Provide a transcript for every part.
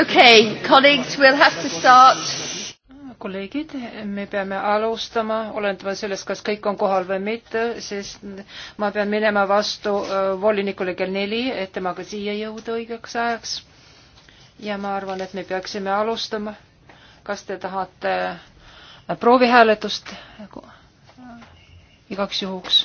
okay, colleagues, we'll have to start. kolleegid, me peame alustama, olenevalt sellest, kas kõik on kohal või mitte, sest ma pean minema vastu äh, volinikule kell neli, et temaga siia jõuda õigeks ajaks. ja ma arvan, et me peaksime alustama. kas te tahate äh, proovihääletust igaks juhuks?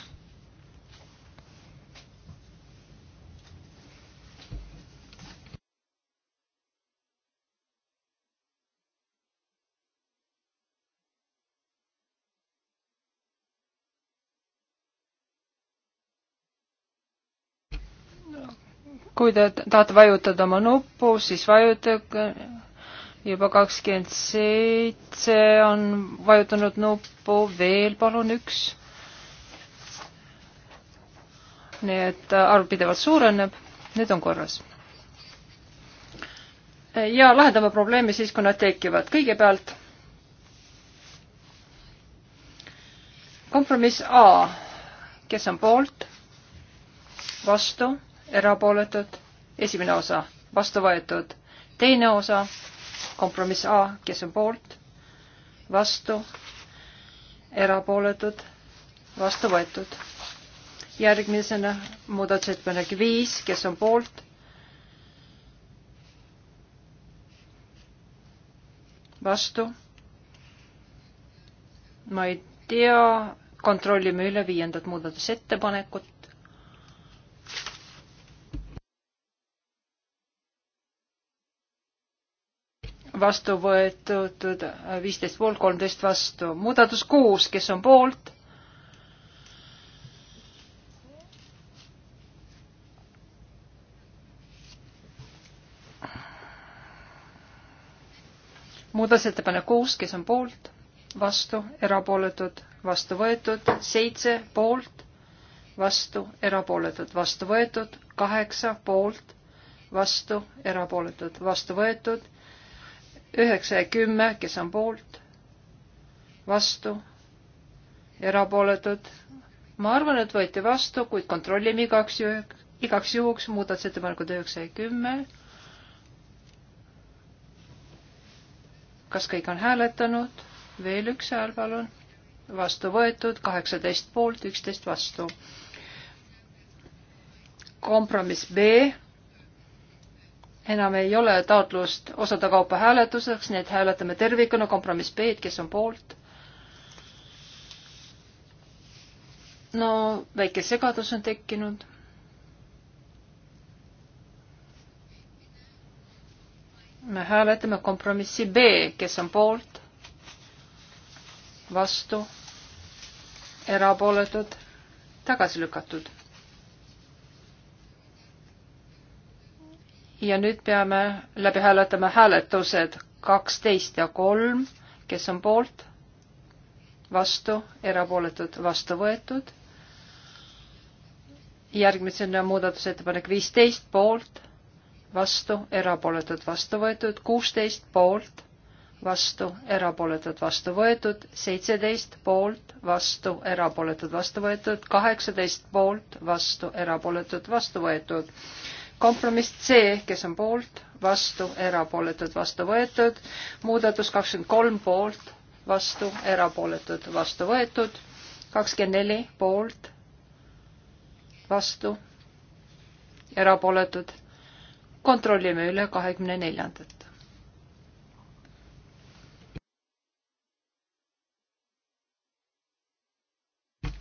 kui te tahate vajutada oma nuppu, siis vajutage juba kakskümmend seitse on vajutanud nuppu, veel palun üks. nii et äh, arv pidevalt suureneb, nüüd on korras. ja lahendame probleeme siis, kui nad tekivad. kõigepealt kompromiss A, kes on poolt, vastu erapooletud, esimene osa vastu võetud, teine osa kompromiss A, kes on poolt, vastu, erapooletud, vastu võetud. järgmisena muudatusettepanek viis, kes on poolt, vastu, ma ei tea, kontrollime üle viiendat muudatusettepanekut. vastu võetud viisteist poolt, kolmteist vastu. muudatus kuus, kes on poolt? muudatusettepanek kuus, kes on poolt, vastu, erapooletud, vastu võetud, seitse poolt, vastu, erapooletud, vastu võetud, kaheksa poolt, vastu, erapooletud, vastu võetud üheksa ja kümme, kes on poolt, vastu, erapooletud. ma arvan, et võeti vastu, kuid kontrollime igaks juhuks, igaks juhuks muudatusettepanekud üheksa ja kümme. kas kõik on hääletanud? veel üks hääl, palun. vastu võetud, kaheksateist poolt, üksteist vastu. kompromiss B enam ei ole taotlust osade kaupa hääletuseks, nii et hääletame tervikuna kompromiss B-d, kes on poolt. no väike segadus on tekkinud. me hääletame kompromissi B, kes on poolt, vastu, erapooletud, tagasi lükatud ja nüüd peame läbi hääletama hääletused kaksteist ja kolm, kes on poolt, vastu, erapooletud, vastu võetud. järgmisena muudatusettepanek viisteist poolt, vastu, erapooletud, vastu võetud, kuusteist poolt, vastu, erapooletud, vastu võetud, seitseteist poolt, vastu, erapooletud, vastu võetud, kaheksateist poolt, vastu, erapooletud, vastu võetud kompromiss C, kes on poolt, vastu, erapooletud, vastu võetud, muudatus kakskümmend kolm poolt, vastu, erapooletud, vastu võetud, kakskümmend neli poolt, vastu, erapooletud. kontrollime üle kahekümne neljandat.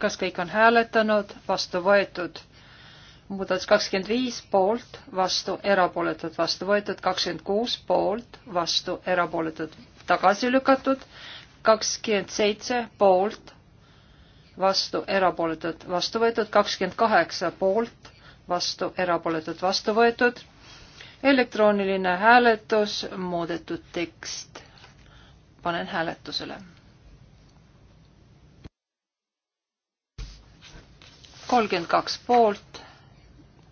kas kõik on hääletanud, vastu võetud muudatus kakskümmend viis poolt, vastu, erapooletud, vastu võetud, kakskümmend kuus poolt, vastu, erapooletud, tagasi lükatud, kakskümmend seitse poolt, vastu, erapooletud, vastu võetud, kakskümmend kaheksa poolt, vastu, erapooletud, vastu võetud, elektrooniline hääletus, muudetud tekst. panen hääletusele kolmkümmend kaks poolt,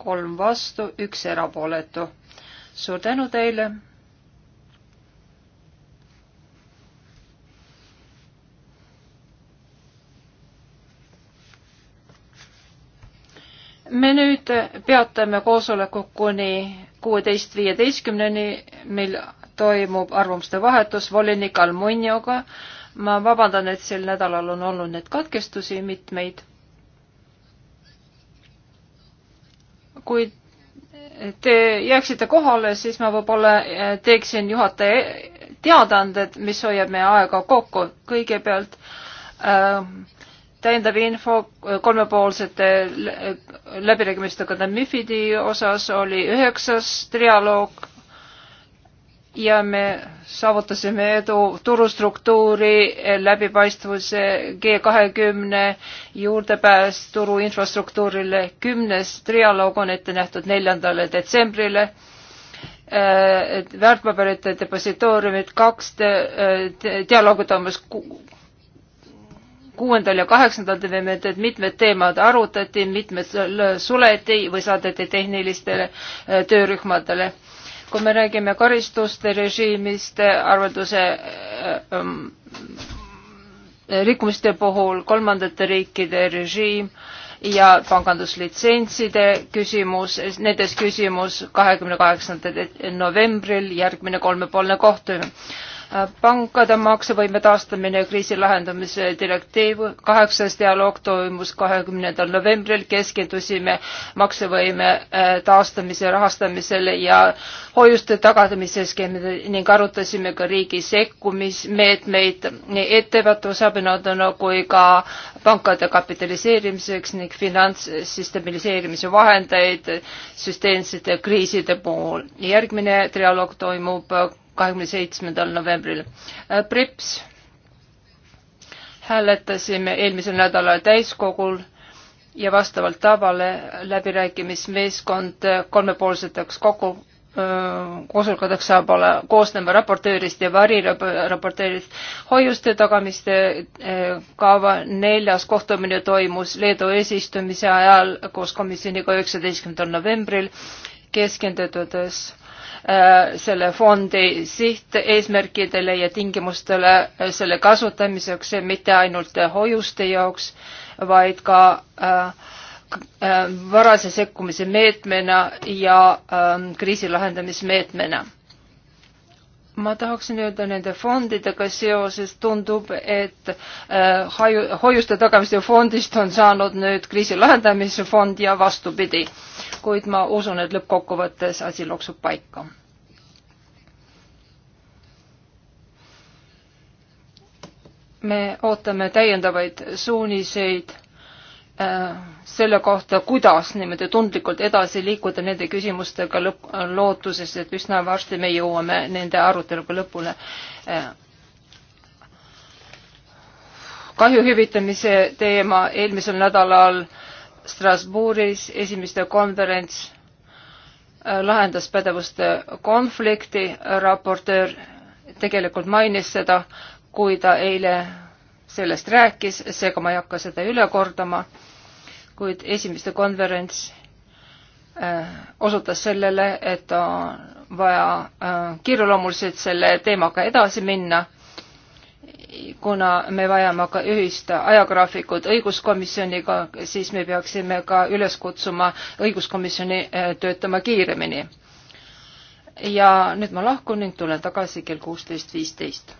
kolm vastu, üks erapooletu. suur tänu teile. me nüüd peatame koosoleku kuni kuueteist viieteistkümneni, mil toimub arvamuste vahetus volinik Almunioga. ma vabandan, et sel nädalal on olnud neid katkestusi mitmeid kui te jääksite kohale, siis ma võib-olla eh, teeksin juhataja teadaanded, mis hoiab meie aega kokku. kõigepealt äh, täiendav info eh, kolmepoolsete läbirääkimistega MIFID-i osas oli üheksas trialoog ja me saavutasime edu turustruktuuri läbipaistvuse G kahekümne juurdepääs turu infrastruktuurile. kümnes trialoog on ette nähtud neljandale detsembrile. Äh, väärtpaberite depositooriumid kaks äh, dialoogi toimus kuuendal ja kaheksandal novembril, et mitmed teemad arutati, mitmed suleti või saadeti tehnilistele äh, töörühmadele kui me räägime karistuste režiimist äh, arvelduse äh, ähm, rikkumiste puhul, kolmandate riikide režiim ja panganduslitsentside küsimus, nendes küsimus kahekümne kaheksandal novembril järgmine kolmepoolne kohtumine pankade maksevõime taastamine ja kriisi lahendamise direktiiv, kaheksas dialoog toimus kahekümnendal novembril, keskendusime maksevõime äh, taastamise rahastamisele ja hoiuste tagadamise skeemide ning arutasime ka riigi sekkumismeetmeid nii ettevõtlusabinõudena kui ka pankade kapitaliseerimiseks ning finantssüstabiliseerimise vahendeid süsteemsete kriiside puhul. järgmine trialoog toimub kahekümne seitsmendal novembril. Äh, PRIPS hääletasime eelmisel nädalal täiskogul ja vastavalt tavale läbirääkimismeeskond kolmepoolseteks kokku äh, koosolekuteks saab ole, koosnema raportöörist ja variraportöörist. hoiuste tagamiste äh, kava neljas kohtumine toimus Leedu eesistumise ajal koos komisjoniga üheksateistkümnendal novembril, keskendudes Äh, selle fondi sihteesmärkidele ja tingimustele äh, selle kasutamiseks, mitte ainult hoiuste jaoks, vaid ka äh, varase sekkumise meetmena ja ähm, kriisi lahendamismeetmena ma tahaksin öelda nende fondidega seoses, tundub, et äh, haju, hoiuste tagamise fondist on saanud nüüd kriisi lahendamise fond ja vastupidi. kuid ma usun, et lõppkokkuvõttes asi loksub paika. me ootame täiendavaid suuniseid Äh, selle kohta, kuidas niimoodi tundlikult edasi liikuda nende küsimustega lõp-, äh, lootuses, et üsna varsti me jõuame nende aruteluga lõpule. Äh, kahju hüvitamise teema eelmisel nädalal Strasbourgis esimeste konverents lahendas pädevuste konflikti, raportöör tegelikult mainis seda, kui ta eile sellest rääkis, seega ma ei hakka seda üle kordama kuid esimeste konverents äh, osutas sellele, et on vaja äh, kiireloomuliselt selle teemaga edasi minna, kuna me vajame ka ühist ajagraafikut õiguskomisjoniga, siis me peaksime ka üles kutsuma õiguskomisjoni äh, töötama kiiremini. ja nüüd ma lahkun ning tulen tagasi kell kuusteist viisteist.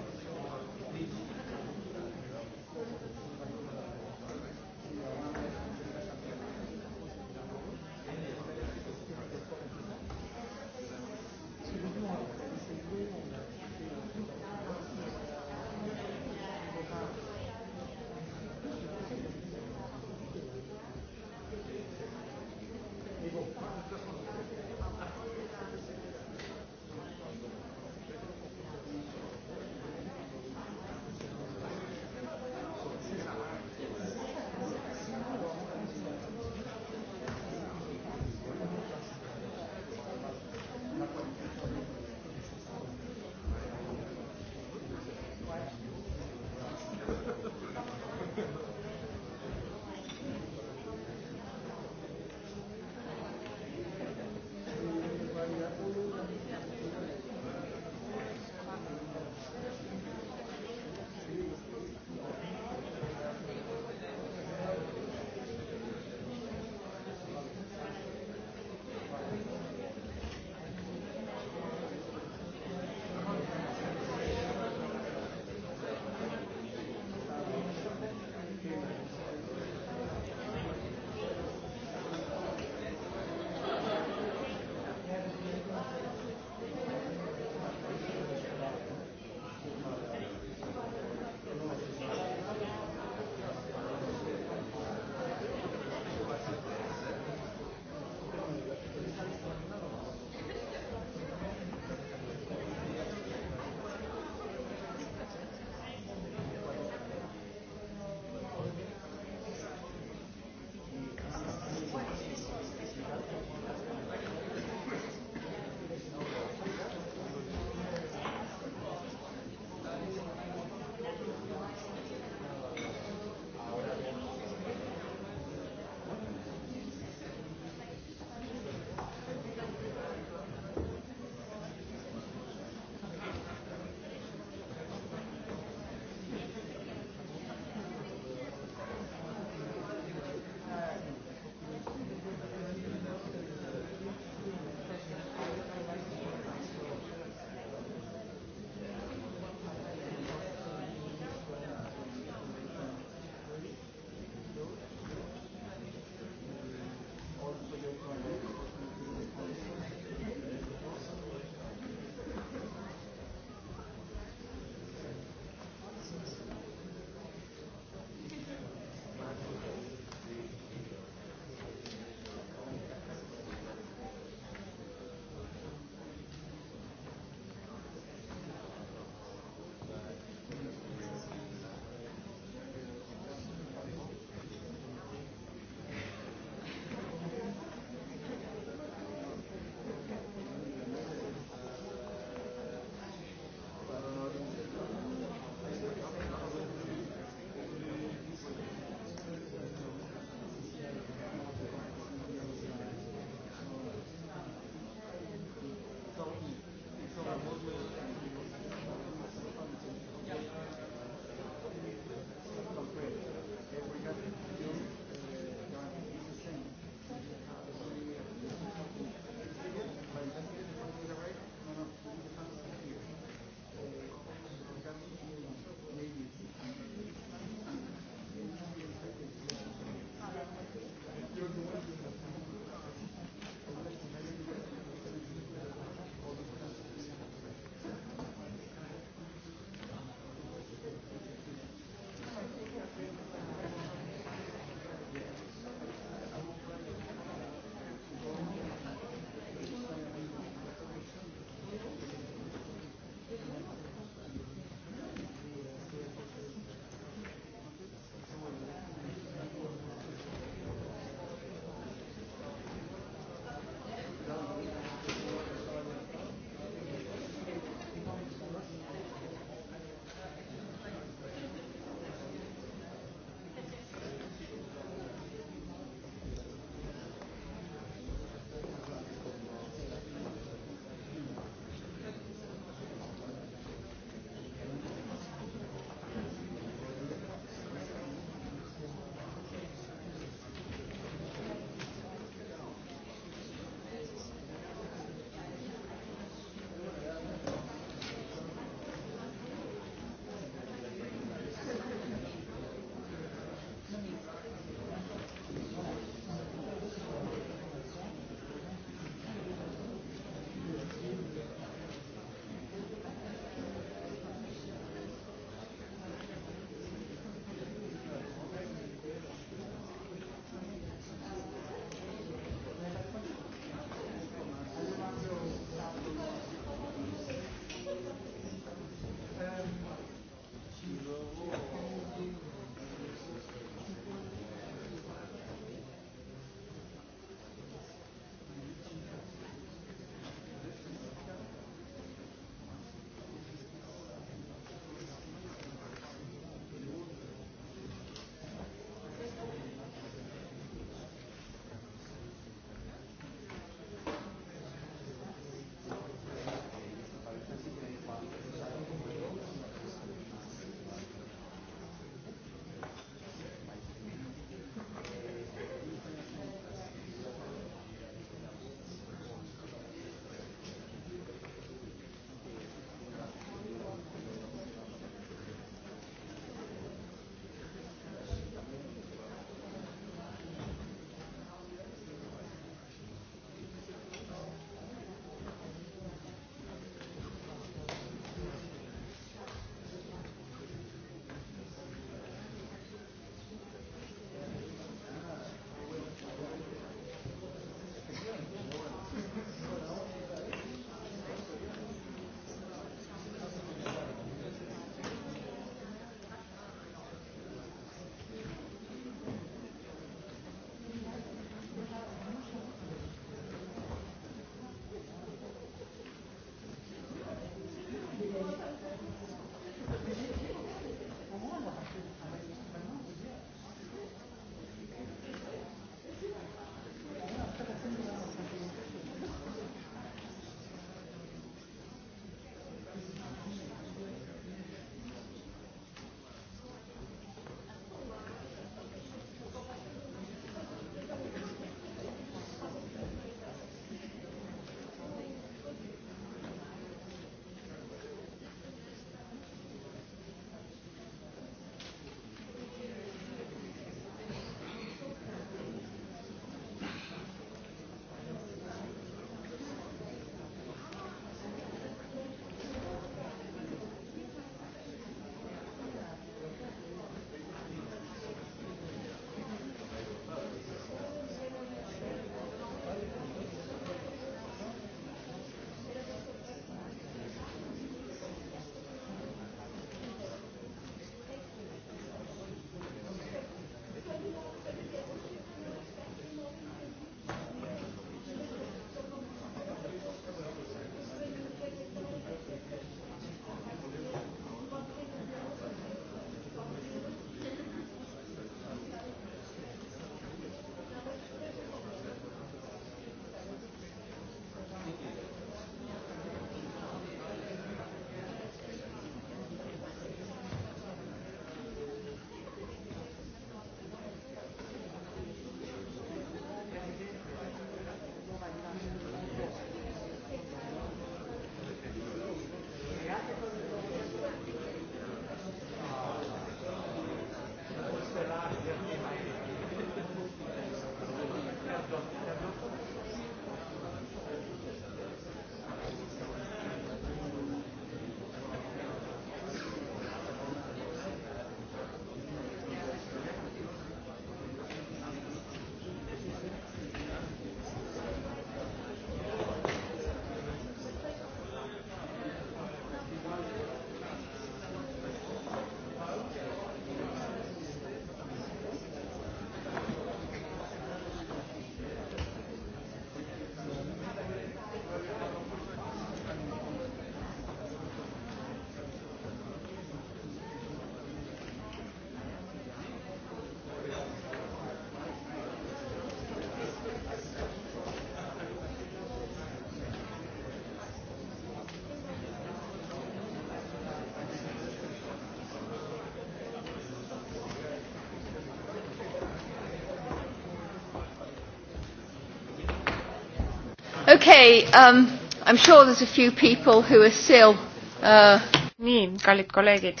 Okay, um, I am sure there is a few people who are still uh... nii, kallid kolleegid.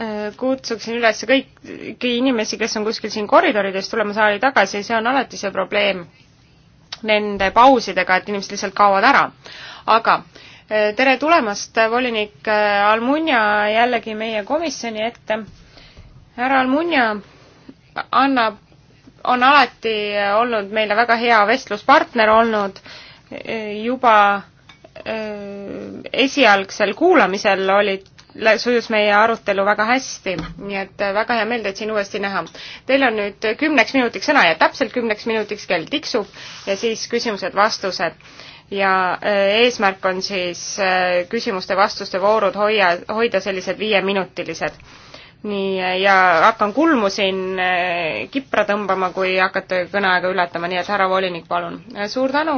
Äh, kutsuksin üles kõiki inimesi, kes on kuskil siin koridorides, tulema saali tagasi, see on alati see probleem nende pausidega, et inimesed lihtsalt kaovad ära. aga äh, tere tulemast, volinik äh, Almunia jällegi meie komisjoni ette. härra Almunia annab on alati olnud meile väga hea vestluspartner olnud juba esialgsel kuulamisel olid sujus meie arutelu väga hästi, nii et väga hea meel teid siin uuesti näha. Teil on nüüd kümneks minutiks sõna ja täpselt kümneks minutiks kell tiksub ja siis küsimused-vastused. ja eesmärk on siis küsimuste-vastuste voorud hoia, hoida sellised viieminutilised nii, ja hakkan kulmu siin eh, kipra tõmbama, kui hakkate kõneaega ületama, nii et härra volinik, palun. Eh, suur tänu,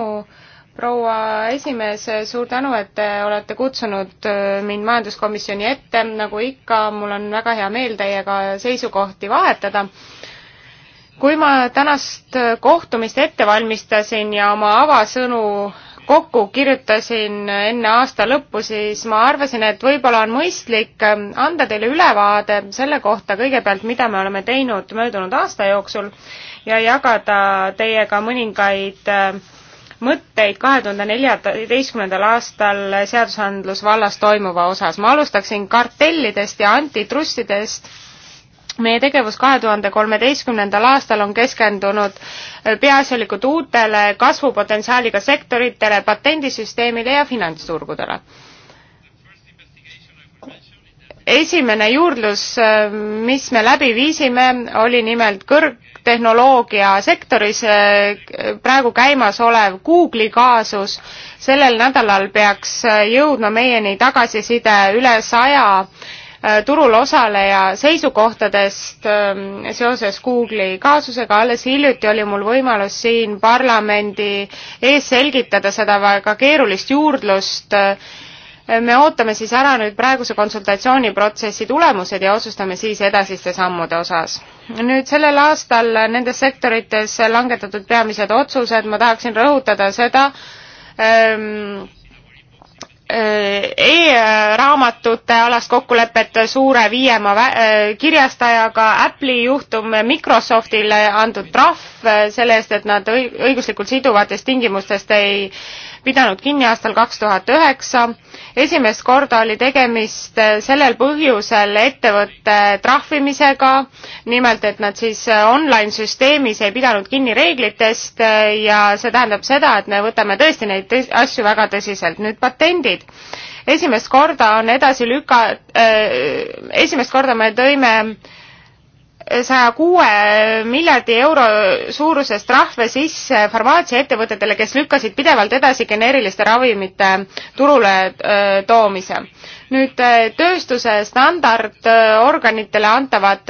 proua esimees, eh, suur tänu, et te olete kutsunud mind majanduskomisjoni ette, nagu ikka, mul on väga hea meel teiega seisukohti vahetada kui ma tänast kohtumist ette valmistasin ja oma avasõnu kokku kirjutasin enne aasta lõppu, siis ma arvasin, et võib-olla on mõistlik ähm, anda teile ülevaade selle kohta kõigepealt, mida me oleme teinud möödunud aasta jooksul ja jagada teiega mõningaid ähm, mõtteid kahe tuhande neljateistkümnendal aastal seadusandlusvallas toimuva osas. ma alustaksin kartellidest ja antitrustidest meie tegevus kahe tuhande kolmeteistkümnendal aastal on keskendunud äh, peaasjalikult uutele kasvupotentsiaaliga sektoritele, patendisüsteemile ja finantsturgudele. esimene juurdlus, äh, mis me läbi viisime, oli nimelt kõrgtehnoloogia sektoris äh, praegu käimasolev Google'i kaasus. sellel nädalal peaks jõudma meieni tagasiside üle saja 100 Äh, turul osaleja seisukohtadest ähm, seoses Google'i kaasusega. alles hiljuti oli mul võimalus siin parlamendi ees selgitada seda väga keerulist juurdlust. Äh, me ootame siis ära nüüd praeguse konsultatsiooniprotsessi tulemused ja otsustame siis edasiste sammude osas. nüüd sellel aastal nendes sektorites langetatud peamised otsused, ma tahaksin rõhutada seda, ähm, Äh, e-raamatute alast kokkulepet suure viiema äh, kirjastajaga, Apple'i juhtum, Microsoftile antud trahv äh, selle eest, et nad õiguslikult siduvatest tingimustest ei pidanud kinni aastal kaks tuhat üheksa. esimest korda oli tegemist eh, sellel põhjusel ettevõtte trahvimisega, nimelt et nad siis eh, online süsteemis ei pidanud kinni reeglitest eh, ja see tähendab seda, et me võtame tõesti neid asju väga tõsiselt. nüüd patendid esimest korda on edasi lüka- äh,, esimest korda me tõime saja kuue miljardi euro suurusest trahve sisse farmaatsiaettevõtetele, kes lükkasid pidevalt edasi geneeriliste ravimite turule toomise. nüüd tööstuse standardorganitele antavad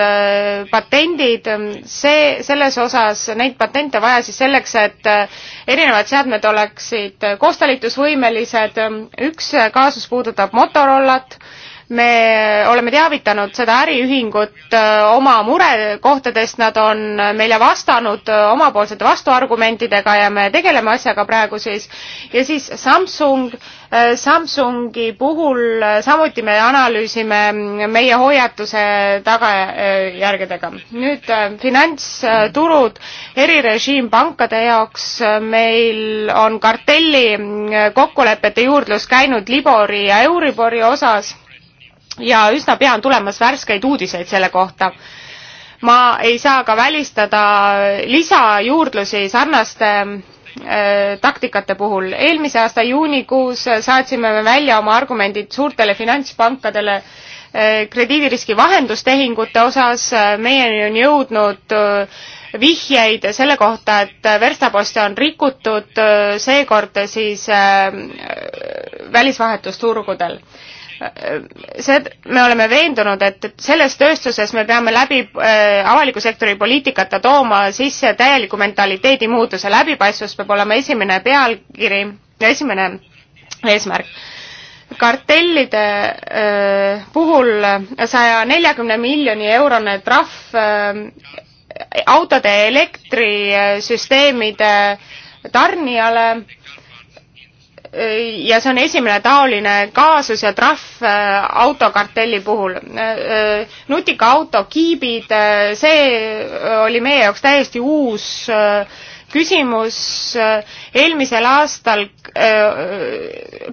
patendid, see, selles osas neid patente vaja siis selleks, et erinevad seadmed oleksid koostalitusvõimelised, üks kaasus puudutab Motorolat me oleme teavitanud seda äriühingut äh, oma murekohtadest, nad on meile vastanud äh, omapoolsete vastuargumentidega ja me tegeleme asjaga praegu siis. ja siis Samsung, äh, Samsungi puhul samuti me analüüsime meie hoiatuse tagajärgedega. nüüd finantsturud, erirežiim pankade jaoks, meil on kartelli kokkulepete juurdlus käinud Libori ja Euribori osas ja üsna pea on tulemas värskeid uudiseid selle kohta. ma ei saa ka välistada lisajuurdlusi sarnaste äh, taktikate puhul. eelmise aasta juunikuus saatsime me välja oma argumendid suurtele finantspankadele äh, krediidiriski vahendustehingute osas. meieni on jõudnud äh, vihjeid selle kohta, et verstaposte on rikutud, seekord siis välisvahetusturgudel see, me oleme veendunud, et, et selles tööstuses me peame läbi äh, avaliku sektori poliitikata tooma sisse täieliku mentaliteedi muutuse, läbipaistvus peab olema esimene pealkiri, esimene eesmärk. kartellide äh, puhul saja neljakümne miljoni eurone trahv äh, autode elektrisüsteemide tarnijale äh, Äh, ja see on esimene taoline kaasus ja trahv äh, autokartelli puhul. Äh, nutika auto kiibid, see oli meie jaoks täiesti uus küsimus, eelmisel aastal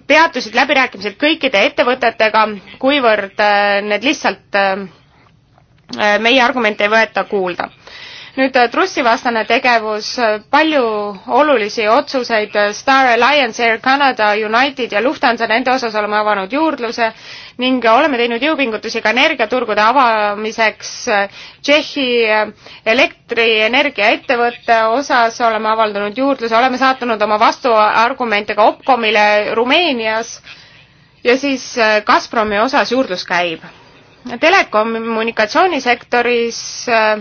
peatusid läbirääkimised kõikide ettevõtetega, kuivõrd need lihtsalt meie argumente ei võeta kuulda nüüd äh, trussivastane tegevus, äh, palju olulisi otsuseid, äh, Star Alliance, Air Canada, United ja Lufthansa, nende osas oleme avanud juurdluse ning oleme teinud jõupingutusi ka energiaturgude avamiseks. Tšehhi elektrienergiaettevõtte osas oleme avaldanud juurdluse, oleme saatnud oma vastuargumente ka Opcomile Rumeenias ja siis Gazpromi osas juurdlus käib telekommunikatsioonisektoris äh,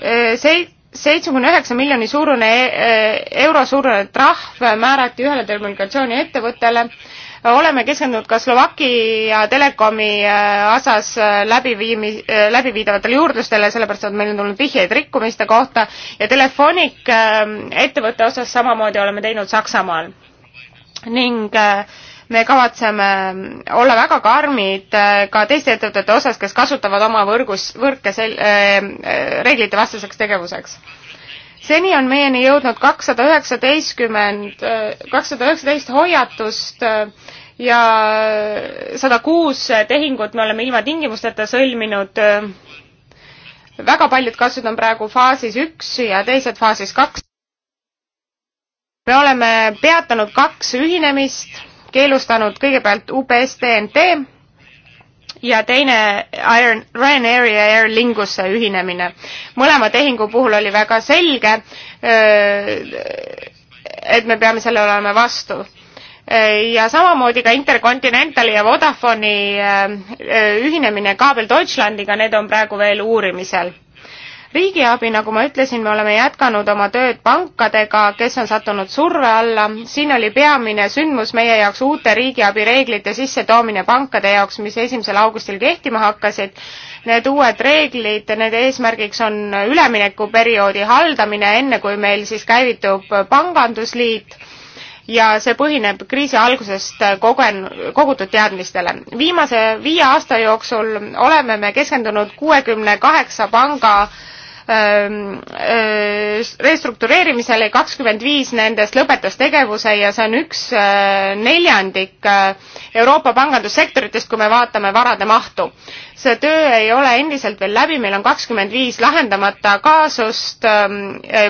Eh, seit-, seitsmekümne üheksa miljoni suurune eh, euro suurune trahv määrati ühele telekommunikatsiooniettevõttele. oleme keskendunud ka Slovakkia telekomi osas eh, läbiviimi-, läbiviidavatele juurdlustele, sellepärast et meil on tulnud vihjeid rikkumiste kohta ja Telefonic ettevõtte osas samamoodi oleme teinud Saksamaal. ning äh, me kavatseme olla väga karmid äh, ka teiste ettevõtete osas, kes kasutavad oma võrgus, võrke sel- äh,, äh reeglite vastaseks tegevuseks. seni on meieni jõudnud kakssada üheksateistkümmend, äh, kakssada üheksateist hoiatust ja sada kuus tehingut me oleme ilma tingimusteta sõlminud. väga paljud katsud on praegu faasis üks ja teised faasis kaks. me oleme peatanud kaks ühinemist keelustanud kõigepealt UPS TNT ja teine Iron, Ryanairi ja Air Lingusse ühinemine. mõlema tehingu puhul oli väga selge, et me peame selle olema vastu ja samamoodi ka Intercontinentali ja Vodafoni ühinemine Kabel Deutschlandiga, need on praegu veel uurimisel riigiabi, nagu ma ütlesin, me oleme jätkanud oma tööd pankadega, kes on sattunud surve alla. siin oli peamine sündmus meie jaoks uute riigiabireeglite sissetoomine pankade jaoks, mis esimesel augustil kehtima hakkasid. Need uued reeglid, nende eesmärgiks on üleminekuperioodi haldamine, enne kui meil siis käivitub pangandusliit ja see põhineb kriisi algusest kogen-, kogutud teadmistele. viimase viie aasta jooksul oleme me keskendunud kuuekümne kaheksa panga äh, Ehm, ehm, restruktureerimisele ja kakskümmend viis nendest lõpetas tegevuse ja see on üks ehm, neljandik Euroopa pangandussektoritest, kui me vaatame varade mahtu. see töö ei ole endiselt veel läbi, meil on kakskümmend viis lahendamata kaasust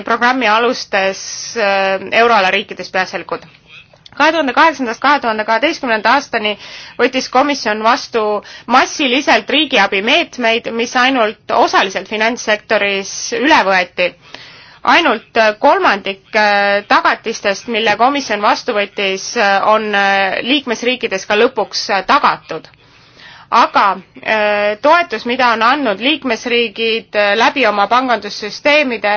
programmi alustes euroala riikides peaasjalikult kahe tuhande kaheksandast kahe tuhande kaheteistkümnenda aastani võttis komisjon vastu massiliselt riigiabimeetmeid, mis ainult osaliselt finantssektoris üle võeti. ainult kolmandik äh, tagatistest, mille komisjon vastu võttis, äh, on äh, liikmesriikides ka lõpuks tagatud aga toetus, mida on andnud liikmesriigid läbi oma pangandussüsteemide,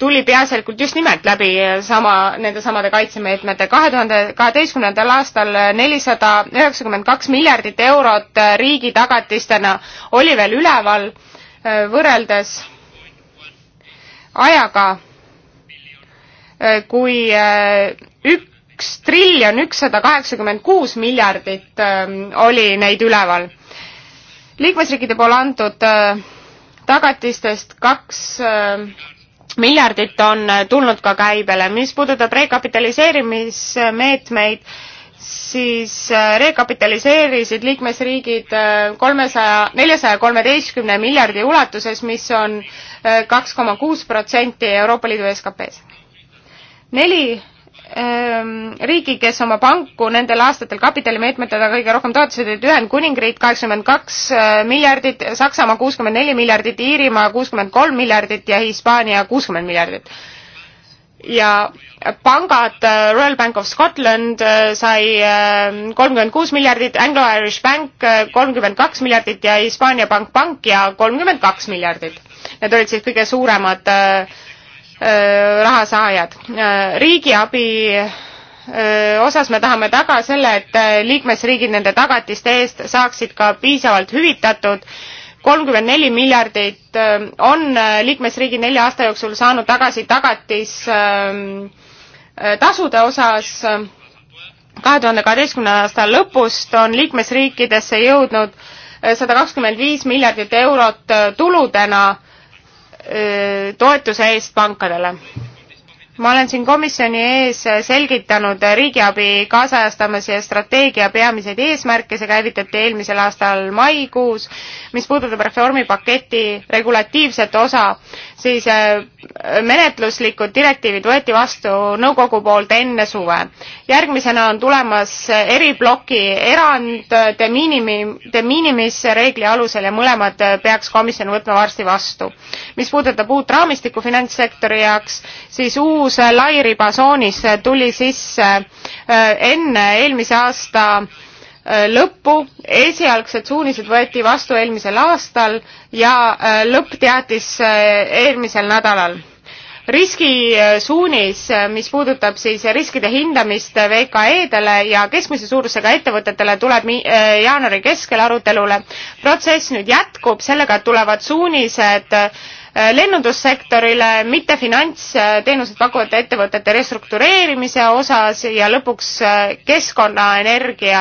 tuli peaasjalikult just nimelt läbi sama, nende samade kaitsemeetmete. kahe tuhande kaheteistkümnendal aastal nelisada üheksakümmend kaks miljardit eurot riigi tagatistena oli veel üleval äh, võrreldes ajaga, äh, kui äh, üks triljon ükssada kaheksakümmend kuus miljardit ähm, oli neid üleval. liikmesriikide poole antud tagatistest kaks miljardit on tulnud ka käibele. mis puudutab rekapitaliseerimismeetmeid, siis äh, rekapitaliseerisid liikmesriigid äh, kolmesaja, neljasaja kolmeteistkümne miljardi ulatuses, mis on äh, kaks koma kuus protsenti Euroopa Liidu SKP-s. neli Ehm, riigi, kes oma panku nendel aastatel kapitalimeetmetega kõige rohkem toetasid, olid Ühendkuningriik kaheksakümmend kaks eh, miljardit, Saksamaa kuuskümmend neli miljardit, Iirimaa kuuskümmend kolm miljardit ja Hispaania kuuskümmend miljardit. ja pangad, eh, Royal Bank of Scotland eh, sai kolmkümmend kuus miljardit, Anglo-Irish Bank kolmkümmend kaks miljardit ja Hispaania Pank Pank ja kolmkümmend kaks miljardit. Need olid siis kõige suuremad äh, Äh, rahasaajad. Äh, riigiabi äh, osas me tahame taga selle, et liikmesriigid nende tagatiste eest saaksid ka piisavalt hüvitatud. kolmkümmend neli miljardit on liikmesriigid nelja aasta jooksul saanud tagasi tagatistasude ähm, osas. kahe tuhande kaheteistkümnenda aasta lõpust on liikmesriikidesse jõudnud sada kakskümmend viis miljardit eurot tuludena toetuse eest pankadele ma olen siin komisjoni ees selgitanud riigiabi kaasajastamise strateegia peamiseid eesmärke, see käivitati eelmisel aastal maikuus. mis puudutab reformipaketi regulatiivset osa, siis äh, menetluslikud direktiivid võeti vastu nõukogu poolt enne suve. järgmisena on tulemas eribloki erand de minimi, de minimis reegli alusel ja mõlemad peaks komisjon võtma varsti vastu. mis puudutab uut raamistikku finantssektori jaoks, siis uus uus lairibasoonis tuli sisse äh, enne eelmise aasta äh, lõppu, esialgsed suunised võeti vastu eelmisel aastal ja äh, lõppteatis eelmisel nädalal. riskisuunis, mis puudutab siis riskide hindamist VKE-dele ja keskmise suurusega ettevõtetele, tuleb jaanuari keskel arutelule. protsess nüüd jätkub, sellega tulevad suunised äh, Äh, lennundussektorile, mitte finantsteenused pakkuvate ettevõtete restruktureerimise osas ja lõpuks äh, keskkonnaenergia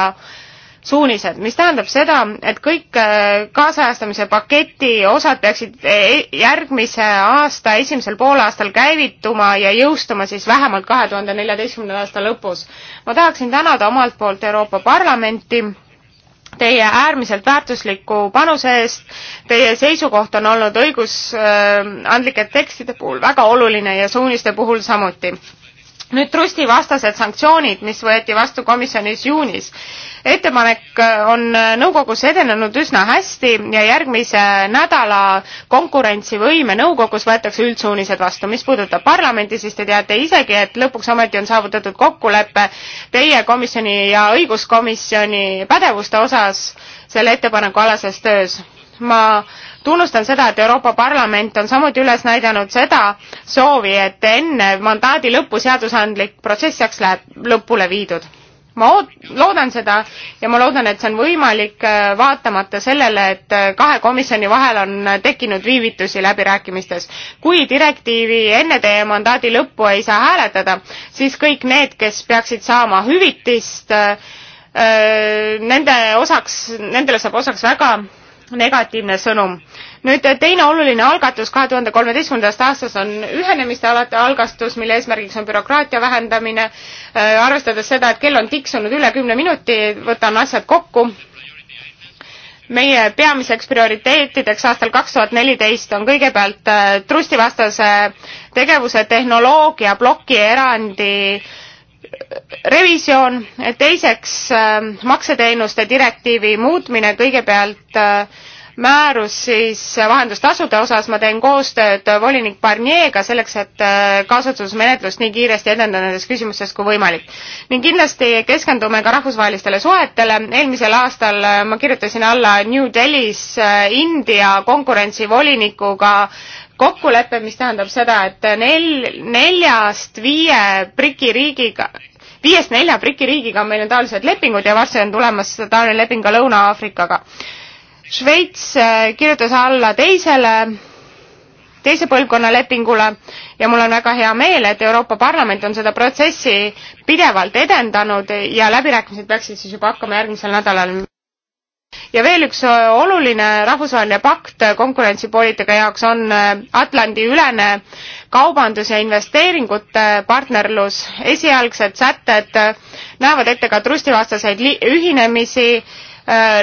suunised, mis tähendab seda, et kõik äh, kaasajastamise paketi osad peaksid e, e, järgmise aasta esimesel poolaastal käivituma ja jõustuma siis vähemalt kahe tuhande neljateistkümnenda aasta lõpus. ma tahaksin tänada omalt poolt Euroopa Parlamenti teie äärmiselt väärtusliku panuse eest. Teie seisukoht on olnud õigusandlike tekstide puhul väga oluline ja suuniste puhul samuti nüüd trusti vastased sanktsioonid, mis võeti vastu komisjonis juunis. ettepanek äh, on äh, nõukogus edenenud üsna hästi ja järgmise nädala konkurentsivõime nõukogus võetakse üldsuunised vastu. mis puudutab parlamenti, siis te teate isegi, et lõpuks ometi on saavutatud kokkulepe teie komisjoni ja õiguskomisjoni pädevuste osas selle ettepaneku alases töös ma tunnustan seda, et Euroopa Parlament on samuti üles näidanud seda soovi, et enne mandaadi lõppu seadusandlik protsess saaks läheb lõpule viidud. ma oot-, loodan seda ja ma loodan, et see on võimalik äh, vaatamata sellele, et äh, kahe komisjoni vahel on äh, tekkinud viivitusi läbirääkimistes. kui direktiivi enne teie mandaadi lõppu ei saa hääletada, siis kõik need, kes peaksid saama hüvitist, nende osaks, nendele saab osaks väga negatiivne sõnum. nüüd teine oluline algatus kahe tuhande kolmeteistkümnendast aastast on ühenemiste alati algastus, mille eesmärgiks on bürokraatia vähendamine. Äh, arvestades seda, et kell on tiksunud üle kümne minuti, võtan asjad kokku. meie peamiseks prioriteetideks aastal kaks tuhat neliteist on kõigepealt äh, trustivastase tegevuse tehnoloogia plokierandi äh, revisjon, teiseks ähm, makseteenuste direktiivi muutmine, kõigepealt äh, määrus siis vahendustasude osas, ma teen koostööd volinik Barnier'ga selleks, et äh, kaasotsusmenetlust nii kiiresti edendada nendes küsimustes kui võimalik. ning kindlasti keskendume ka rahvusvahelistele suhetele, eelmisel aastal äh, ma kirjutasin alla New Delhis India konkurentsivolinikuga kokkulepe, mis tähendab seda, et nel-, neljast viie BRICS-i riigiga, viiest nelja BRICS-i riigiga meil on taolised lepingud ja varsti on tulemas taoline leping ka Lõuna-Aafrikaga. Šveits äh, kirjutas alla teisele, teise põlvkonna lepingule ja mul on väga hea meel, et Euroopa Parlament on seda protsessi pidevalt edendanud ja läbirääkimised peaksid siis juba hakkama järgmisel nädalal ja veel üks äh, oluline rahvusvaheline pakt äh, konkurentsipoliitika jaoks on äh, Atlandi ülene kaubandus ja investeeringute partnerlus. esialgsed sätted näevad ette ka trustivastaseid ühinemisi,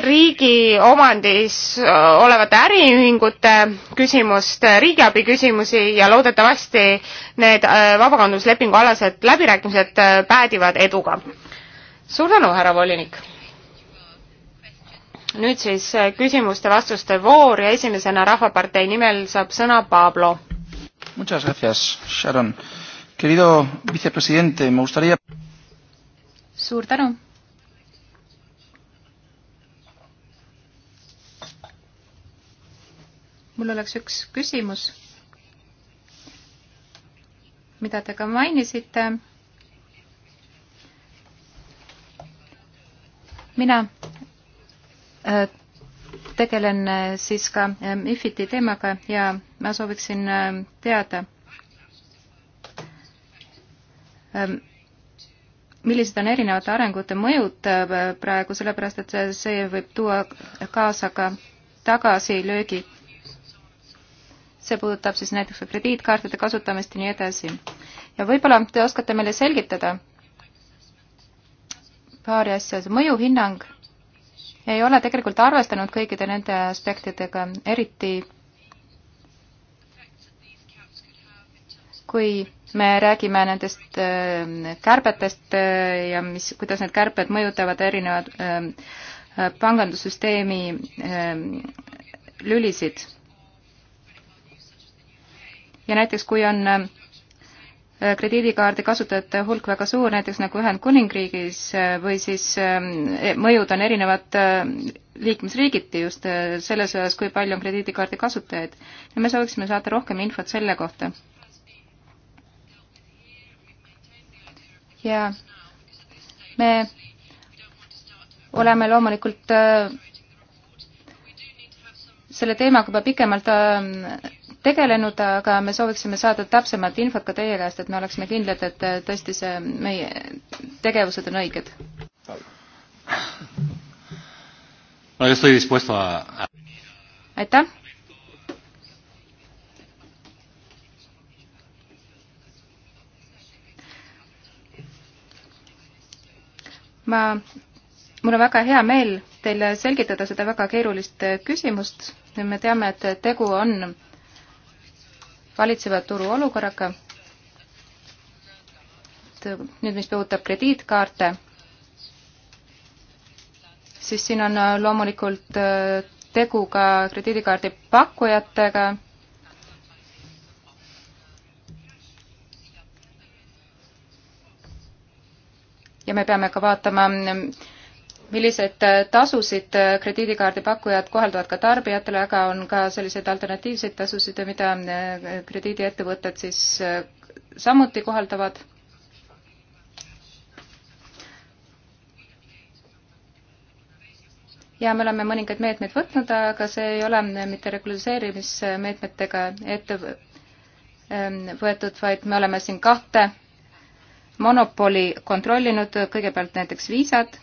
riigi omandis olevate äriühingute küsimust, riigiabi küsimusi ja loodetavasti need vabakaubanduslepingu alased läbirääkimised päädivad eduga. suur tänu, härra volinik! nüüd siis äh, küsimuste-vastuste voor ja esimesena Rahvapartei nimel saab sõna Pablo. Muchas gracias, Sharon. Querido vicepresidente, me gustaría... suur tänu. mul oleks üks küsimus, mida te ka mainisite. mina Äh, tegelen äh, siis ka ähm, IFIT-i teemaga ja ma sooviksin ähm, teada, ähm, millised on erinevate arengute mõjud äh, praegu, sellepärast et see, see võib tuua kaasa ka tagasilöögi. see puudutab siis näiteks ka krediitkaartide kasutamist ja nii edasi. ja võib-olla te oskate meile selgitada paari asja, see mõjuhinnang ei ole tegelikult arvestanud kõikide nende aspektidega, eriti kui me räägime nendest äh, kärbetest äh, ja mis, kuidas need kärped mõjutavad erinevad äh, pangandussüsteemi lülisid. ja näiteks, kui on Äh, krediidikaardi kasutajate hulk väga suur, näiteks nagu Ühendkuningriigis äh, või siis äh, e, mõjud on erinevad liikmesriigiti just selles osas, kui palju on krediidikaardi kasutajaid. ja me sooviksime saada rohkem infot selle kohta. ja me oleme loomulikult selle teemaga juba pikemalt tegelenud, aga me sooviksime saada täpsemat infot ka teie käest, et me oleksime kindlad, et äh, tõesti see, meie tegevused on õiged. aitäh. ma, mul on väga hea meel teile selgitada seda väga keerulist küsimust. me teame, et tegu on valitseva turuolukorraga. nüüd, mis puudutab krediitkaarte, siis siin on äh, loomulikult äh, tegu ka krediidikaardi pakkujatega ja me peame ka vaatama, mm, milliseid äh, tasusid äh, krediidikaardi pakkujad kohalduvad ka tarbijatele, aga on ka selliseid alternatiivseid tasusid, mida äh, krediidiettevõtted siis samuti kohaldavad. ja me oleme mõningaid meetmeid võtnud, aga see ei ole mitte regulariseerimismeetmetega ette ähm, võetud, vaid me oleme siin kahte monopoli kontrollinud, kõigepealt näiteks viisad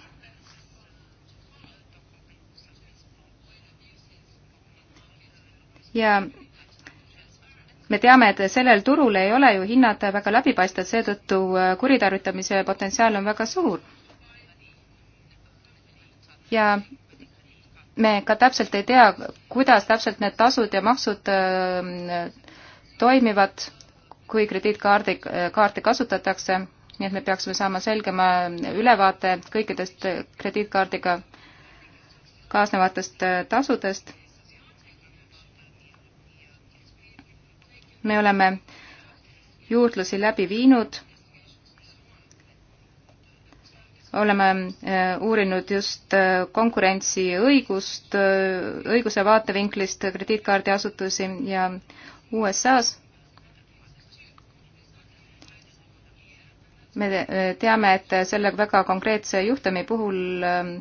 ja me teame, et sellel turul ei ole ju hinnad väga läbipaistvad, seetõttu äh, kuritarvitamise potentsiaal on väga suur. ja me ka täpselt ei tea, kuidas täpselt need tasud ja maksud äh, toimivad, kui krediitkaardi, äh, kaarte kasutatakse, nii et me peaksime saama selgema ülevaate kõikidest krediitkaardiga kaasnevatest tasudest me oleme juurdlusi läbi viinud, oleme äh, uurinud just äh, konkurentsiõigust, äh, õiguse vaatevinklist krediitkaardiasutusi ja USA-s me teame, et selle väga konkreetse juhtumi puhul ähm,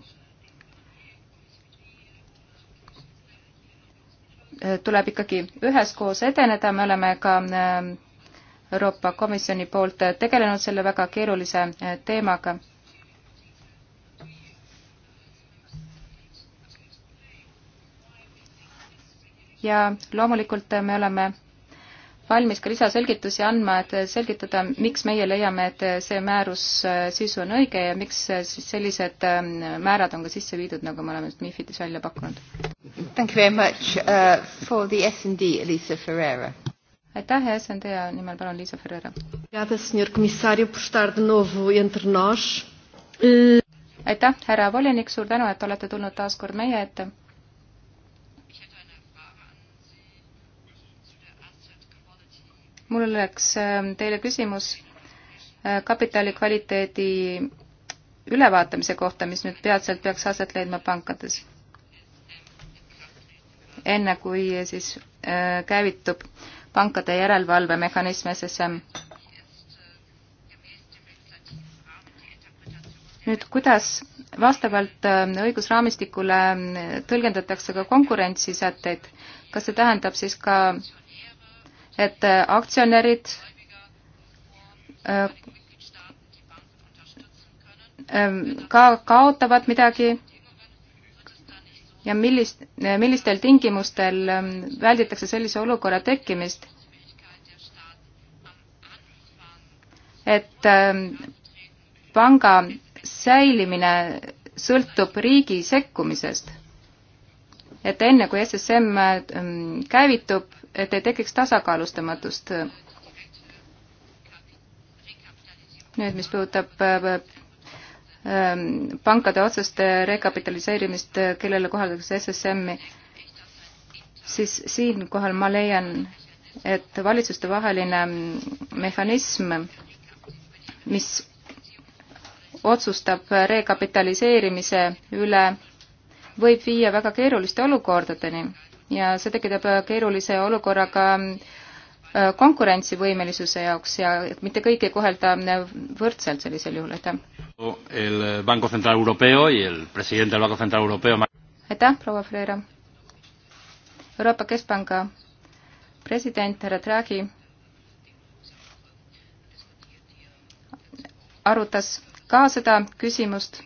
tuleb ikkagi üheskoos edeneda, me oleme ka äh, Euroopa Komisjoni poolt äh, tegelenud selle väga keerulise äh, teemaga. ja loomulikult me oleme valmis ka lisaselgitusi andma, et selgitada, miks meie leiame, et see määrus äh, sisu on õige ja miks äh, siis sellised ähm, määrad on ka sisse viidud, nagu me oleme just MIFIDis välja pakkunud. Thank you very much uh, for the SND, Elisa Ferreira. aitäh ja SND nimel palun Liisa Ferreira. aitäh, härra volinik, suur tänu, et olete tulnud taas kord meie ette mul oleks ähm, teile küsimus äh, kapitali kvaliteedi ülevaatamise kohta, mis nüüd peatselt peaks aset leidma pankades, enne kui äh, siis äh, käivitub pankade järelevalvemehhanism SSM. nüüd, kuidas vastavalt ähm, õigusraamistikule tõlgendatakse ka konkurentsisätteid, kas see tähendab siis ka et äh, aktsionärid äh, äh, ka kaotavad midagi ja millist, millistel tingimustel ähm, välditakse sellise olukorra tekkimist, et ähm, panga säilimine sõltub riigi sekkumisest. et enne, kui SSM ähm, käivitub, et ei tekiks tasakaalustamatust. nüüd, mis puudutab ähm, pankade otseste rekapitaliseerimist, kellele kohaldatakse SSM-i, siis siinkohal ma leian, et valitsustevaheline mehhanism, mis otsustab rekapitaliseerimise üle, võib viia väga keeruliste olukordadeni ja see tekitab keerulise olukorra ka äh, konkurentsivõimelisuse jaoks ja mitte kõiki kohelda äh, võrdselt sellisel juhul, aitäh. aitäh, proua Freire. Euroopa Keskpanga president härra Draghi arutas ka seda küsimust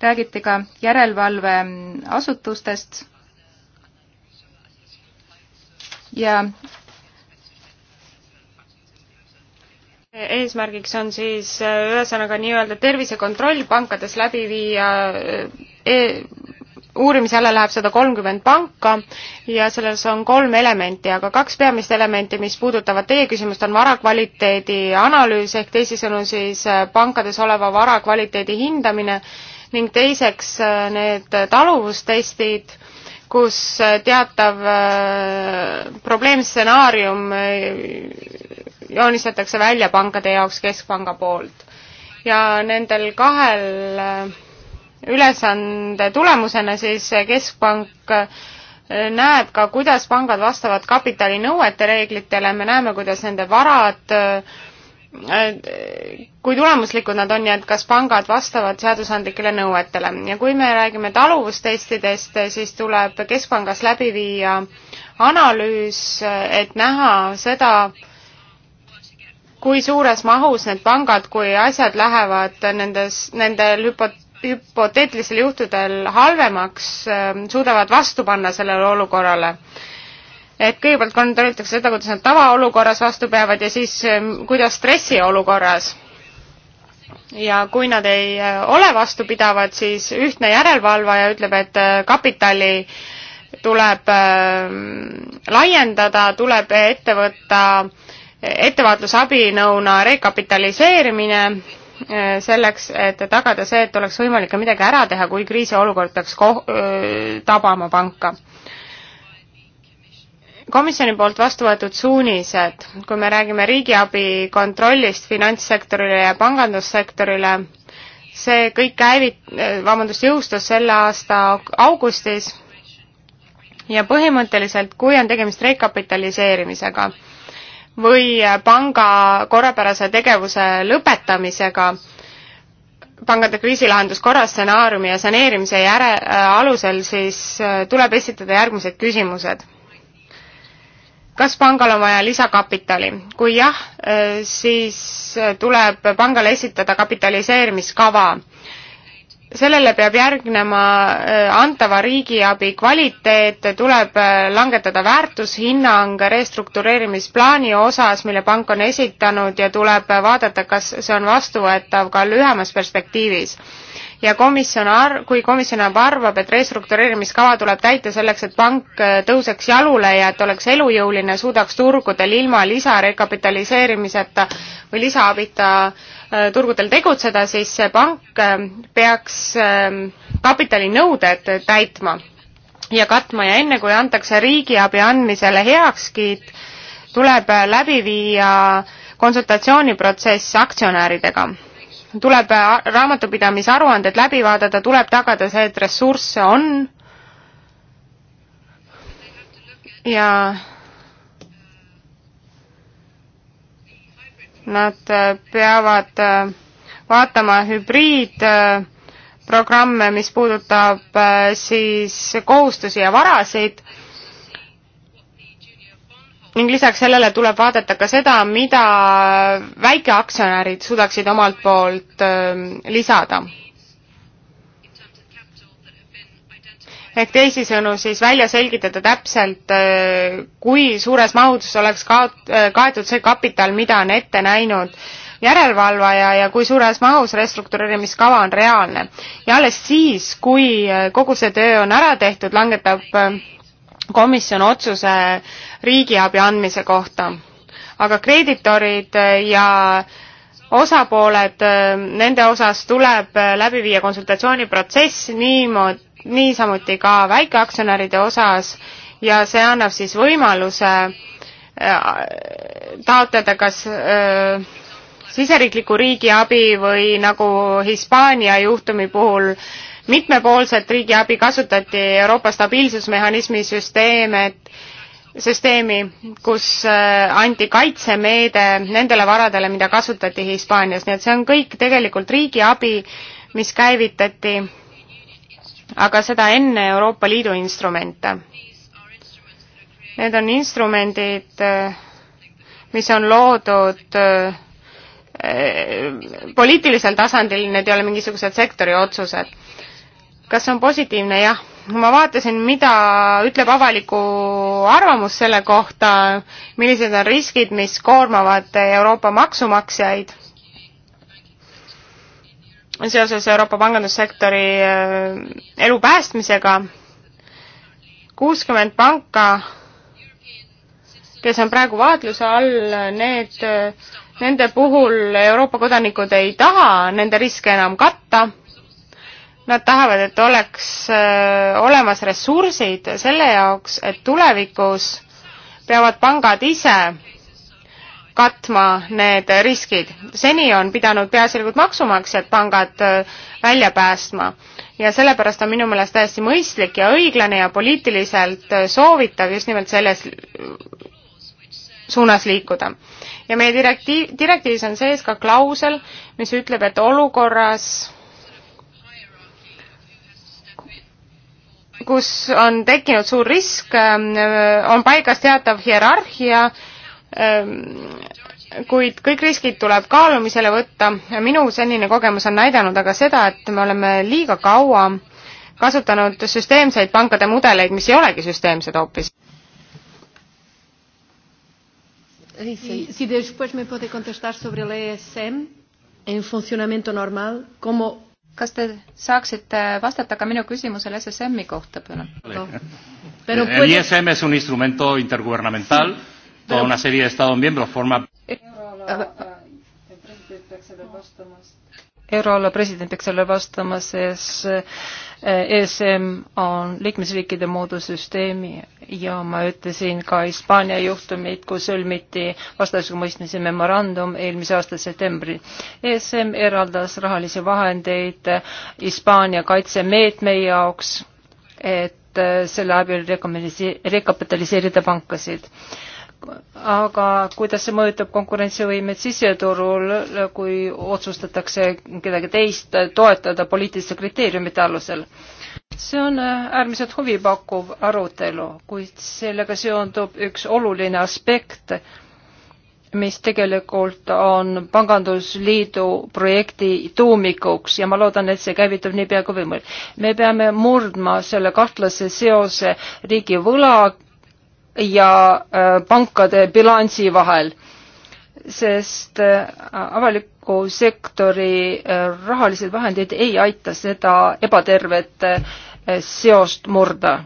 räägiti ka järelevalveasutustest ja eesmärgiks on siis äh, ühesõnaga nii-öelda tervisekontroll pankades läbi viia äh, e uurimise alla läheb sada kolmkümmend panka ja selles on kolm elementi, aga kaks peamist elementi, mis puudutavad teie küsimust, on varakvaliteedi analüüs ehk teisisõnu siis äh, pankades oleva varakvaliteedi hindamine ning teiseks äh, need taluvustestid, kus äh, teatav äh, probleemstsenaarium joonistatakse välja pankade jaoks Keskpanga poolt. ja nendel kahel ülesande tulemusena siis Keskpank näeb ka, kuidas pangad vastavad kapitalinõuete reeglitele, me näeme, kuidas nende varad äh, kui tulemuslikud nad on ja et kas pangad vastavad seadusandlikele nõuetele. ja kui me räägime taluvustestidest, siis tuleb Keskpangas läbi viia analüüs, et näha seda, kui suures mahus need pangad, kui asjad lähevad nendes, nendel hüpo-, hüpoteetilistel juhtudel halvemaks, suudavad vastu panna sellele olukorrale et kõigepealt kontrollitakse seda, kuidas nad tavaolukorras vastu peavad ja siis ähm, kuidas stressiolukorras. ja kui nad ei äh, ole vastupidavad, siis ühtne järelevalvaja ütleb, et äh, kapitali tuleb ähm, laiendada, tuleb ette võtta äh, ettevaatlusabinõuna rekapitaliseerimine selleks, et tagada see, et oleks võimalik ka midagi ära teha, kui kriisiolukord peaks ko-, tabama panka komisjoni poolt vastu võetud suunised, kui me räägime riigiabi kontrollist finantssektorile ja pangandussektorile, see kõik käivit-, vabandust, jõustus selle aasta augustis ja põhimõtteliselt, kui on tegemist rekapitaliseerimisega või panga korrapärase tegevuse lõpetamisega, pangade kriisilahenduskorra stsenaariumi ja saneerimise järe äh,, alusel siis äh, tuleb esitada järgmised küsimused kas pangal on vaja lisakapitali? kui jah, siis tuleb pangale esitada kapitaliseerimiskava. sellele peab järgnema eh, antava riigiabi kvaliteet, tuleb eh, langetada väärtushinnang restruktureerimisplaani osas, mille pank on esitanud ja tuleb vaadata, kas see on vastuvõetav ka lühemas perspektiivis ja komisjon ar-, kui komisjon arvab, et restruktureerimiskava tuleb täita selleks, et pank äh, tõuseks jalule ja et oleks elujõuline, suudaks turgudel ilma lisarekapitaliseerimiseta või lisaabita äh, turgudel tegutseda, siis see pank äh, peaks ähm, kapitalinõuded täitma ja katma ja enne, kui antakse riigiabi andmisele heakskiit, tuleb läbi viia konsultatsiooniprotsess aktsionäridega tuleb raamatupidamisaruanded läbi vaadata, tuleb tagada see, et ressursse on ja nad äh, peavad äh, vaatama hübriidprogramme, äh, mis puudutab siis kohustusi ja varasid ning lisaks sellele tuleb vaadata ka seda, mida väikeaktsionärid suudaksid omalt poolt ähm, lisada. ehk teisisõnu siis välja selgitada täpselt, äh, kui suures mahus oleks kaot-, äh, kaetud see kapital, mida on ette näinud järelevalvaja ja kui suures mahus restruktureerimiskava on reaalne. ja alles siis, kui äh, kogu see töö on ära tehtud, langetab komisjon otsuse riigiabi andmise kohta. aga kreeditorid ja osapooled, äh, nende osas tuleb äh, läbi viia konsultatsiooniprotsess niimoodi, niisamuti ka väikeaktsionäride osas ja see annab siis võimaluse äh, taotleda kas öö, siseriikliku riigiabi või nagu Hispaania juhtumi puhul mitmepoolset riigiabi kasutati Euroopa stabiilsusmehhanismi süsteeme, süsteemi, kus äh, anti kaitsemeede nendele varadele, mida kasutati Hispaanias, nii et see on kõik tegelikult riigiabi, mis käivitati, aga seda enne Euroopa Liidu instrumente. Need on instrumendid, äh, mis on loodud äh, poliitilisel tasandil, need ei ole mingisugused sektori otsused kas see on positiivne? jah. ma vaatasin, mida ütleb avaliku arvamus selle kohta, millised on riskid, mis koormavad Euroopa maksumaksjaid seoses Euroopa pangandussektori äh, elu päästmisega. kuuskümmend panka, kes on praegu vaatluse all, need, äh, nende puhul Euroopa kodanikud ei taha nende riske enam katta Nad tahavad, et oleks äh, olemas ressursid selle jaoks, et tulevikus peavad pangad ise katma need riskid. seni on pidanud peaasjalikult maksumaksjad pangad äh, välja päästma ja sellepärast on minu meelest täiesti mõistlik ja õiglane ja poliitiliselt äh, soovitav just nimelt selles suunas liikuda. ja meie direktiiv, direktiivis on sees ka klausel, mis ütleb, et olukorras, kus on tekkinud suur risk, ähm, on paigas teatav hierarhia, ähm, kuid kõik riskid tuleb kaalumisele võtta. minu senine kogemus on näidanud aga seda, et me oleme liiga kaua kasutanud süsteemseid pankade mudeleid, mis ei olegi süsteemsed hoopis. Si después me puede contestar sobre el ESM en funcionamiento normal, como kas te saaksite vastata ka minu küsimusele SSM-i kohta, palun? el ISM es un instrumento intergubernamental, toda una serie de estados miembros forma eh, euroala president peaks sellele vastama, sest ESM on liikmesriikide moodusüsteemi ja ma ütlesin ka Hispaania juhtumit, kus sõlmiti vastasemõistmise memorandum eelmise aasta septembril. ESM eraldas rahalisi vahendeid Hispaania kaitsemeetme jaoks, et selle abil rekomendisi-, rekapitaliseerida pankasid aga kuidas see mõjutab konkurentsivõimet siseturul, kui otsustatakse kedagi teist toetada poliitiliste kriteeriumite alusel? see on äh, äärmiselt huvipakkuv arutelu, kuid sellega seondub üks oluline aspekt, mis tegelikult on Pangandusliidu projekti tuumikuks ja ma loodan, et see käivitub niipea kui võimalik. me peame murdma selle kahtlase seose riigi võla ja äh, pankade bilansi vahel, sest äh, avaliku sektori äh, rahalised vahendid ei aita seda ebatervet seost murda.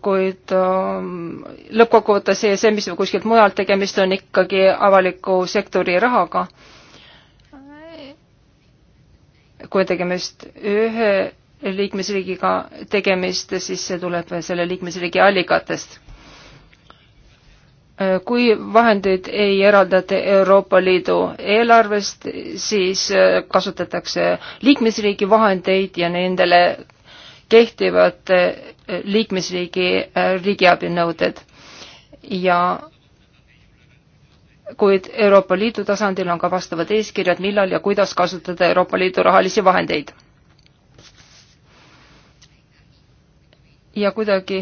kuid ähm, lõppkokkuvõttes ESM-is või kuskilt mujalt tegemist on ikkagi avaliku sektori rahaga. kui tegemist ühe liikmesriigiga tegemist, siis see tuleb selle liikmesriigi allikatest. kui vahendeid ei eraldata Euroopa Liidu eelarvest, siis kasutatakse liikmesriigi vahendeid ja nendele kehtivad liikmesriigi riigiabinõuded ja kuid Euroopa Liidu tasandil on ka vastavad eeskirjad, millal ja kuidas kasutada Euroopa Liidu rahalisi vahendeid ja kuidagi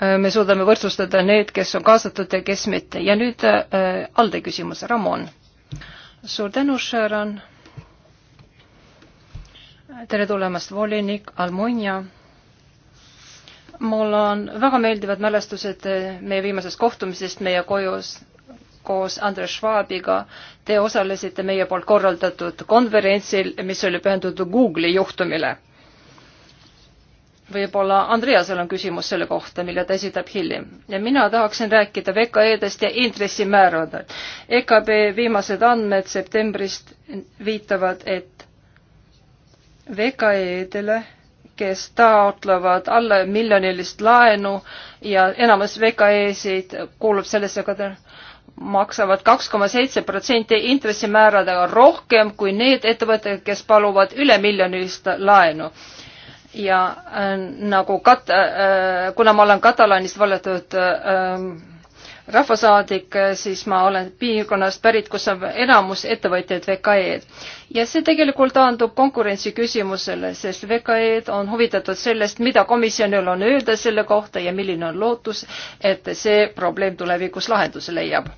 äh, me suudame võrdsustada need, kes on kaasatud ja kes mitte. ja nüüd äh, Alde küsimus, Ramon. suur tänu, Sharon. tere tulemast, volinik Almunia. mul on väga meeldivad mälestused äh, meie viimasest kohtumisest meie kojus koos Andres Schwabiga. Te osalesite meie poolt korraldatud konverentsil, mis oli pühendatud Google'i juhtumile võib-olla Andreasel on küsimus selle kohta, mille ta esitab hiljem. ja mina tahaksin rääkida VKE-dest ja intressimääradelt. EKB viimased andmed septembrist viitavad, et VKE-dele, kes taotlevad alla miljonilist laenu ja enamus VKE-sid kuulub sellesse ka maksavad kaks koma seitse protsenti intressimääradega rohkem kui need ettevõtted, kes paluvad üle miljonilist laenu ja äh, nagu kat- äh, äh,, kuna ma olen Katalaanist valitud ähm, äh, rahvasaadik, siis ma olen piirkonnast pärit, kus on enamus ettevõtjaid VKE-d. ja see tegelikult taandub konkurentsi küsimusele, sest VKE-d on huvitatud sellest, mida komisjonil on öelda selle kohta ja milline on lootus, et see probleem tulevikus lahenduse leiab.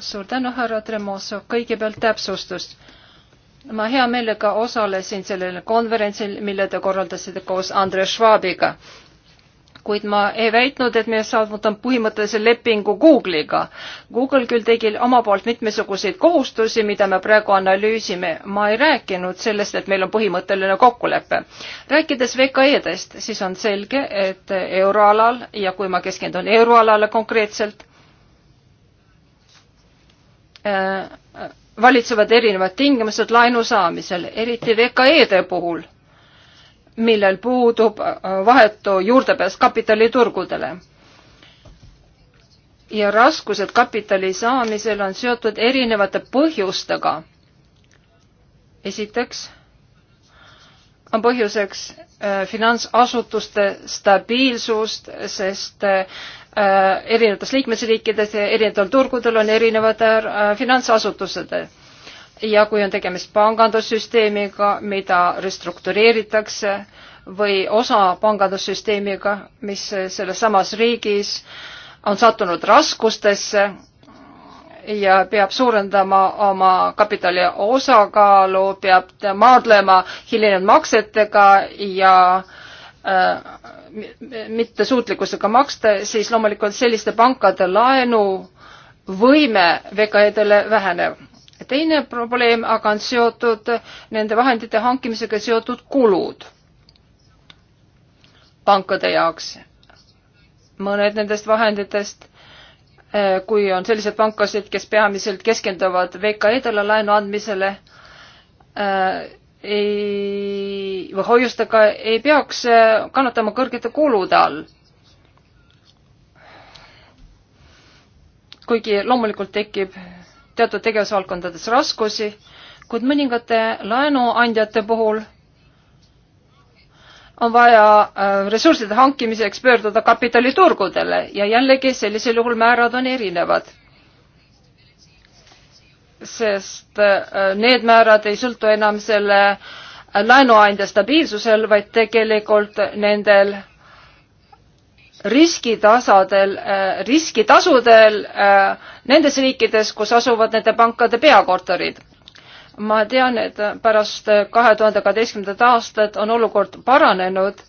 suur tänu, härra Tremosov, kõigepealt täpsustust ma hea meelega osalesin sellel konverentsil, mille te korraldasite koos Andres Schwabiga. kuid ma ei väitnud, et me saavutame põhimõttelise lepingu Google'iga. Google küll tegi oma poolt mitmesuguseid kohustusi, mida me praegu analüüsime. ma ei rääkinud sellest, et meil on põhimõtteline kokkulepe. rääkides VKE-dest, siis on selge, et euroalal ja kui ma keskendun euroalale konkreetselt äh,, valitsevad erinevad tingimused laenu saamisel, eriti VKE-de puhul, millel puudub äh, vahetu juurdepääs kapitaliturgudele. ja raskused kapitali saamisel on seotud erinevate põhjustega. esiteks on põhjuseks äh, finantsasutuste stabiilsust, sest äh, Äh, erinevates liikmesriikides ja erinevatel turgudel on erinevad äh, finantsasutused. ja kui on tegemist pangandussüsteemiga, mida restruktureeritakse või osa pangandussüsteemiga, mis selles samas riigis on sattunud raskustesse ja peab suurendama oma kapitali osakaalu, peab maadlema hilinenud maksetega ja äh, mittesuutlikkusega maksta, siis loomulikult selliste pankade laenuvõime VKE-dele väheneb. teine probleem aga on seotud nende vahendite hankimisega seotud kulud pankade jaoks. mõned nendest vahenditest eh, kui on selliseid pankasid, kes peamiselt keskenduvad VKE-dele laenu andmisele, eh, ei, või hoiustega ei peaks äh, kannatama kõrgete kulude all. kuigi loomulikult tekib teatud tegevusvaldkondades raskusi, kuid mõningate laenuandjate puhul on vaja äh, ressursside hankimiseks pöörduda kapitaliturgudele ja jällegi sellisel juhul määrad on erinevad sest äh, need määrad ei sõltu enam selle äh, laenuandja stabiilsusel, vaid tegelikult nendel riskitasadel, äh, riskitasudel nendes riikides, kus asuvad nende pankade peakorterid. ma tean, et pärast kahe tuhande kaheteistkümnendat aastat on olukord paranenud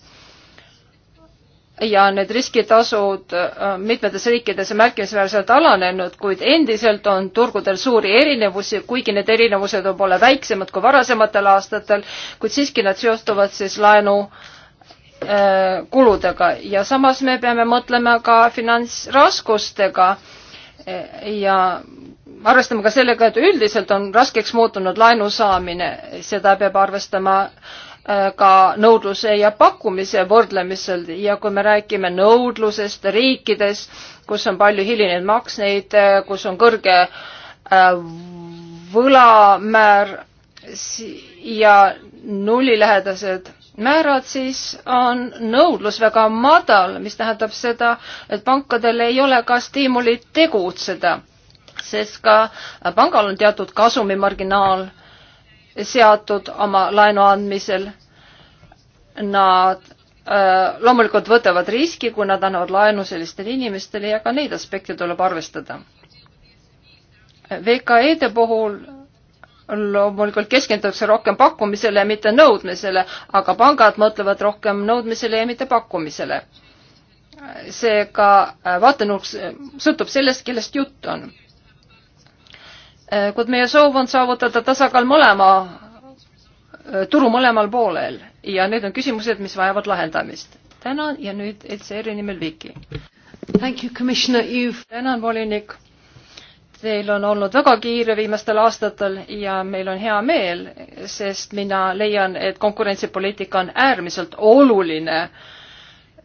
ja need riskitasud äh, mitmetes riikides märkimisväärselt alanenud, kuid endiselt on turgudel suuri erinevusi, kuigi need erinevused on poole väiksemad kui varasematel aastatel, kuid siiski nad seostuvad siis laenu äh, kuludega ja samas me peame mõtlema ka finantsraskustega äh, ja arvestama ka sellega, et üldiselt on raskeks muutunud laenu saamine, seda peab arvestama äh, Äh, ka nõudluse ja pakkumise võrdlemisel ja kui me räägime nõudlusest riikides, kus on palju hilinenud maksneid, äh, kus on kõrge äh, võlamäär ja nullilähedased määrad, siis on nõudlus väga madal, mis tähendab seda, et pankadel ei ole ka stiimulit tegutseda, sest ka pangal on teatud kasumimarginaal seatud oma laenu andmisel. Nad äh, loomulikult võtavad riski, kui nad annavad laenu sellistele inimestele ja ka neid aspekte tuleb arvestada. VKE-de puhul loomulikult keskendutakse rohkem pakkumisele, mitte nõudmisele, aga pangad mõtlevad rohkem nõudmisele ja mitte pakkumisele. seega äh, vaatenurk sõltub sellest, kellest jutt on Eh, kuid meie soov on saavutada tasakaal mõlema, eh, turu mõlemal poolel ja need on küsimused, mis vajavad lahendamist. tänan ja nüüd ECR-i nimel Viki. tänan, volinik. Teil on olnud väga kiire viimastel aastatel ja meil on hea meel, sest mina leian, et konkurentsipoliitika on äärmiselt oluline äh,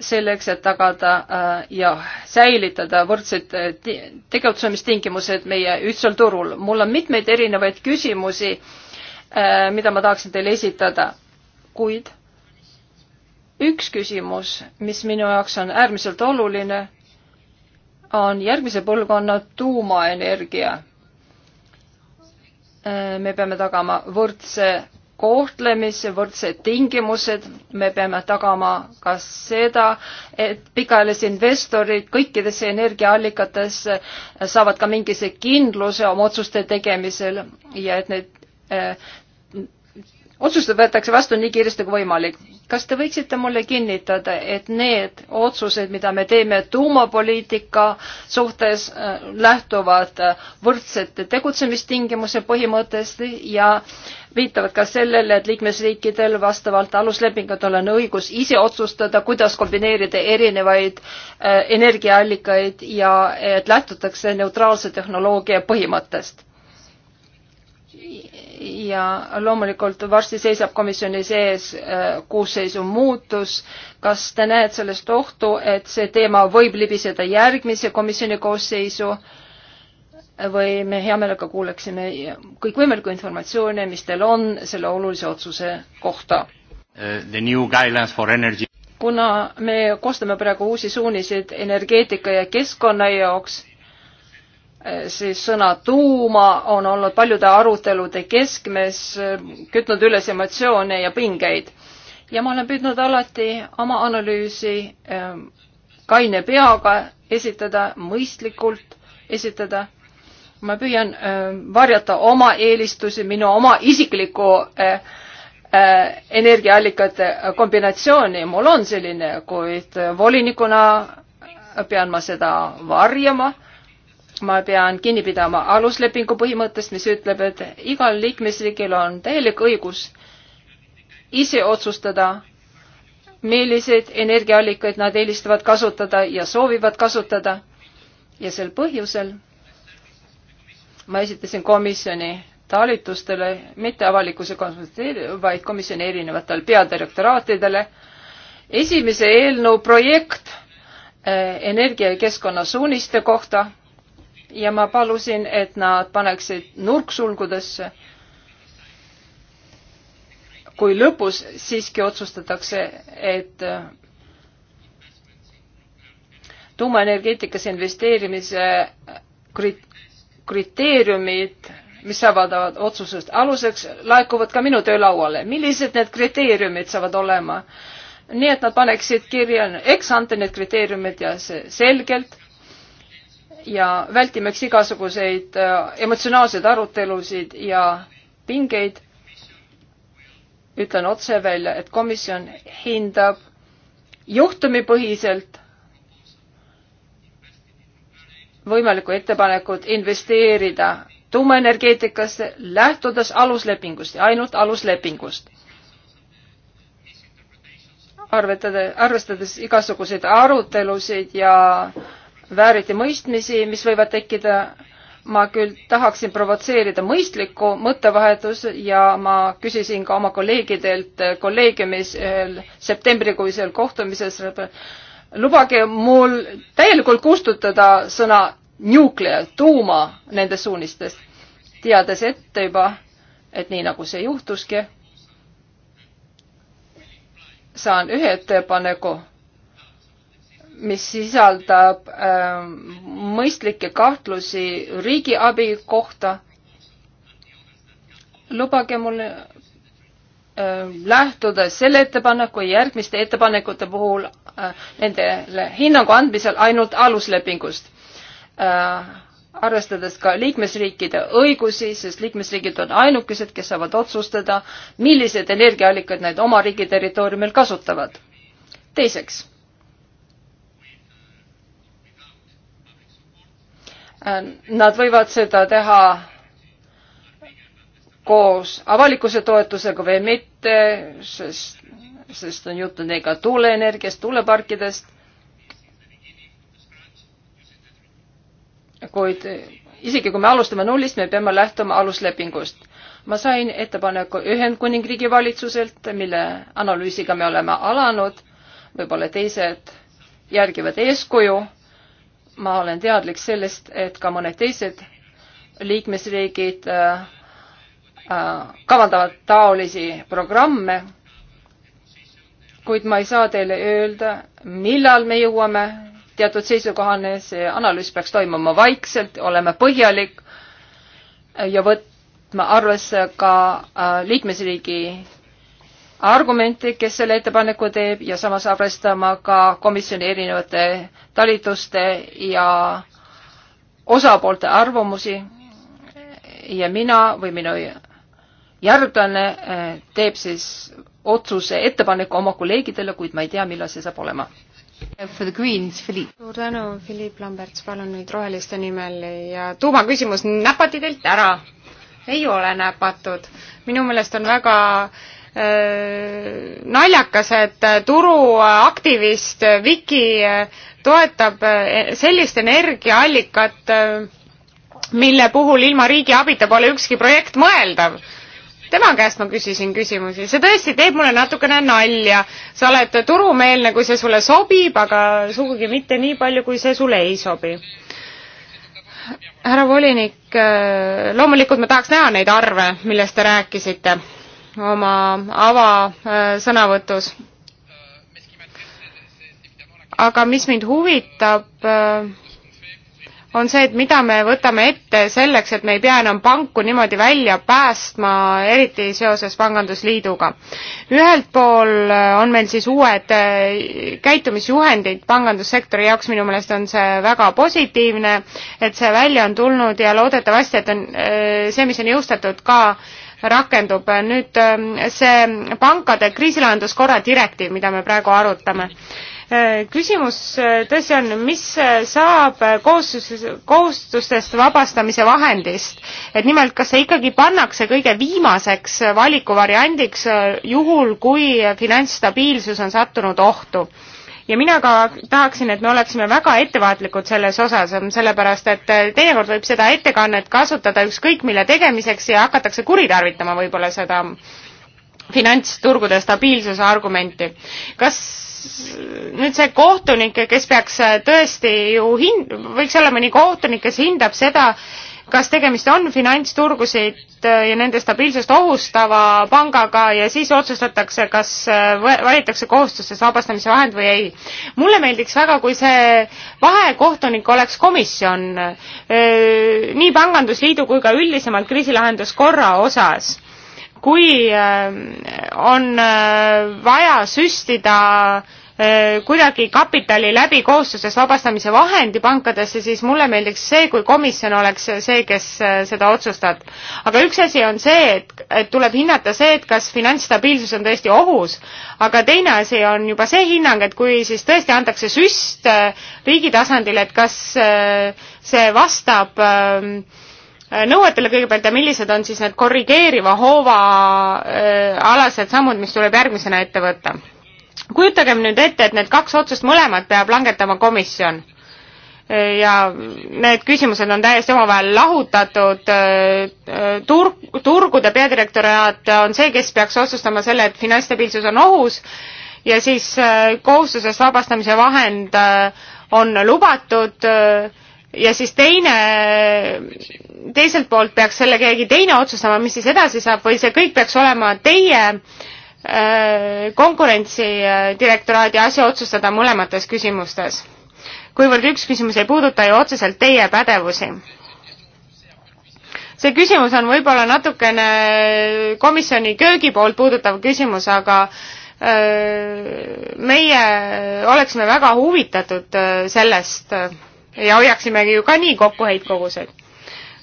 selleks, et tagada äh, ja säilitada võrdsed äh, tegutsemistingimused meie ühtsel turul. mul on mitmeid erinevaid küsimusi, äh, mida ma tahaksin teile esitada, kuid üks küsimus, mis minu jaoks on äärmiselt oluline, on järgmise põlvkonna tuumaenergia. me peame tagama võrdse kohtlemise võrdsed tingimused, me peame tagama ka seda, et pikaajalised investorid kõikidesse energiaallikatesse saavad ka mingise kindluse oma otsuste tegemisel ja et need eh, otsused võetakse vastu nii kiiresti kui võimalik. kas te võiksite mulle kinnitada, et need otsused, mida me teeme tuumapoliitika suhtes, eh, lähtuvad eh, võrdsete tegutsemistingimuse põhimõttest ja äh, viitavad ka sellele, et liikmesriikidel vastavalt aluslepingutel on õigus ise otsustada, kuidas kombineerida erinevaid äh, energiaallikaid ja et lähtutakse neutraalse tehnoloogia põhimõttest ja loomulikult varsti seisab komisjoni sees äh, koosseisu muutus. kas te näed sellest ohtu, et see teema võib libiseda järgmise komisjoni koosseisu äh, või me hea meelega kuuleksime kõikvõimalikku informatsiooni, mis teil on selle olulise otsuse kohta. Eh, kuna me koostame praegu uusi suuniseid energeetika ja keskkonna jaoks, eh, siis sõna tuuma on olnud paljude arutelude keskmes, eh, kütnud üles emotsioone ja pingeid. ja ma olen püüdnud alati oma analüüsi kaine peaga esitada, mõistlikult esitada ma püüan äh, varjata oma eelistusi, minu oma isiklikku äh, äh, energiaallikate kombinatsiooni, mul on selline, kuid volinikuna pean ma seda varjama. ma pean kinni pidama aluslepingu põhimõttest, mis ütleb, et igal liikmesriigil on täielik õigus ise otsustada, milliseid energiaallikaid nad eelistavad kasutada ja soovivad kasutada. ja sel põhjusel ma esitasin komisjoni talitustele, mitte avalikkuse konsulteeri-, vaid komisjoni erinevatele peadirektoraatidele, esimese eelnõu projekt eh, energia ja keskkonnasuuniste kohta ja ma palusin, et nad paneksid nurksulgudesse, kui lõpus siiski otsustatakse, et eh, tuumaenergeetikasse investeerimise krit-, kriteeriumid, mis avaldavad otsusest aluseks, laekuvad ka minu töölauale. millised need kriteeriumid saavad olema? nii et nad paneksid kirja, eks ante need kriteeriumid ja see selgelt ja vältimaks igasuguseid äh, emotsionaalseid arutelusid ja pingeid. ütlen otse välja, et komisjon hindab juhtumipõhiselt võimalikku ettepanekut investeerida tuumaenergeetikasse, lähtudes aluslepingust ja ainult aluslepingust. arvetada, arvestades igasuguseid arutelusid ja vääritimõistmisi, mis võivad tekkida, ma küll tahaksin provotseerida mõistlikku mõttevahetus ja ma küsisin ka oma kolleegidelt kolleegiumis ühel septembrikuisel kohtumisel lubage mul täielikult kustutada sõna nuclear, tuuma nendest suunistest, teades ette juba, et nii nagu see juhtuski, saan ühe ettepaneku, mis sisaldab äh, mõistlikke kahtlusi riigiabi kohta. lubage mul Äh, lähtuda selle ettepaneku ja järgmiste ettepanekute puhul äh, nendele hinnangu andmisel ainult aluslepingust, äh, arvestades ka liikmesriikide õigusi, sest liikmesriigid on ainukesed, kes saavad otsustada, millised energiaallikad need oma riigi territooriumil kasutavad. teiseks Nad võivad seda teha koos avalikkuse toetusega või mitte, sest, sest on juttu ka tuuleenergiast, tuuleparkidest. kuid isegi kui me alustame nullist, me peame lähtuma aluslepingust. ma sain ettepaneku Ühendkuningriigi valitsuselt, mille analüüsiga me oleme alanud, võib-olla teised järgivad eeskuju. ma olen teadlik sellest, et ka mõned teised liikmesriigid äh, Äh, kavandavad taolisi programme, kuid ma ei saa teile öelda, millal me jõuame teatud seisukohani, see analüüs peaks toimuma vaikselt, olema põhjalik ja võtma arvesse ka äh, liikmesriigi argumente, kes selle ettepaneku teeb ja samas arvestama ka komisjoni erinevate talituste ja osapoolte arvamusi ja mina või minu järglane eh, teeb siis otsuse ettepaneku oma kolleegidele, kuid ma ei tea, millal see saab olema. suur tänu, Philipp Lamberts, palun nüüd Roheliste nimel ja tuumaküsimus näpati teilt ära? ei ole näpatud. minu meelest on väga äh, naljakas, et turuaktivist Viki äh, toetab äh, sellist energiaallikat äh,, mille puhul ilma riigi abita pole ükski projekt mõeldav tema käest ma küsisin küsimusi, see tõesti teeb mulle natukene nalja. sa oled turumeelne, kui see sulle sobib, aga sugugi mitte nii palju, kui see sulle ei sobi. härra volinik, loomulikult ma tahaks näha neid arve, millest te rääkisite oma avasõnavõtus. aga mis mind huvitab on see, et mida me võtame ette selleks, et me ei pea enam panku niimoodi välja päästma, eriti seoses Pangandusliiduga. ühelt pool äh, on meil siis uued äh, käitumisjuhendid pangandussektori jaoks, minu meelest on see väga positiivne, et see välja on tulnud ja loodetavasti, et on äh, see, mis on jõustatud ka rakendub nüüd ähm, see pankade kriisilahenduskorra direktiiv, mida me praegu arutame Äh, küsimus äh, tõesti on, mis äh, saab kohustus, kohustustest vabastamise vahendist, et nimelt, kas see ikkagi pannakse kõige viimaseks valikuvariandiks juhul, kui finantsstabiilsus on sattunud ohtu? ja mina ka tahaksin, et me oleksime väga ettevaatlikud selles osas, ähm, sellepärast et teinekord võib seda ettekannet kasutada ükskõik mille tegemiseks ja hakatakse kuritarvitama võib-olla seda ähm, finantsturgude stabiilsuse argumenti. kas nüüd see kohtunik, kes peaks äh, tõesti ju hind-, võiks olla mõni kohtunik, kes hindab seda, kas tegemist on finantsturgusid äh, ja nende stabiilsust ohustava pangaga ja siis otsustatakse, kas äh, valitakse kohustustest vabastamise vahend või ei. mulle meeldiks väga, kui see vahekohtunik oleks komisjon nii Pangandusliidu kui ka üldisemalt kriisilahenduskorra osas kui on äh, vaja süstida äh, kuidagi kapitali läbi kohustusest vabastamise vahendi pankadesse, siis mulle meeldiks see, kui komisjon oleks see, kes äh, seda otsustab. aga üks asi on see, et, et tuleb hinnata see, et kas finantsstabiilsus on tõesti ohus, aga teine asi on juba see hinnang, et kui siis tõesti antakse süst riigi tasandil, et kas see vastab äh, Äh, nõuetele kõigepealt ja millised on siis need korrigeeriva hoova äh, alased sammud, mis tuleb järgmisena ette võtta? kujutagem nüüd ette, et need kaks otsust mõlemad peab langetama komisjon äh, ja need küsimused on täiesti omavahel lahutatud. Tur-, turgude peadirektoraat on see, kes peaks otsustama selle, et finantsstabiilsus on ohus ja siis kohustusest vabastamise vahend on lubatud ja siis teine, teiselt poolt peaks selle keegi teine otsustama, mis siis edasi saab või see kõik peaks olema teie äh, konkurentsidirektoraadi asi otsustada mõlemates küsimustes, kuivõrd üks küsimus ei puuduta ju otseselt teie pädevusi. see küsimus on võib-olla natukene komisjoni köögi poolt puudutav küsimus, aga äh, meie oleksime väga huvitatud äh, sellest äh, ja hoiaksime ju ka nii kokku heitkoguseid.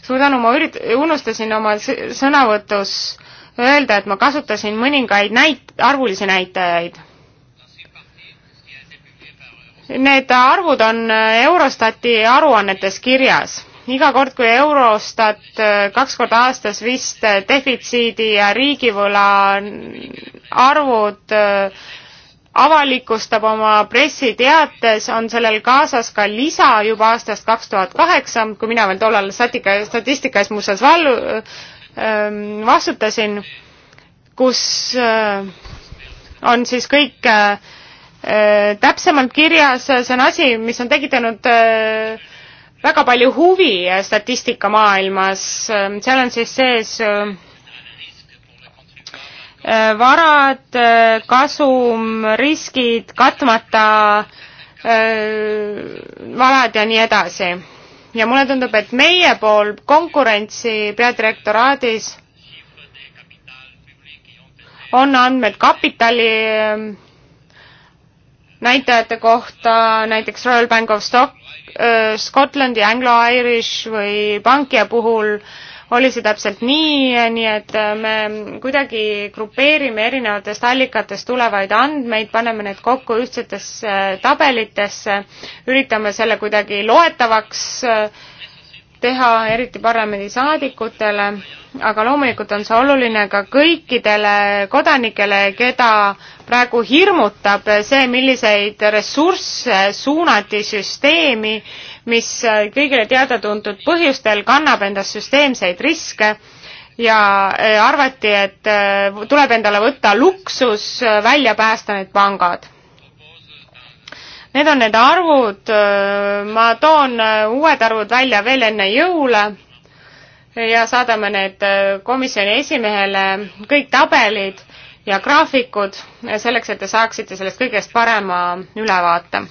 suur tänu, ma ürit-, unustasin oma sõnavõtus öelda, et ma kasutasin mõningaid näit-, arvulisi näitajaid. Need arvud on Eurostati aruannetes kirjas. iga kord, kui Eurostat eh, kaks korda aastas vist eh, defitsiidi ja riigivõla arvud eh, avalikustab oma pressiteates, on sellel kaasas ka lisa juba aastast kaks tuhat kaheksa, kui mina veel tollal statika, statistikas muuseas vallu- ähm,, vastutasin, kus äh, on siis kõik äh, äh, täpsemalt kirjas, see on asi, mis on tekitanud äh, väga palju huvi statistika maailmas, ähm, seal on siis sees äh, Äh, varad, äh, kasum, riskid, katmata äh, varad ja nii edasi. ja mulle tundub, et meie pool konkurentsi peadirektoraadis on andmed kapitali näitajate kohta, näiteks Royal Bank of Stock, Scotlandi, Anglo-Irish või Bankia puhul äh, oli see täpselt nii, nii et äh, me kuidagi grupeerime erinevatest allikatest tulevaid andmeid, paneme need kokku ühtsetesse äh, tabelitesse, üritame selle kuidagi loetavaks äh, teha, eriti parlamendisaadikutele, aga loomulikult on see oluline ka kõikidele kodanikele, keda praegu hirmutab see, milliseid ressursse suunati süsteemi mis äh, kõigile teada-tuntud põhjustel kannab endas süsteemseid riske ja äh, arvati, et äh, tuleb endale võtta luksus välja päästa need pangad. Need on need arvud, ma toon uued arvud välja veel enne jõule ja saadame need komisjoni esimehele, kõik tabelid ja graafikud selleks, et te saaksite sellest kõigest parema ülevaate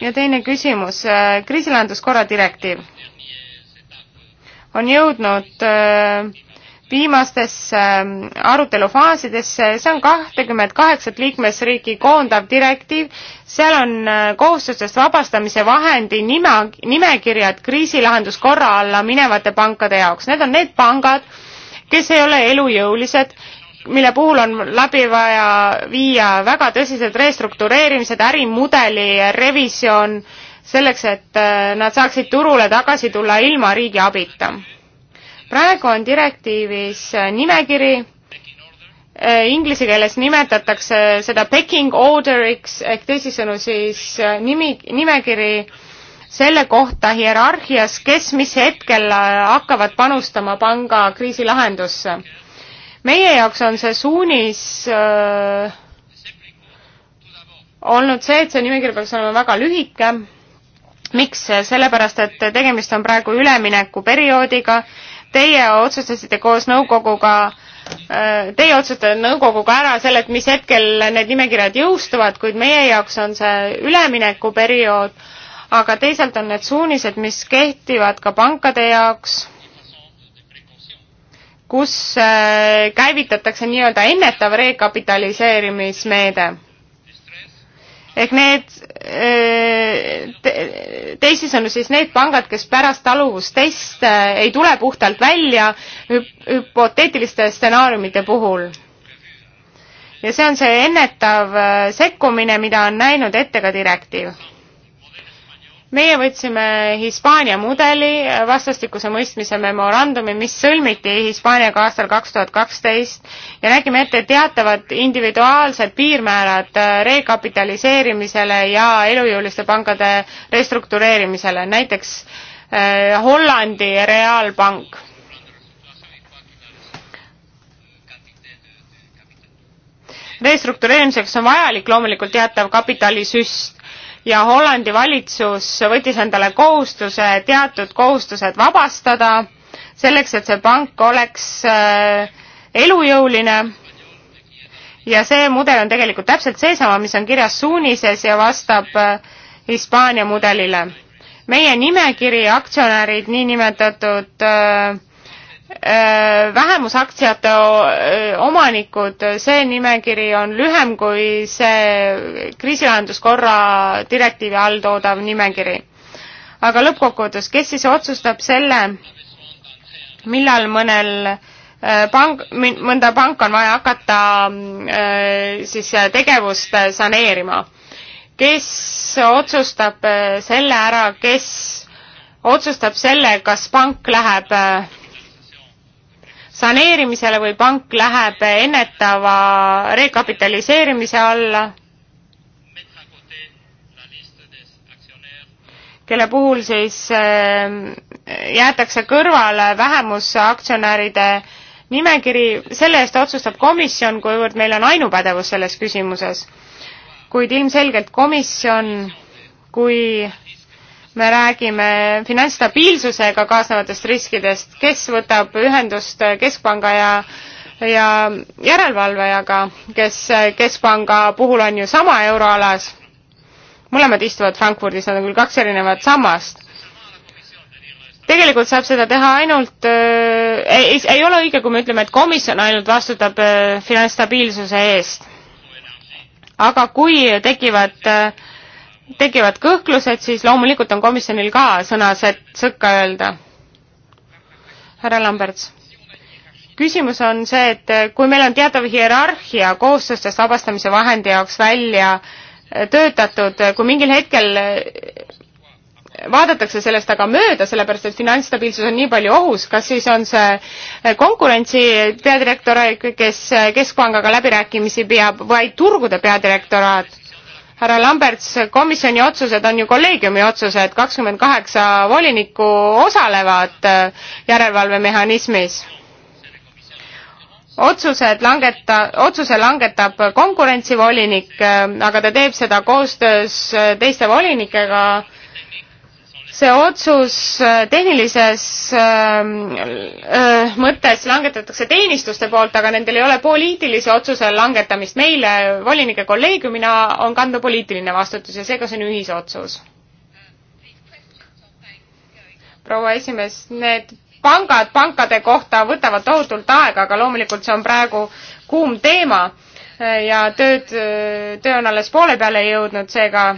ja teine küsimus, äh, kriisilahenduskorra direktiiv on jõudnud äh, viimastesse äh, arutelufaasidesse, see on kahtekümmet kaheksat liikmesriiki koondav direktiiv, seal on kohustustest vabastamise vahendi nime, nimekirjad kriisilahenduskorra alla minevate pankade jaoks, need on need pangad, kes ei ole elujõulised mille puhul on läbi vaja viia väga tõsised restruktureerimised, ärimudeli revisjon, selleks et äh, nad saaksid turule tagasi tulla ilma riigi abita. praegu on direktiivis äh, nimekiri, äh, inglise keeles nimetatakse seda pecking order'iks ehk teisisõnu siis nimi, nimekiri selle kohta hierarhias, kes mis hetkel hakkavad panustama panga kriisilahendusse meie jaoks on see suunis öö, äh, olnud see, et see nimekiri peaks olema väga lühike. miks? sellepärast, et tegemist on praegu üleminekuperioodiga. Teie otsustasite koos nõukoguga äh, Teie otsustate nõukoguga ära selle, et mis hetkel need nimekirjad jõustuvad, kuid meie jaoks on see üleminekuperiood, aga teisalt on need suunised, mis kehtivad ka pankade jaoks kus äh, käivitatakse nii-öelda ennetav rekapitaliseerimismeede. ehk need, äh, teisisõnu siis need pangad, kes pärast taluvusteste ei tule puhtalt välja hüpoteetiliste stsenaariumite puhul. ja see on see ennetav äh, sekkumine, mida on näinud ette ka direktiiv meie võtsime Hispaania mudeli, äh, vastastikuse mõistmise memorandumi, mis sõlmiti Hispaaniaga aastal kaks tuhat kaksteist ja nägime ette teatavad individuaalsed piirmäärad äh, rekapitaliseerimisele ja elujõuliste pankade restruktureerimisele, näiteks äh, Hollandi Reaalpank. restruktureerimiseks on vajalik loomulikult teatav kapitalisüst ja Hollandi valitsus võttis endale kohustuse teatud kohustused vabastada selleks, et see pank oleks äh, elujõuline. ja see mudel on tegelikult täpselt seesama, mis on kirjas suunises ja vastab äh, Hispaania mudelile. meie nimekiri, aktsionärid, niinimetatud äh, Äh, vähemusaktsiate äh, omanikud, see nimekiri on lühem kui see kriisilahenduskorra direktiivi all toodav nimekiri. aga lõppkokkuvõttes, kes siis otsustab selle, millal mõnel äh, pank, mõnda panka on vaja hakata siis tegevust saneerima? kes otsustab selle ära, kes otsustab selle, kas pank läheb saneerimisele või pank läheb ennetava rekapitaliseerimise alla, kelle puhul siis äh, jäetakse kõrvale vähemusaktsionäride nimekiri, selle eest otsustab komisjon, kuivõrd meil on ainupädevus selles küsimuses. kuid ilmselgelt komisjon, kui me räägime finantsstabiilsusega kaasnevatest riskidest, kes võtab ühendust keskpanga ja ja järelevalvajaga, kes keskpanga puhul on ju sama euroalas, mõlemad istuvad Frankfurdis, nad on küll kaks erinevat sammast. tegelikult saab seda teha ainult äh,, ei, ei ole õige, kui me ütleme, et komisjon ainult vastutab äh, finantsstabiilsuse eest. aga kui tekivad äh, tekivad kõhklused, siis loomulikult on komisjonil ka sõna sõkka öelda. härra Lamberts. küsimus on see, et kui meil on teatav hierarhia kohustustest vabastamise vahendi jaoks välja töötatud, kui mingil hetkel vaadatakse sellest aga mööda, sellepärast et finantsstabiilsus on nii palju ohus, kas siis on see konkurentsi peadirektor, kes Keskpangaga läbirääkimisi peab, vaid turgude peadirektoraat? härra Lamberts, komisjoni otsused on ju kolleegiumi otsused, kakskümmend kaheksa volinikku osalevad äh, järelevalvemehhanismis. otsused langeta, otsuse langetab konkurentsivolinik, äh, aga ta teeb seda koostöös äh, teiste volinikega see otsus äh, tehnilises ähm, äh, mõttes langetatakse teenistuste poolt, aga nendel ei ole poliitilise otsuse langetamist. meile volinike kolleegiumina on kanda poliitiline vastutus ja seega see on ühisotsus. proua esimees, need pangad pankade kohta võtavad tohutult aega, aga loomulikult see on praegu kuum teema äh, ja tööd, äh, töö on alles poole peale jõudnud, seega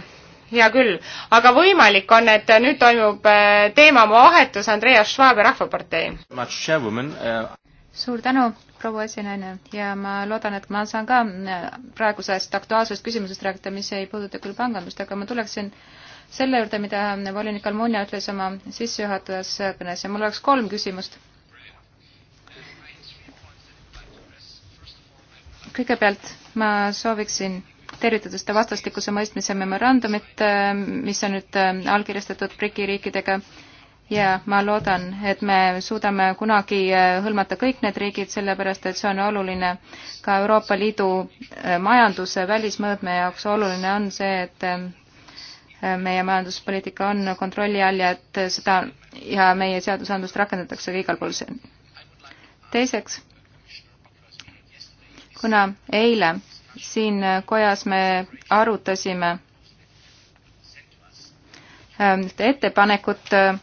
hea küll, aga võimalik on, et nüüd toimub äh, teemavahetus Andreas Schwab ja Rahvapartei. Äh, suur tänu, proua esinaine, ja ma loodan, et ma saan ka äh, praegusest aktuaalsest küsimusest rääkida, mis ei puuduta küll pangandust, aga ma tuleksin selle juurde, mida volinik Almunia ütles oma sissejuhatavas kõnes ja mul oleks kolm küsimust. kõigepealt ma sooviksin tervitada seda vastastikuse mõistmise memorandumit, äh, mis on nüüd äh, allkirjastatud BRICS-i riikidega ja ma loodan, et me suudame kunagi äh, hõlmata kõik need riigid, sellepärast et see on oluline ka Euroopa Liidu majanduse välismõõtme jaoks, oluline on see, et meie majanduspoliitika on kontrolli all ja et seda ja meie seadusandlust rakendatakse ka igal pool. teiseks, kuna eile siin kojas me arutasime ühte ähm, ettepanekut, äh,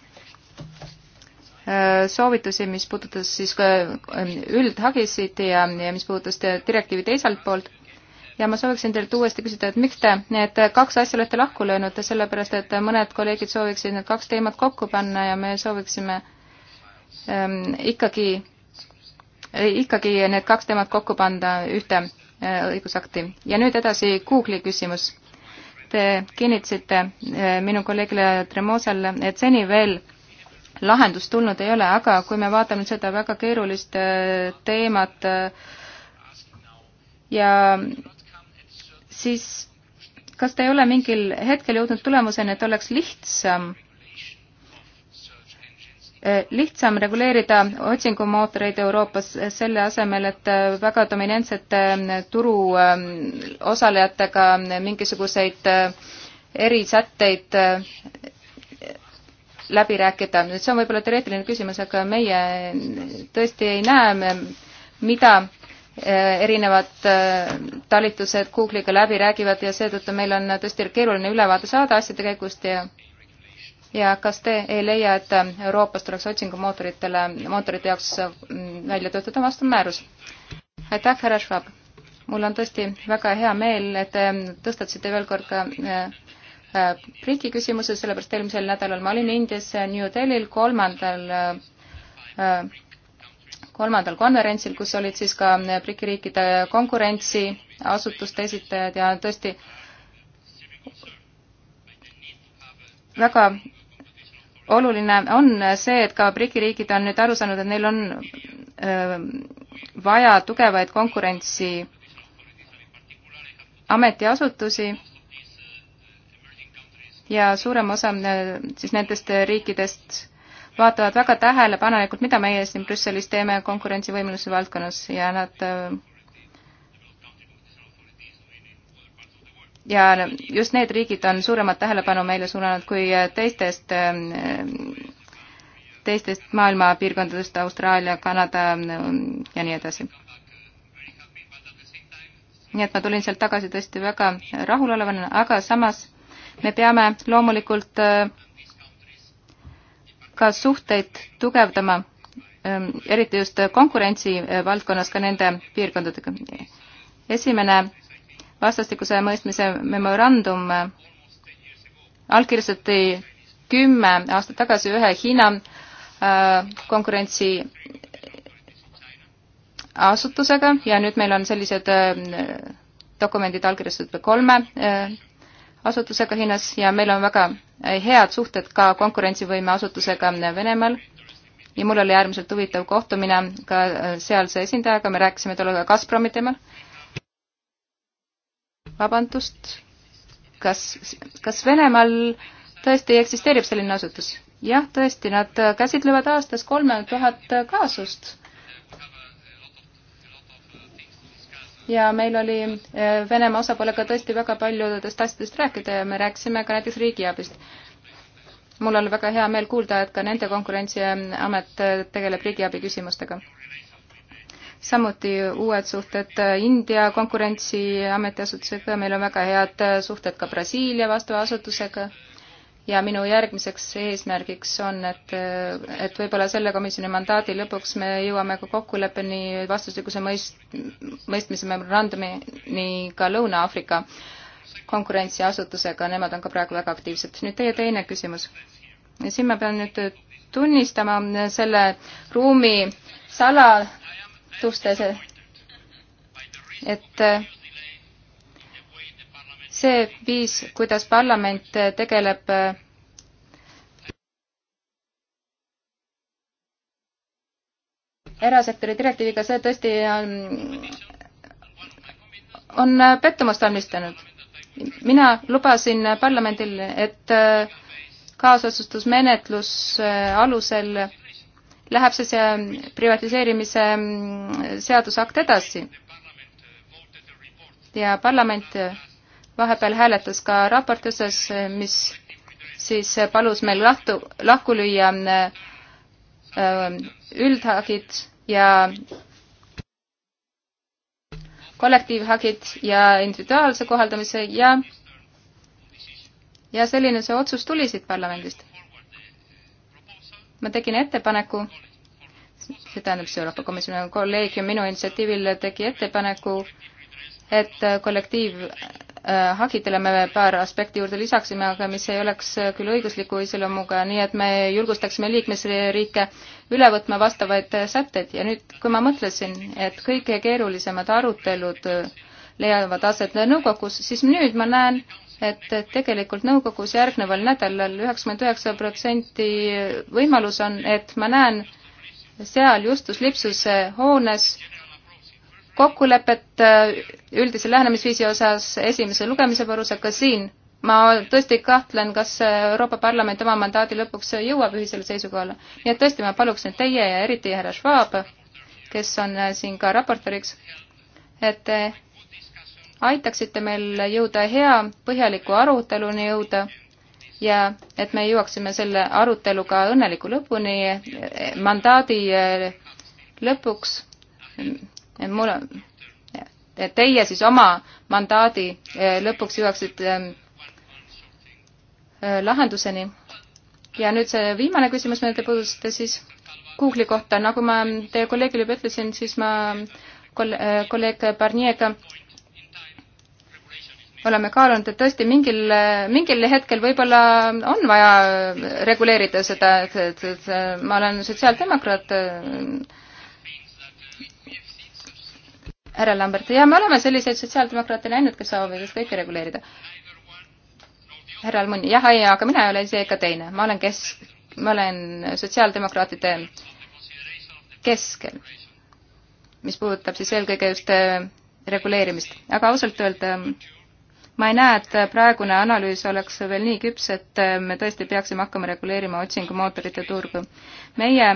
äh, soovitusi, mis puudutas siis äh, üldhagisid ja, ja mis puudutas direktiivi teiselt poolt. ja ma sooviksin teilt uuesti küsida, et miks te need kaks asja olete lahku löönud, sellepärast et mõned kolleegid sooviksid need kaks teemat kokku panna ja me sooviksime ähm, ikkagi, ikkagi need kaks teemat kokku panna ühte Äh, õigusakti. ja nüüd edasi Google'i küsimus. Te kinnitasite äh, minu kolleegile Tremosele, et seni veel lahendust tulnud ei ole, aga kui me vaatame seda väga keerulist äh, teemat ja siis kas te ei ole mingil hetkel jõudnud tulemuseni, et oleks lihtsam lihtsam reguleerida otsingumootoreid Euroopas selle asemel, et väga dominantsete turu ähm, osalejatega mingisuguseid äh, erisätteid äh, läbi rääkida. nüüd see on võib-olla teoreetiline küsimus, aga meie tõesti ei näe, mida äh, erinevad talitused Google'iga läbi räägivad ja seetõttu meil on tõesti keeruline ülevaade saada asjade käigust ja ja kas te ei leia, et Euroopas tuleks otsingumootoritele, mootorite jaoks mm, välja töötada vastav määrus? aitäh, härra Schwab! mul on tõesti väga hea meel, et te tõstatasite veel kord ka äh, äh, Briti küsimuse, sellepärast eelmisel nädalal ma olin Indias äh, New Delhil kolmandal, kolmandal konverentsil, kus olid siis ka BRICS-i riikide konkurentsiasutuste esitajad ja tõesti väga oluline on see, et ka BRICS-i riigid on nüüd aru saanud, et neil on öö, vaja tugevaid konkurentsi ametiasutusi ja suurem osa siis nendest riikidest vaatavad väga tähelepanelikult, mida meie siin Brüsselis teeme konkurentsivõimeluse valdkonnas ja nad öö, ja just need riigid on suuremat tähelepanu meile suunanud kui äh, teistest, äh, teistest maailma piirkondadest, Austraalia, Kanada ähm, ja nii edasi. nii et ma tulin sealt tagasi tõesti väga rahulolevana, aga samas me peame loomulikult äh, ka suhteid tugevdama, ähm, eriti just konkurentsi valdkonnas ka nende piirkondadega. esimene vastastikuse mõistmise memorandum allkirjastati kümme aastat tagasi ühe Hiina äh, konkurentsi asutusega ja nüüd meil on sellised äh, dokumendid allkirjastatud kolme äh, asutusega Hiinas ja meil on väga head suhted ka konkurentsivõime asutusega Venemaal ja mul oli äärmiselt huvitav kohtumine ka sealse esindajaga, me rääkisime tol ajal Gazpromi teemal vabandust, kas, kas Venemaal tõesti eksisteerib selline asutus? jah, tõesti, nad käsitlevad aastas kolme tuhat kaasust. ja meil oli eh, Venemaa osapoolega tõesti väga paljudest asjadest rääkida ja me rääkisime ka näiteks riigiabist. mul on väga hea meel kuulda, et ka nende konkurentsiamet eh, tegeleb riigiabi küsimustega samuti uued suhted äh, India konkurentsiameti asutusega, meil on väga head äh, suhted ka Brasiilia vastava asutusega ja minu järgmiseks eesmärgiks on, et, äh, et võib-olla selle komisjoni mandaadi lõpuks me jõuame ka kokkuleppeni vastastikuse mõist-, mõistmise memorandumini ka Lõuna-Aafrika konkurentsiasutusega, nemad on ka praegu väga aktiivsed. nüüd teie teine küsimus. siin ma pean nüüd tunnistama selle ruumi sala muudatustes, et see viis, kuidas parlament tegeleb erasektori direktiiviga, see tõesti on, on pettumust valmistanud. mina lubasin parlamendil, et äh, kaasotsustusmenetlus äh, alusel läheb siis äh, privatiseerimise mm, seadusakt edasi. ja parlament äh, vahepeal hääletas ka raporti osas, äh, mis siis palus meil lahtu, lahku lüüa mm, üldhagid ja kollektiivhagid ja individuaalse kohaldamise ja ja selline see otsus tuli siit parlamendist ma tegin ettepaneku, see tähendab siis Euroopa Komisjoni kolleegium minu initsiatiivil tegi ettepaneku, et kollektiivhagidele äh, me paar aspekti juurde lisaksime, aga mis ei oleks küll õigusliku iseloomuga, nii et me julgustaksime liikmesriike üle võtma vastavaid sätteid ja nüüd, kui ma mõtlesin, et kõige keerulisemad arutelud leiavad aset nõukogus, siis nüüd ma näen, et tegelikult nõukogus järgneval nädalal üheksakümmend üheksa protsenti võimalus on, et ma näen seal Justus Lipsuse hoones kokkulepet äh, üldise lähenemisviisi osas esimese lugemise varus, aga siin ma tõesti kahtlen, kas Euroopa Parlament oma mandaadi lõpuks jõuab ühisele seisukohale. nii et tõesti, ma paluksin teie ja eriti härra Schwab, kes on äh, siin ka raportööriks, et aitaksite meil jõuda hea põhjaliku aruteluni jõuda ja et me jõuaksime selle aruteluga õnneliku lõpuni, mandaadi eh, lõpuks. mul on, et teie siis oma mandaadi eh, lõpuks jõuaksite eh, lahenduseni. ja nüüd see viimane küsimus, mida te puudutasite siis Google'i kohta, nagu ma teie kolleegile juba ütlesin, siis ma kolleeg Barnier'ga oleme kaalunud, et tõesti mingil, mingil hetkel võib-olla on vaja reguleerida seda, et, et, et ma olen sotsiaaldemokraat härra Lambert, ja me oleme selliseid sotsiaaldemokraate näinud, kes soovivad kõike reguleerida. härra Almuni, jah, ei, aga mina ei ole see ega teine, ma olen kes, ma olen sotsiaaldemokraatide keskel, mis puudutab siis eelkõige just eh, reguleerimist, aga ausalt öelda äh, ma ei näe, et praegune analüüs oleks veel nii küps, et me tõesti peaksime hakkama reguleerima otsingumootorite turgu. meie